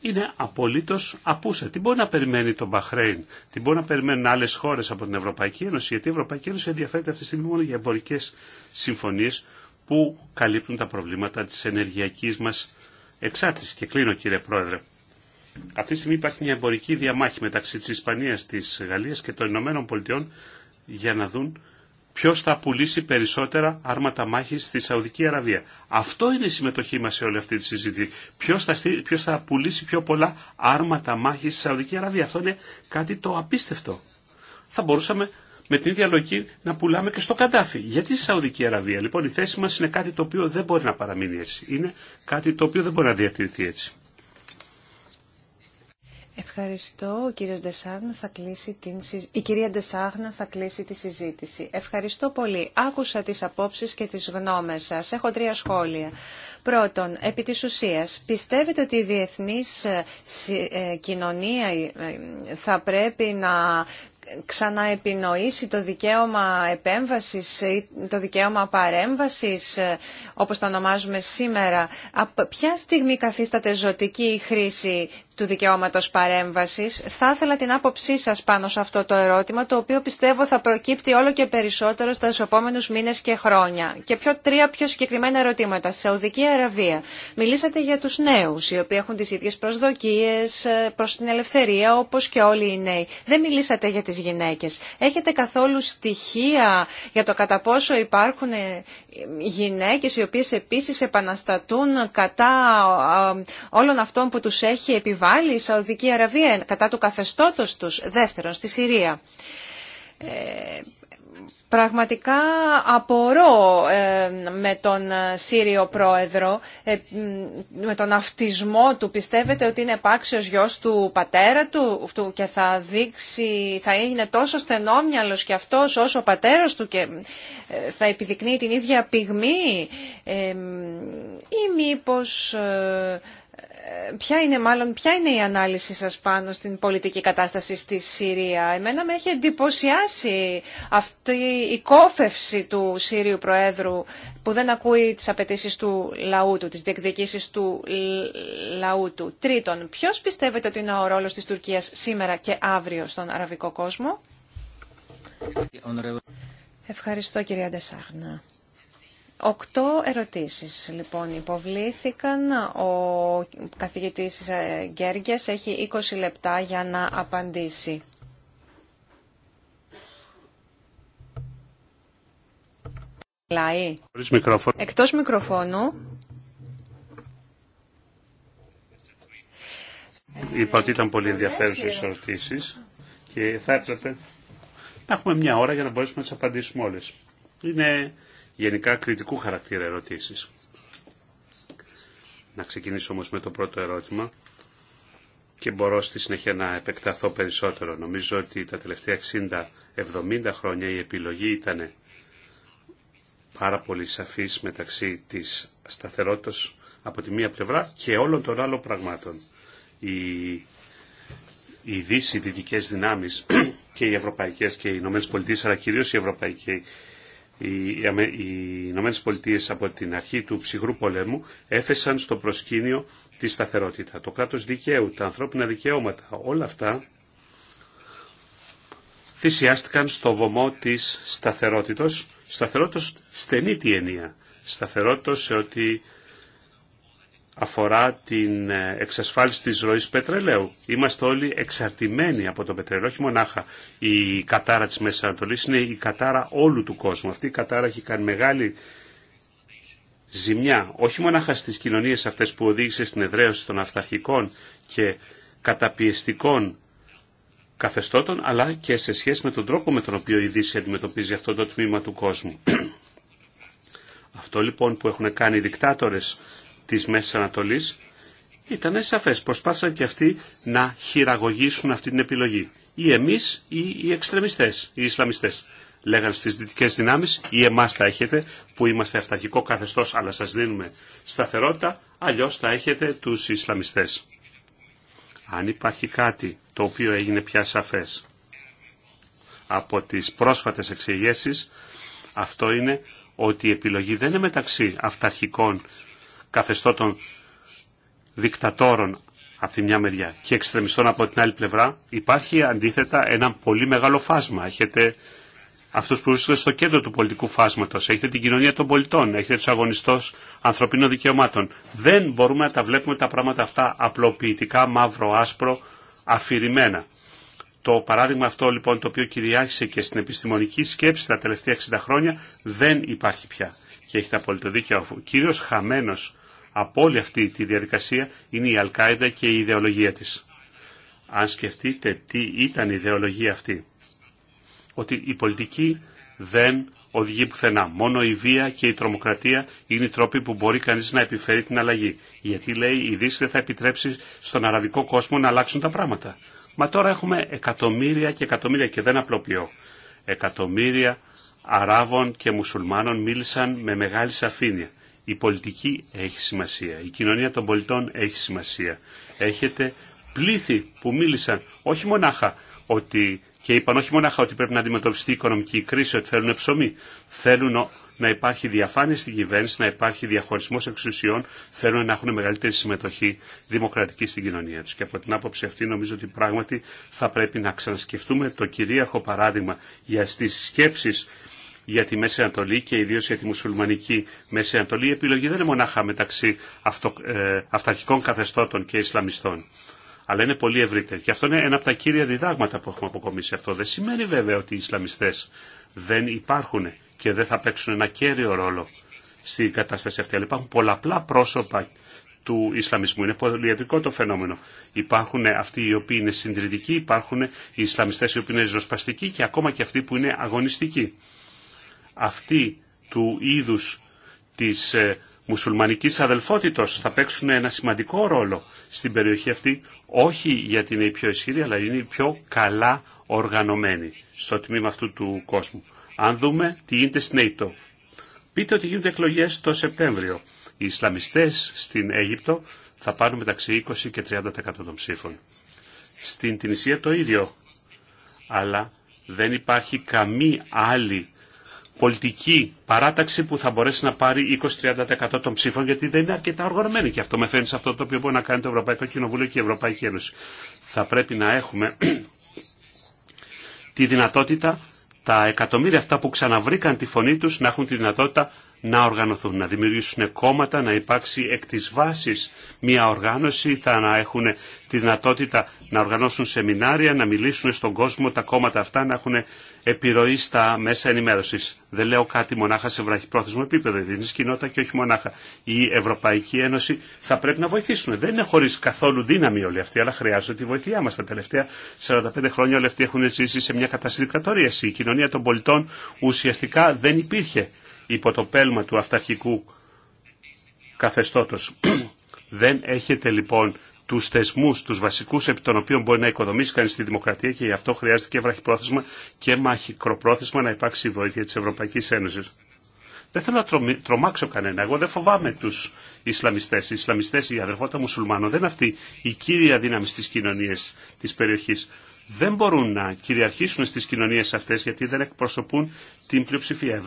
είναι απολύτω απούσα. Τι μπορεί να περιμένει το Μπαχρέιν, τι μπορεί να περιμένουν άλλε χώρε από την Ευρωπαϊκή Ένωση, γιατί η Ευρωπαϊκή Ένωση ενδιαφέρεται αυτή τη στιγμή μόνο για εμπορικέ συμφωνίε που καλύπτουν τα προβλήματα τη ενεργειακή μα εξάρτηση. Και κλείνω, κύριε Πρόεδρε. Αυτή τη στιγμή υπάρχει μια εμπορική διαμάχη μεταξύ τη Ισπανία, τη Γαλλία και των Ηνωμένων Πολιτειών για να δουν ποιος θα πουλήσει περισσότερα άρματα μάχης στη Σαουδική Αραβία. Αυτό είναι η συμμετοχή μας σε όλη αυτή τη συζήτηση. Ποιος θα, θα πουλήσει πιο πολλά άρματα μάχης στη Σαουδική Αραβία. Αυτό είναι κάτι το απίστευτο. Θα μπορούσαμε με την ίδια λογική να πουλάμε και στο Καντάφι. Γιατί στη Σαουδική Αραβία. Λοιπόν η θέση μας είναι κάτι το οποίο δεν μπορεί να παραμείνει έτσι. Είναι κάτι το οποίο δεν μπορεί να διατηρηθεί έτσι. Ευχαριστώ. Ο κύριος θα κλείσει την Η κυρία Ντεσάγνα θα κλείσει τη συζήτηση. Ευχαριστώ πολύ. Άκουσα τις απόψεις και τις γνώμες σας. Έχω τρία σχόλια. Πρώτον, επί της ουσίας, πιστεύετε ότι η διεθνής ε, ε, κοινωνία ε, θα πρέπει να ξαναεπινοήσει το δικαίωμα επέμβασης ή το δικαίωμα παρέμβασης, ε, όπως το ονομάζουμε σήμερα. Από ποια στιγμή καθίσταται ζωτική η χρήση του δικαιώματος παρέμβασης. Θα ήθελα την άποψή σας πάνω σε αυτό το ερώτημα, το οποίο πιστεύω θα προκύπτει όλο και περισσότερο στους επόμενους μήνες και χρόνια. Και πιο, τρία πιο συγκεκριμένα ερωτήματα. Στη Σαουδική Αραβία μιλήσατε για τους νέους, οι οποίοι έχουν τις ίδιες προσδοκίες ε, προς την ελευθερία, όπως και όλοι οι νέοι. Δεν μιλήσατε για τις γυναίκες. Έχετε καθόλου στοιχεία για το κατά πόσο υπάρχουν ε, γυναίκες οι οποίες επίσης επαναστατούν κατά ε, όλων αυτών που τους έχει επιβάλει η Σαουδική Αραβία, ε, κατά του καθεστώτος τους, δεύτερον, στη Συρία. Πραγματικά απορώ ε, με τον ε, Σύριο Πρόεδρο, ε, με τον αυτισμό του. Πιστεύετε ότι είναι επάξιος γιος του πατέρα του, και θα δείξει, θα είναι τόσο στενόμυαλος και αυτός όσο ο πατέρας του και θα επιδεικνύει την ίδια πυγμή ή μήπως ποια είναι μάλλον, ποια είναι η ανάλυση σας πάνω στην πολιτική κατάσταση στη Συρία. Εμένα με έχει εντυπωσιάσει αυτή η κόφευση του Σύριου Προέδρου που δεν ακούει τις απαιτήσεις του λαού του, τις διεκδικήσεις του λαού του. Τρίτον, ποιος πιστεύετε ότι είναι ο ρόλος της Τουρκίας σήμερα και αύριο στον αραβικό κόσμο. Ευχαριστώ κυρία Ντεσάχνα. Οκτώ ερωτήσεις λοιπόν υποβλήθηκαν. Ο καθηγητής ε, Γκέργιας έχει 20 λεπτά για να απαντήσει. Εκτός μικροφώνου. Είπα ότι ήταν πολύ ενδιαφέρουσε οι ερωτήσει και θα έπρεπε να έχουμε μια ώρα για να μπορέσουμε να τι απαντήσουμε όλε. Είναι γενικά κριτικού χαρακτήρα ερωτήσεις. Να ξεκινήσω όμως με το πρώτο ερώτημα και μπορώ στη συνέχεια να επεκταθώ περισσότερο. Νομίζω ότι τα τελευταία 60-70 χρόνια η επιλογή ήταν πάρα πολύ σαφής μεταξύ της σταθερότητας από τη μία πλευρά και όλων των άλλων πραγμάτων. Η οι δύσεις, οι δυνάμει και οι Ευρωπαϊκές και οι Ηνωμένε Πολιτείε, αλλά κυρίως οι Ευρωπαϊκοί, οι Ηνωμένε Πολιτείε από την αρχή του ψυχρού πολέμου έφεσαν στο προσκήνιο τη σταθερότητα, το κράτος δικαίου, τα ανθρώπινα δικαιώματα, όλα αυτά θυσιάστηκαν στο βωμό της σταθερότητας, σταθερότητα, στενή τη ενία, σε ό,τι αφορά την ε, εξασφάλιση της ροής πετρελαίου. Είμαστε όλοι εξαρτημένοι από το πετρελαίο, όχι μονάχα η κατάρα της Μέσης Ανατολής, είναι η κατάρα όλου του κόσμου. Αυτή η κατάρα έχει κάνει μεγάλη ζημιά, όχι μονάχα στις κοινωνίες αυτές που οδήγησε στην εδραίωση των αυταρχικών και καταπιεστικών καθεστώτων, αλλά και σε σχέση με τον τρόπο με τον οποίο η Δύση αντιμετωπίζει αυτό το τμήμα του κόσμου. (clears throat) Αυτό λοιπόν που έχουν κάνει οι δικτάτορες της Μέσης Ανατολής ήταν σαφές. Προσπάθησαν και αυτοί να χειραγωγήσουν αυτή την επιλογή. Ή εμείς ή οι εξτρεμιστές, οι Ισλαμιστές. Λέγαν στις δυτικές δυνάμεις ή εμάς τα έχετε που είμαστε αυταρχικό καθεστώς αλλά σας δίνουμε σταθερότητα, αλλιώς τα έχετε τους Ισλαμιστές. Αν υπάρχει κάτι το οποίο έγινε πια σαφές από τις πρόσφατες εξηγήσεις, αυτό είναι ότι η επιλογή δεν είναι μεταξύ αυταρχικών καθεστώτων των δικτατόρων από τη μια μεριά και εξτρεμιστών από την άλλη πλευρά, υπάρχει αντίθετα ένα πολύ μεγάλο φάσμα. Έχετε αυτούς που βρίσκονται στο κέντρο του πολιτικού φάσματο. έχετε την κοινωνία των πολιτών, έχετε του αγωνιστές ανθρωπίνων δικαιωμάτων. Δεν μπορούμε να τα βλέπουμε τα πράγματα αυτά απλοποιητικά, μαύρο, άσπρο, αφηρημένα. Το παράδειγμα αυτό λοιπόν το οποίο κυριάρχησε και στην επιστημονική σκέψη τα τελευταία 60 χρόνια δεν υπάρχει πια. Και έχετε τα δίκιο. Ο κύριος χαμένος από όλη αυτή τη διαδικασία είναι η Αλκάιδα και η ιδεολογία της. Αν σκεφτείτε τι ήταν η ιδεολογία αυτή. Ότι η πολιτική δεν οδηγεί πουθενά. Μόνο η βία και η τρομοκρατία είναι οι τρόποι που μπορεί κανείς να επιφέρει την αλλαγή. Γιατί λέει η Δύση δεν θα επιτρέψει στον αραβικό κόσμο να αλλάξουν τα πράγματα. Μα τώρα έχουμε εκατομμύρια και εκατομμύρια και δεν απλοποιώ. Εκατομμύρια Αράβων και Μουσουλμάνων μίλησαν με μεγάλη σαφήνεια. Η πολιτική έχει σημασία, η κοινωνία των πολιτών έχει σημασία. Έχετε πλήθη που μίλησαν όχι μονάχα ότι και είπαν όχι μονάχα ότι πρέπει να αντιμετωπιστεί η οικονομική κρίση, ότι θέλουν ψωμί. Θέλουν να υπάρχει διαφάνεια στην κυβέρνηση, να υπάρχει διαχωρισμό εξουσιών, θέλουν να έχουν μεγαλύτερη συμμετοχή δημοκρατική στην κοινωνία του. Και από την άποψη αυτή νομίζω ότι πράγματι θα πρέπει να ξανασκεφτούμε το κυρίαρχο παράδειγμα για στι σκέψει για τη Μέση Ανατολή και ιδίω για τη μουσουλμανική Μέση Ανατολή, η επιλογή δεν είναι μονάχα μεταξύ αυτο, ε, αυταρχικών καθεστώτων και Ισλαμιστών. Αλλά είναι πολύ ευρύτερη. Και αυτό είναι ένα από τα κύρια διδάγματα που έχουμε αποκομίσει. Αυτό δεν σημαίνει βέβαια ότι οι Ισλαμιστέ δεν υπάρχουν και δεν θα παίξουν ένα κέριο ρόλο στην κατάσταση αυτή. Αλλά υπάρχουν πολλαπλά πρόσωπα του Ισλαμισμού. Είναι πολυεδρικό το φαινόμενο. Υπάρχουν αυτοί οι οποίοι είναι συντηρητικοί, υπάρχουν οι Ισλαμιστέ οι οποίοι είναι ριζοσπαστικοί και ακόμα και αυτοί που είναι αγωνιστικοί αυτή του είδους της ε, μουσουλμανικής αδελφότητος θα παίξουν ένα σημαντικό ρόλο στην περιοχή αυτή, όχι γιατί είναι η πιο ισχυρή, αλλά είναι η πιο καλά οργανωμένη στο τμήμα αυτού του κόσμου. Αν δούμε τι γίνεται στην ΑΕΤΟ. Πείτε ότι γίνονται εκλογές το Σεπτέμβριο. Οι Ισλαμιστές στην Αίγυπτο θα πάρουν μεταξύ 20 και 30% των ψήφων. Στην Τινησία το ίδιο. Αλλά δεν υπάρχει καμία άλλη πολιτική παράταξη που θα μπορέσει να πάρει 20-30% των ψήφων, γιατί δεν είναι αρκετά οργανωμένη. Και αυτό με φαίνει σε αυτό το οποίο μπορεί να κάνει το Ευρωπαϊκό Κοινοβούλιο και η Ευρωπαϊκή Ένωση. Θα πρέπει να έχουμε (clears throat) τη δυνατότητα τα εκατομμύρια αυτά που ξαναβρήκαν τη φωνή τους να έχουν τη δυνατότητα να οργανωθούν, να δημιουργήσουν κόμματα, να υπάρξει εκ της βάσης μια οργάνωση, θα να έχουν τη δυνατότητα να οργανώσουν σεμινάρια, να μιλήσουν στον κόσμο τα κόμματα αυτά, να έχουν επιρροή στα μέσα ενημέρωσης. Δεν λέω κάτι μονάχα σε βραχυπρόθεσμο επίπεδο, η διεθνής κοινότητα και όχι μονάχα. Η Ευρωπαϊκή Ένωση θα πρέπει να βοηθήσουν. Δεν είναι χωρίς καθόλου δύναμη όλοι αυτοί, αλλά χρειάζονται τη βοήθειά μας. Τα τελευταία 45 χρόνια όλοι αυτοί έχουν ζήσει σε μια κατάσταση Η κοινωνία των πολιτών ουσιαστικά δεν υπήρχε υπό το πέλμα του αυταρχικού καθεστώτος. (clears throat) Δεν έχετε λοιπόν τους θεσμού, τους βασικούς επί των οποίων μπορεί να οικοδομήσει κανεί τη δημοκρατία και γι' αυτό χρειάζεται και βραχυπρόθεσμα και μαχικροπρόθεσμα να υπάρξει η βοήθεια της Ευρωπαϊκής Ένωσης. Δεν θέλω να τρομάξω κανένα. Εγώ δεν φοβάμαι τους Ισλαμιστέ. Οι Ισλαμιστέ, η αδερφότητα μουσουλμάνων, δεν είναι αυτή η κύρια δύναμη στι κοινωνίε τη περιοχή δεν μπορούν να κυριαρχήσουν στις κοινωνίες αυτές γιατί δεν εκπροσωπούν την πλειοψηφία.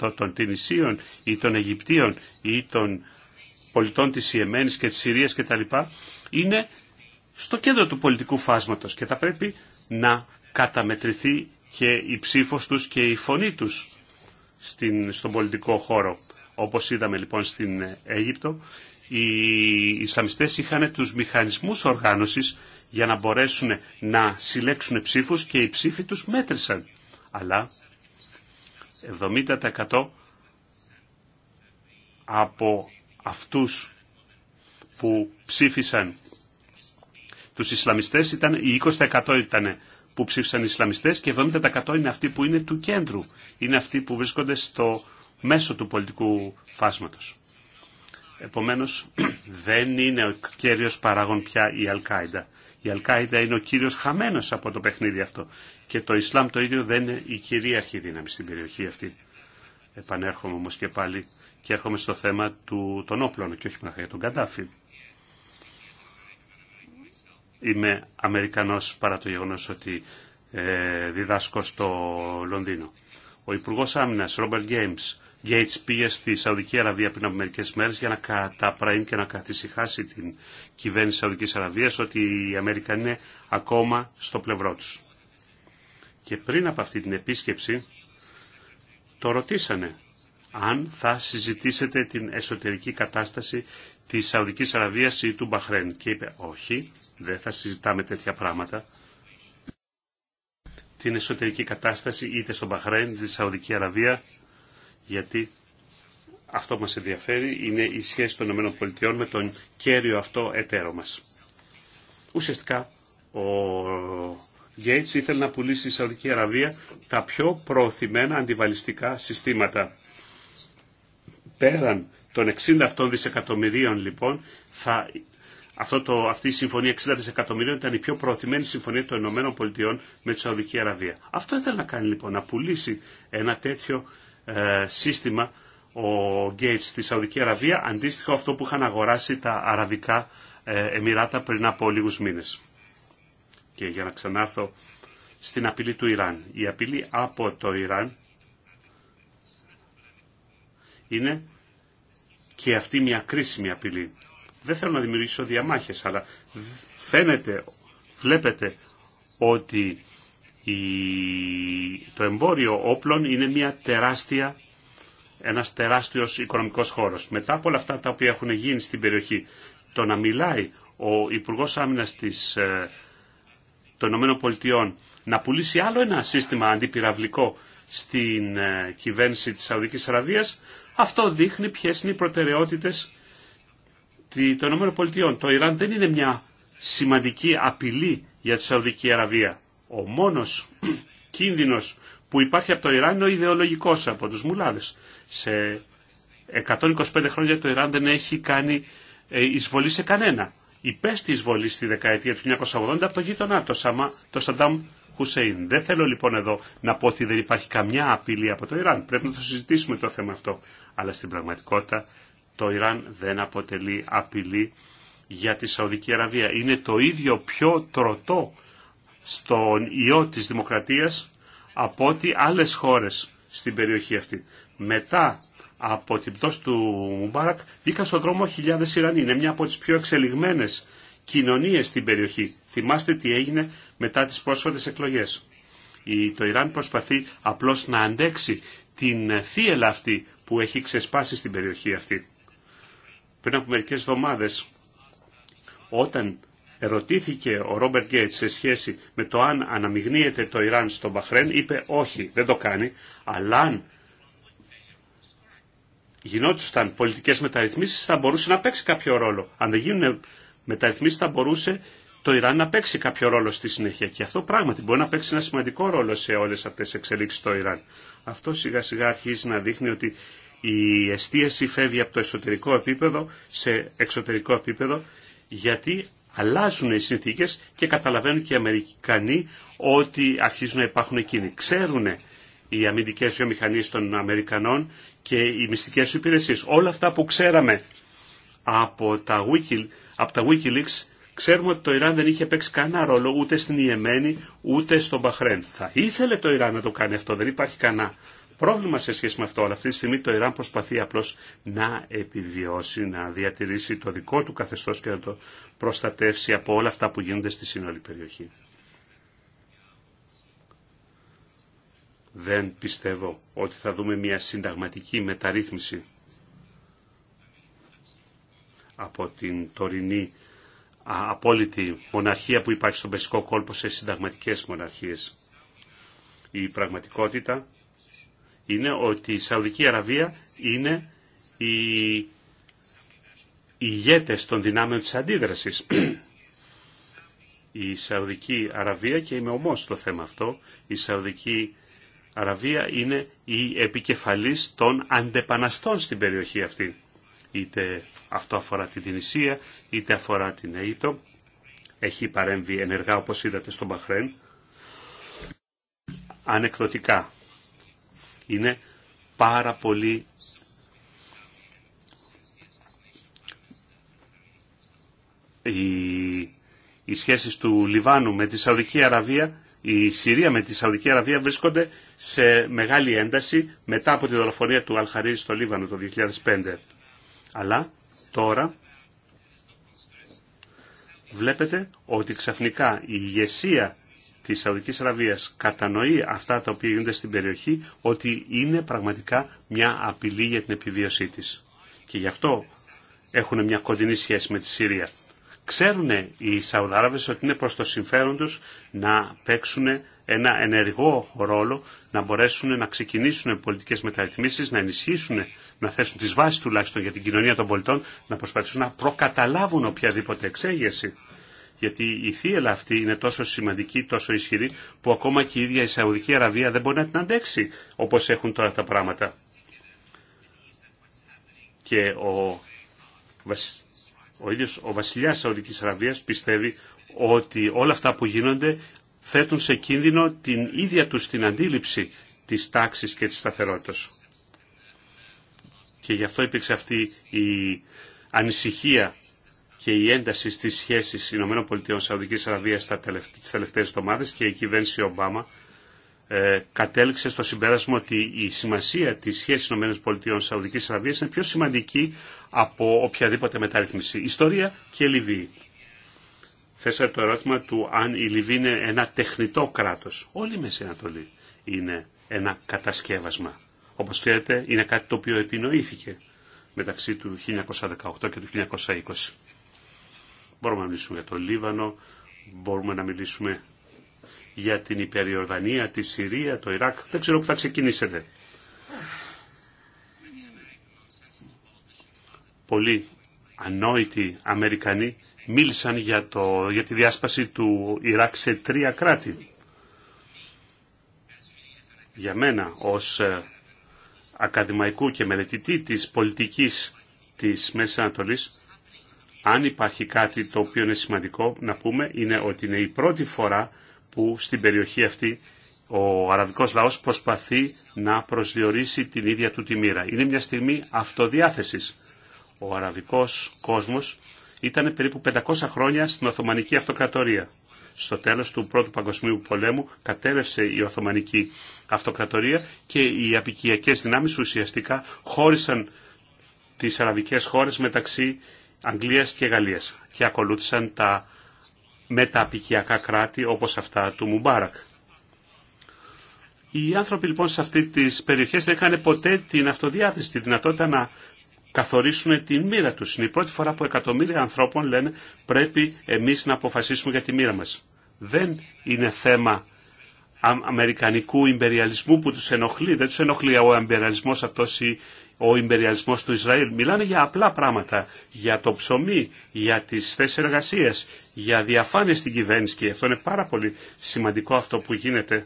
70% των Τινησίων ή των Αιγυπτίων ή των πολιτών της Ιεμένης και της Συρίας κτλ. είναι στο κέντρο του πολιτικού φάσματος και θα πρέπει να καταμετρηθεί και η ψήφος τους και η φωνή τους στην, στον πολιτικό χώρο. Όπως είδαμε λοιπόν στην Αίγυπτο, οι Ισλαμιστές είχαν τους μηχανισμούς οργάνωσης για να μπορέσουν να συλλέξουν ψήφους και οι ψήφοι τους μέτρησαν. Αλλά 70% από αυτούς που ψήφισαν τους Ισλαμιστές ήταν, οι 20% ήταν που ψήφισαν οι Ισλαμιστές και 70% είναι αυτοί που είναι του κέντρου, είναι αυτοί που βρίσκονται στο μέσο του πολιτικού φάσματος. Επομένως (clears throat) δεν είναι ο κύριος παράγων πια η Αλκάιντα. Η Αλκάιντα είναι ο κύριος χαμένος από το παιχνίδι αυτό. Και το Ισλάμ το ίδιο δεν είναι η κυρίαρχη δύναμη στην περιοχή αυτή. Επανέρχομαι όμως και πάλι και έρχομαι στο θέμα του, των όπλων και όχι μόνο για τον Καντάφη. Είμαι Αμερικανός παρά το γεγονός ότι ε, διδάσκω στο Λονδίνο. Ο Υπουργός Άμυνας Ρόμπερ Γκέιμς Gates πήγε στη Σαουδική Αραβία πριν από μερικέ μέρε για να καταπραίνει και να καθησυχάσει την κυβέρνηση τη Σαουδική Αραβία ότι η Αμερική είναι ακόμα στο πλευρό του. Και πριν από αυτή την επίσκεψη, το ρωτήσανε αν θα συζητήσετε την εσωτερική κατάσταση τη Σαουδική Αραβίας ή του Μπαχρέν. Και είπε, Όχι, δεν θα συζητάμε τέτοια πράγματα. Την εσωτερική κατάσταση είτε στο Μπαχρέν είτε στη Σαουδική Αραβία γιατί αυτό που μας ενδιαφέρει είναι η σχέση των ΗΠΑ με τον κέριο αυτό εταίρο μας. Ουσιαστικά ο Γκέιτς ήθελε να πουλήσει στη Σαουδική Αραβία τα πιο προωθημένα αντιβαλιστικά συστήματα. Πέραν των 60 δισεκατομμυρίων λοιπόν θα αυτό αυτή η συμφωνία 60 δισεκατομμυρίων ήταν η πιο προωθημένη συμφωνία των Ηνωμένων Πολιτειών με τη Σαουδική Αραβία. Αυτό ήθελε να κάνει λοιπόν, να πουλήσει ένα τέτοιο ε, σύστημα ο Γκέιτς στη Σαουδική Αραβία, αντίστοιχο αυτό που είχαν αγοράσει τα αραβικά ε, Εμμυράτα πριν από λίγους μήνες. Και για να ξανάρθω στην απειλή του Ιράν. Η απειλή από το Ιράν είναι και αυτή μια κρίσιμη απειλή. Δεν θέλω να δημιουργήσω διαμάχες, αλλά φαίνεται, βλέπετε ότι το εμπόριο όπλων είναι μια τεράστια, ένας τεράστιος οικονομικός χώρος. Μετά από όλα αυτά τα οποία έχουν γίνει στην περιοχή, το να μιλάει ο Υπουργός Άμυνας της, ε, των Ηνωμένων να πουλήσει άλλο ένα σύστημα αντιπυραυλικό στην ε, κυβέρνηση της Σαουδικής Αραβίας, αυτό δείχνει ποιες είναι οι προτεραιότητες των ΗΠΑ. Το Ιράν δεν είναι μια σημαντική απειλή για τη Σαουδική Αραβία. Ο μόνος κίνδυνος που υπάρχει από το Ιράν είναι ο ιδεολογικός από τους μουλάδες. Σε 125 χρόνια το Ιράν δεν έχει κάνει ε, εισβολή σε κανένα. Υπέστη εισβολή στη δεκαετία του 1980 από το γείτονά, το, Σαμα, το Σαντάμ Χουσέιν. Δεν θέλω λοιπόν εδώ να πω ότι δεν υπάρχει καμιά απειλή από το Ιράν. Πρέπει να το συζητήσουμε το θέμα αυτό. Αλλά στην πραγματικότητα το Ιράν δεν αποτελεί απειλή για τη Σαουδική Αραβία. Είναι το ίδιο πιο τροτό στον ιό της δημοκρατίας από ό,τι άλλες χώρες στην περιοχή αυτή. Μετά από την πτώση του Μουμπάρακ βγήκαν στον δρόμο χιλιάδες Ιρανοί. Είναι μια από τις πιο εξελιγμένες κοινωνίες στην περιοχή. Θυμάστε τι έγινε μετά τις πρόσφατες εκλογές. Το Ιράν προσπαθεί απλώς να αντέξει την θύελα αυτή που έχει ξεσπάσει στην περιοχή αυτή. Πριν από μερικές εβδομάδες, όταν ερωτήθηκε ο Ρόμπερ Γκέιτ σε σχέση με το αν αναμειγνύεται το Ιράν στον Μπαχρέν, είπε όχι, δεν το κάνει, αλλά αν γινόντουσαν πολιτικές μεταρρυθμίσεις θα μπορούσε να παίξει κάποιο ρόλο. Αν δεν γίνουν μεταρρυθμίσεις θα μπορούσε το Ιράν να παίξει κάποιο ρόλο στη συνέχεια. Και αυτό πράγματι μπορεί να παίξει ένα σημαντικό ρόλο σε όλε αυτέ τι εξελίξει στο Ιράν. Αυτό σιγά σιγά αρχίζει να δείχνει ότι η εστίαση φεύγει από το εσωτερικό επίπεδο σε εξωτερικό επίπεδο γιατί αλλάζουν οι συνθήκες και καταλαβαίνουν και οι Αμερικανοί ότι αρχίζουν να υπάρχουν εκείνοι. Ξέρουν οι αμυντικές βιομηχανίες των Αμερικανών και οι μυστικές υπηρεσίες. Όλα αυτά που ξέραμε από τα, Wiki, τα Wikileaks ξέρουμε ότι το Ιράν δεν είχε παίξει κανένα ρόλο ούτε στην Ιεμένη ούτε στον Μπαχρέν. Θα ήθελε το Ιράν να το κάνει αυτό, δεν υπάρχει κανένα πρόβλημα σε σχέση με αυτό, αλλά αυτή τη στιγμή το Ιράν προσπαθεί απλώς να επιβιώσει, να διατηρήσει το δικό του καθεστώς και να το προστατεύσει από όλα αυτά που γίνονται στη σύνολη περιοχή. Δεν πιστεύω ότι θα δούμε μια συνταγματική μεταρρύθμιση από την τωρινή απόλυτη μοναρχία που υπάρχει στον πεσικό κόλπο σε συνταγματικές μοναρχίες. Η πραγματικότητα είναι ότι η Σαουδική Αραβία είναι οι ηγέτες των δυνάμεων της αντίδρασης. η Σαουδική Αραβία, και είμαι ομός στο θέμα αυτό, η Σαουδική Αραβία είναι η επικεφαλής των αντεπαναστών στην περιοχή αυτή. Είτε αυτό αφορά την Τινησία, είτε αφορά την ΑΕΤΟ. Έχει παρέμβει ενεργά, όπως είδατε, στον Μπαχρέν. Ανεκδοτικά είναι πάρα πολύ οι, οι σχέσεις του Λιβάνου με τη Σαουδική Αραβία, η Συρία με τη Σαουδική Αραβία βρίσκονται σε μεγάλη ένταση μετά από τη δολοφονία του Αλχαρίζη στο Λίβανο το 2005. Αλλά τώρα βλέπετε ότι ξαφνικά η ηγεσία τη Σαουδική Αραβία κατανοεί αυτά τα οποία γίνονται στην περιοχή ότι είναι πραγματικά μια απειλή για την επιβίωσή τη. Και γι' αυτό έχουν μια κοντινή σχέση με τη Συρία. Ξέρουν οι Σαουδάραβε ότι είναι προ το συμφέρον του να παίξουν ένα ενεργό ρόλο, να μπορέσουν να ξεκινήσουν πολιτικές μεταρρυθμίσεις, να ενισχύσουν, να θέσουν τις βάσεις τουλάχιστον για την κοινωνία των πολιτών, να προσπαθήσουν να προκαταλάβουν οποιαδήποτε εξέγερση γιατί η θύελα αυτή είναι τόσο σημαντική, τόσο ισχυρή, που ακόμα και η ίδια η Σαουδική Αραβία δεν μπορεί να την αντέξει όπως έχουν τώρα τα πράγματα. Και ο, ο ίδιος ο βασιλιάς Σαουδικής Αραβίας πιστεύει ότι όλα αυτά που γίνονται θέτουν σε κίνδυνο την ίδια τους την αντίληψη της τάξης και της σταθερότητας. Και γι' αυτό υπήρξε αυτή η ανησυχία και η ένταση στις σχέσεις ΗΠΑ Σαουδικής Αραβίας τις τελευταίες εβδομάδες και η κυβέρνηση Ομπάμα ε, κατέληξε στο συμπέρασμα ότι η σημασία της σχέσης ΗΠΑ Σαουδικής Αραβίας είναι πιο σημαντική από οποιαδήποτε μεταρρύθμιση. Ιστορία και Λιβύη. Θέσατε το ερώτημα του αν η Λιβύη είναι ένα τεχνητό κράτος. Όλη η Μέση Ανατολή είναι ένα κατασκεύασμα. Όπως ξέρετε είναι κάτι το οποίο επινοήθηκε μεταξύ του 1918 και του 1920. Μπορούμε να μιλήσουμε για το Λίβανο, μπορούμε να μιλήσουμε για την Υπεριορδανία, τη Συρία, το Ιράκ. Δεν ξέρω που θα ξεκινήσετε. Πολλοί ανόητοι Αμερικανοί μίλησαν για, το, για τη διάσπαση του Ιράκ σε τρία κράτη. Για μένα ως ε, ακαδημαϊκού και μελετητή της πολιτικής της Μέσης Ανατολής αν υπάρχει κάτι το οποίο είναι σημαντικό να πούμε είναι ότι είναι η πρώτη φορά που στην περιοχή αυτή ο αραβικός λαός προσπαθεί να προσδιορίσει την ίδια του τη μοίρα. Είναι μια στιγμή αυτοδιάθεσης. Ο αραβικός κόσμος ήταν περίπου 500 χρόνια στην Οθωμανική Αυτοκρατορία. Στο τέλος του Πρώτου Παγκοσμίου Πολέμου κατέρευσε η Οθωμανική Αυτοκρατορία και οι απικιακές δυνάμεις ουσιαστικά χώρισαν τις αραβικές χώρες μεταξύ Αγγλίας και Γαλλίας και ακολούθησαν τα μεταπικιακά κράτη όπως αυτά του Μουμπάρακ. Οι άνθρωποι λοιπόν σε αυτές τις περιοχές δεν είχαν ποτέ την αυτοδιάθεση, τη δυνατότητα να καθορίσουν την μοίρα τους. Είναι η πρώτη φορά που εκατομμύρια ανθρώπων λένε πρέπει εμείς να αποφασίσουμε για τη μοίρα μας. Δεν είναι θέμα αμερικανικού εμπεριαλισμού που τους ενοχλεί. Δεν τους ενοχλεί ο εμπεριαλισμός αυτός ή ο ιμπεριαλισμός του Ισραήλ. Μιλάνε για απλά πράγματα, για το ψωμί, για τις θέσεις εργασίας, για διαφάνεια στην κυβέρνηση και αυτό είναι πάρα πολύ σημαντικό αυτό που γίνεται.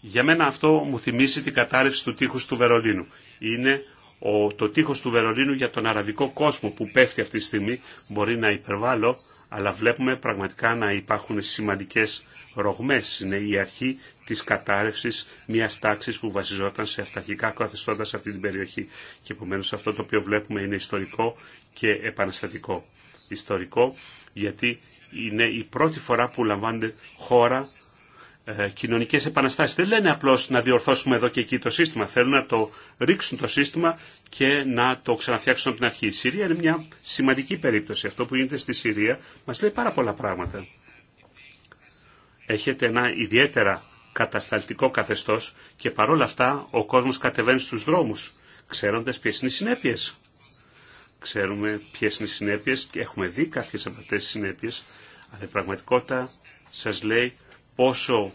Για μένα αυτό μου θυμίζει την κατάρρευση του τείχους του Βερολίνου. Είναι ο, το τείχος του Βερολίνου για τον αραβικό κόσμο που πέφτει αυτή τη στιγμή. Μπορεί να υπερβάλλω, αλλά βλέπουμε πραγματικά να υπάρχουν σημαντικές ρογμές είναι η αρχή της κατάρρευσης μιας τάξης που βασιζόταν σε αυταρχικά καθεστώτα σε αυτή την περιοχή. Και επομένω αυτό το οποίο βλέπουμε είναι ιστορικό και επαναστατικό. Ιστορικό γιατί είναι η πρώτη φορά που λαμβάνεται χώρα ε, κοινωνικές επαναστάσεις. Δεν λένε απλώς να διορθώσουμε εδώ και εκεί το σύστημα. Θέλουν να το ρίξουν το σύστημα και να το ξαναφτιάξουν από την αρχή. Η Συρία είναι μια σημαντική περίπτωση. Αυτό που γίνεται στη Συρία μας λέει πάρα πολλά πράγματα έχετε ένα ιδιαίτερα κατασταλτικό καθεστώς και παρόλα αυτά ο κόσμος κατεβαίνει στους δρόμους, ξέροντας ποιες είναι οι συνέπειες. Ξέρουμε ποιες είναι οι συνέπειες και έχουμε δει κάποιες από αυτές τις συνέπειες, αλλά η πραγματικότητα σας λέει πόσο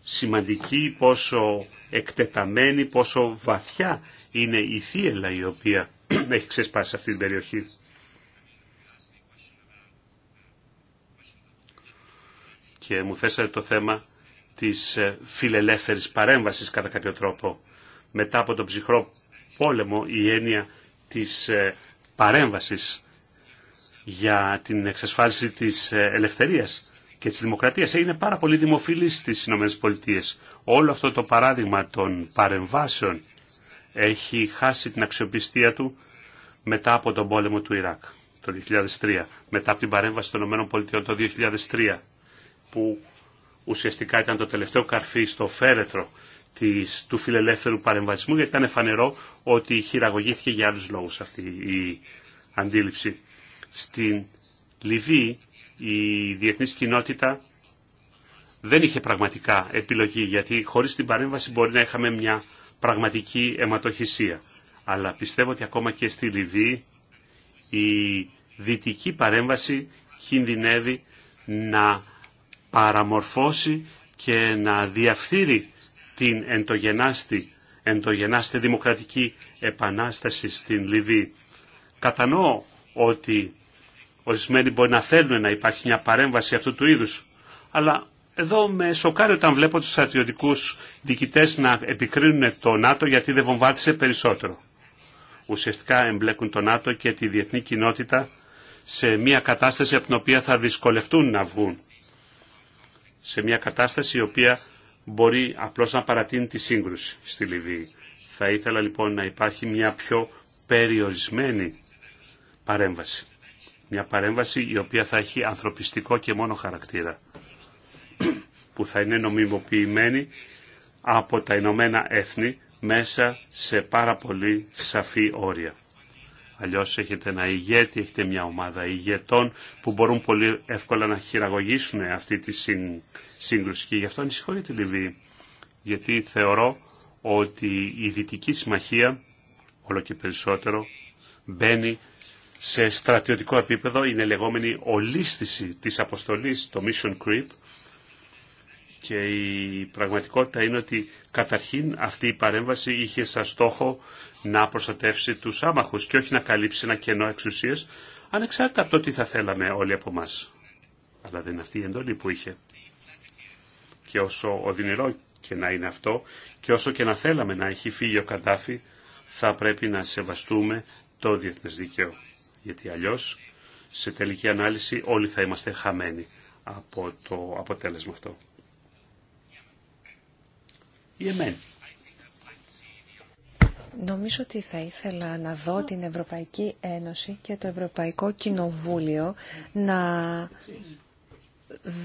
σημαντική, πόσο εκτεταμένη, πόσο βαθιά είναι η θύελα η οποία (clears throat) έχει ξεσπάσει αυτή την περιοχή. και μου θέσατε το θέμα της ε, φιλελεύθερης παρέμβασης κατά κάποιο τρόπο. Μετά από τον ψυχρό πόλεμο η έννοια της ε, παρέμβασης για την εξασφάλιση της ε, ελευθερίας και της δημοκρατίας έγινε πάρα πολύ δημοφιλής στις ΗΠΑ. Όλο αυτό το παράδειγμα των παρεμβάσεων έχει χάσει την αξιοπιστία του μετά από τον πόλεμο του Ιράκ το 2003, μετά από την παρέμβαση των ΗΠΑ το 2003 που ουσιαστικά ήταν το τελευταίο καρφί στο φέρετρο της, του φιλελεύθερου παρέμβασμού, γιατί ήταν φανερό ότι χειραγωγήθηκε για άλλους λόγους αυτή η αντίληψη. Στην Λιβύη η διεθνής κοινότητα δεν είχε πραγματικά επιλογή γιατί χωρίς την παρέμβαση μπορεί να είχαμε μια πραγματική αιματοχυσία. Αλλά πιστεύω ότι ακόμα και στη Λιβύη η δυτική παρέμβαση κινδυνεύει να παραμορφώσει και να διαφθείρει την εντογενάστη, εντογενάστη δημοκρατική επανάσταση στην Λιβύη. Κατανοώ ότι ορισμένοι μπορεί να θέλουν να υπάρχει μια παρέμβαση αυτού του είδους, αλλά εδώ με σοκάρει όταν βλέπω τους στρατιωτικούς διοικητές να επικρίνουν το ΝΑΤΟ γιατί δεν βομβάτισε περισσότερο. Ουσιαστικά εμπλέκουν το ΝΑΤΟ και τη διεθνή κοινότητα σε μια κατάσταση από την οποία θα δυσκολευτούν να βγουν σε μια κατάσταση η οποία μπορεί απλώς να παρατείνει τη σύγκρουση στη Λιβύη. Θα ήθελα λοιπόν να υπάρχει μια πιο περιορισμένη παρέμβαση. Μια παρέμβαση η οποία θα έχει ανθρωπιστικό και μόνο χαρακτήρα. Που θα είναι νομιμοποιημένη από τα Ηνωμένα Έθνη μέσα σε πάρα πολύ σαφή όρια. Αλλιώς έχετε ένα ηγέτη, έχετε μια ομάδα ηγετών που μπορούν πολύ εύκολα να χειραγωγήσουν αυτή τη σύγκρουση και γι' αυτό ανησυχώ για τη Λιβύη. Γιατί θεωρώ ότι η Δυτική Συμμαχία, όλο και περισσότερο, μπαίνει σε στρατιωτικό επίπεδο, είναι λεγόμενη ολίσθηση της αποστολής, το Mission Creep, και η πραγματικότητα είναι ότι καταρχήν αυτή η παρέμβαση είχε σαν στόχο να προστατεύσει τους άμαχους και όχι να καλύψει ένα κενό εξουσίας, ανεξάρτητα από το τι θα θέλαμε όλοι από εμά. Αλλά δεν είναι αυτή η εντολή που είχε. Και όσο οδυνηρό και να είναι αυτό, και όσο και να θέλαμε να έχει φύγει ο Καντάφη, θα πρέπει να σεβαστούμε το διεθνές δίκαιο. Γιατί αλλιώς, σε τελική ανάλυση, όλοι θα είμαστε χαμένοι από το αποτέλεσμα αυτό. Η Νομίζω ότι θα ήθελα να δω την Ευρωπαϊκή Ένωση και το Ευρωπαϊκό Κοινοβούλιο να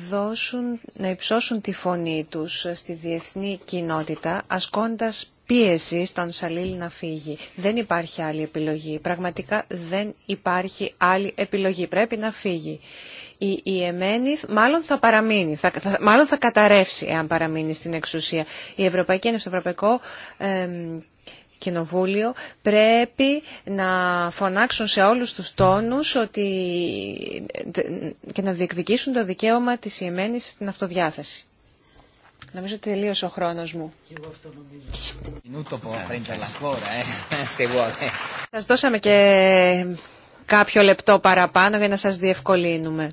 δώσουν, να υψώσουν τη φωνή τους στη διεθνή κοινότητα ασκώντας πίεση στον Σαλήλ να φύγει. Δεν υπάρχει άλλη επιλογή. Πραγματικά δεν υπάρχει άλλη επιλογή. Πρέπει να φύγει. Η, η Εμένη μάλλον θα παραμείνει, θα, θα, μάλλον θα καταρρεύσει εάν παραμείνει στην εξουσία. Η Ευρωπαϊκή Ένωση, το Ευρωπαϊκό Κοινοβούλιο πρέπει να φωνάξουν σε όλους τους τόνους ότι... και να διεκδικήσουν το δικαίωμα της Ιεμένης στην αυτοδιάθεση. Νομίζω ότι τελείωσε ο χρόνος μου. Σας δώσαμε και κάποιο λεπτό παραπάνω για να σας διευκολύνουμε.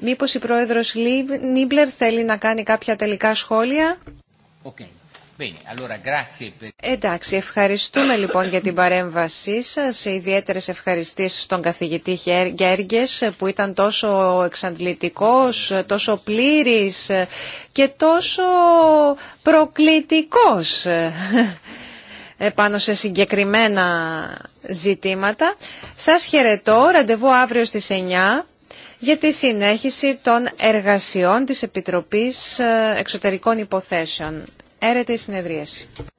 Μήπως η πρόεδρος Νίμπλερ θέλει να κάνει κάποια τελικά σχόλια. Okay. Εντάξει, ευχαριστούμε λοιπόν για την παρέμβασή σας. Ιδιαίτερες ευχαριστήσεις στον καθηγητή Γέργες που ήταν τόσο εξαντλητικός, τόσο πλήρης και τόσο προκλητικός πάνω σε συγκεκριμένα ζητήματα. Σας χαιρετώ. Ραντεβού αύριο στις 9 για τη συνέχιση των εργασιών της Επιτροπής Εξωτερικών Υποθέσεων. Έρεται η συνεδρίαση.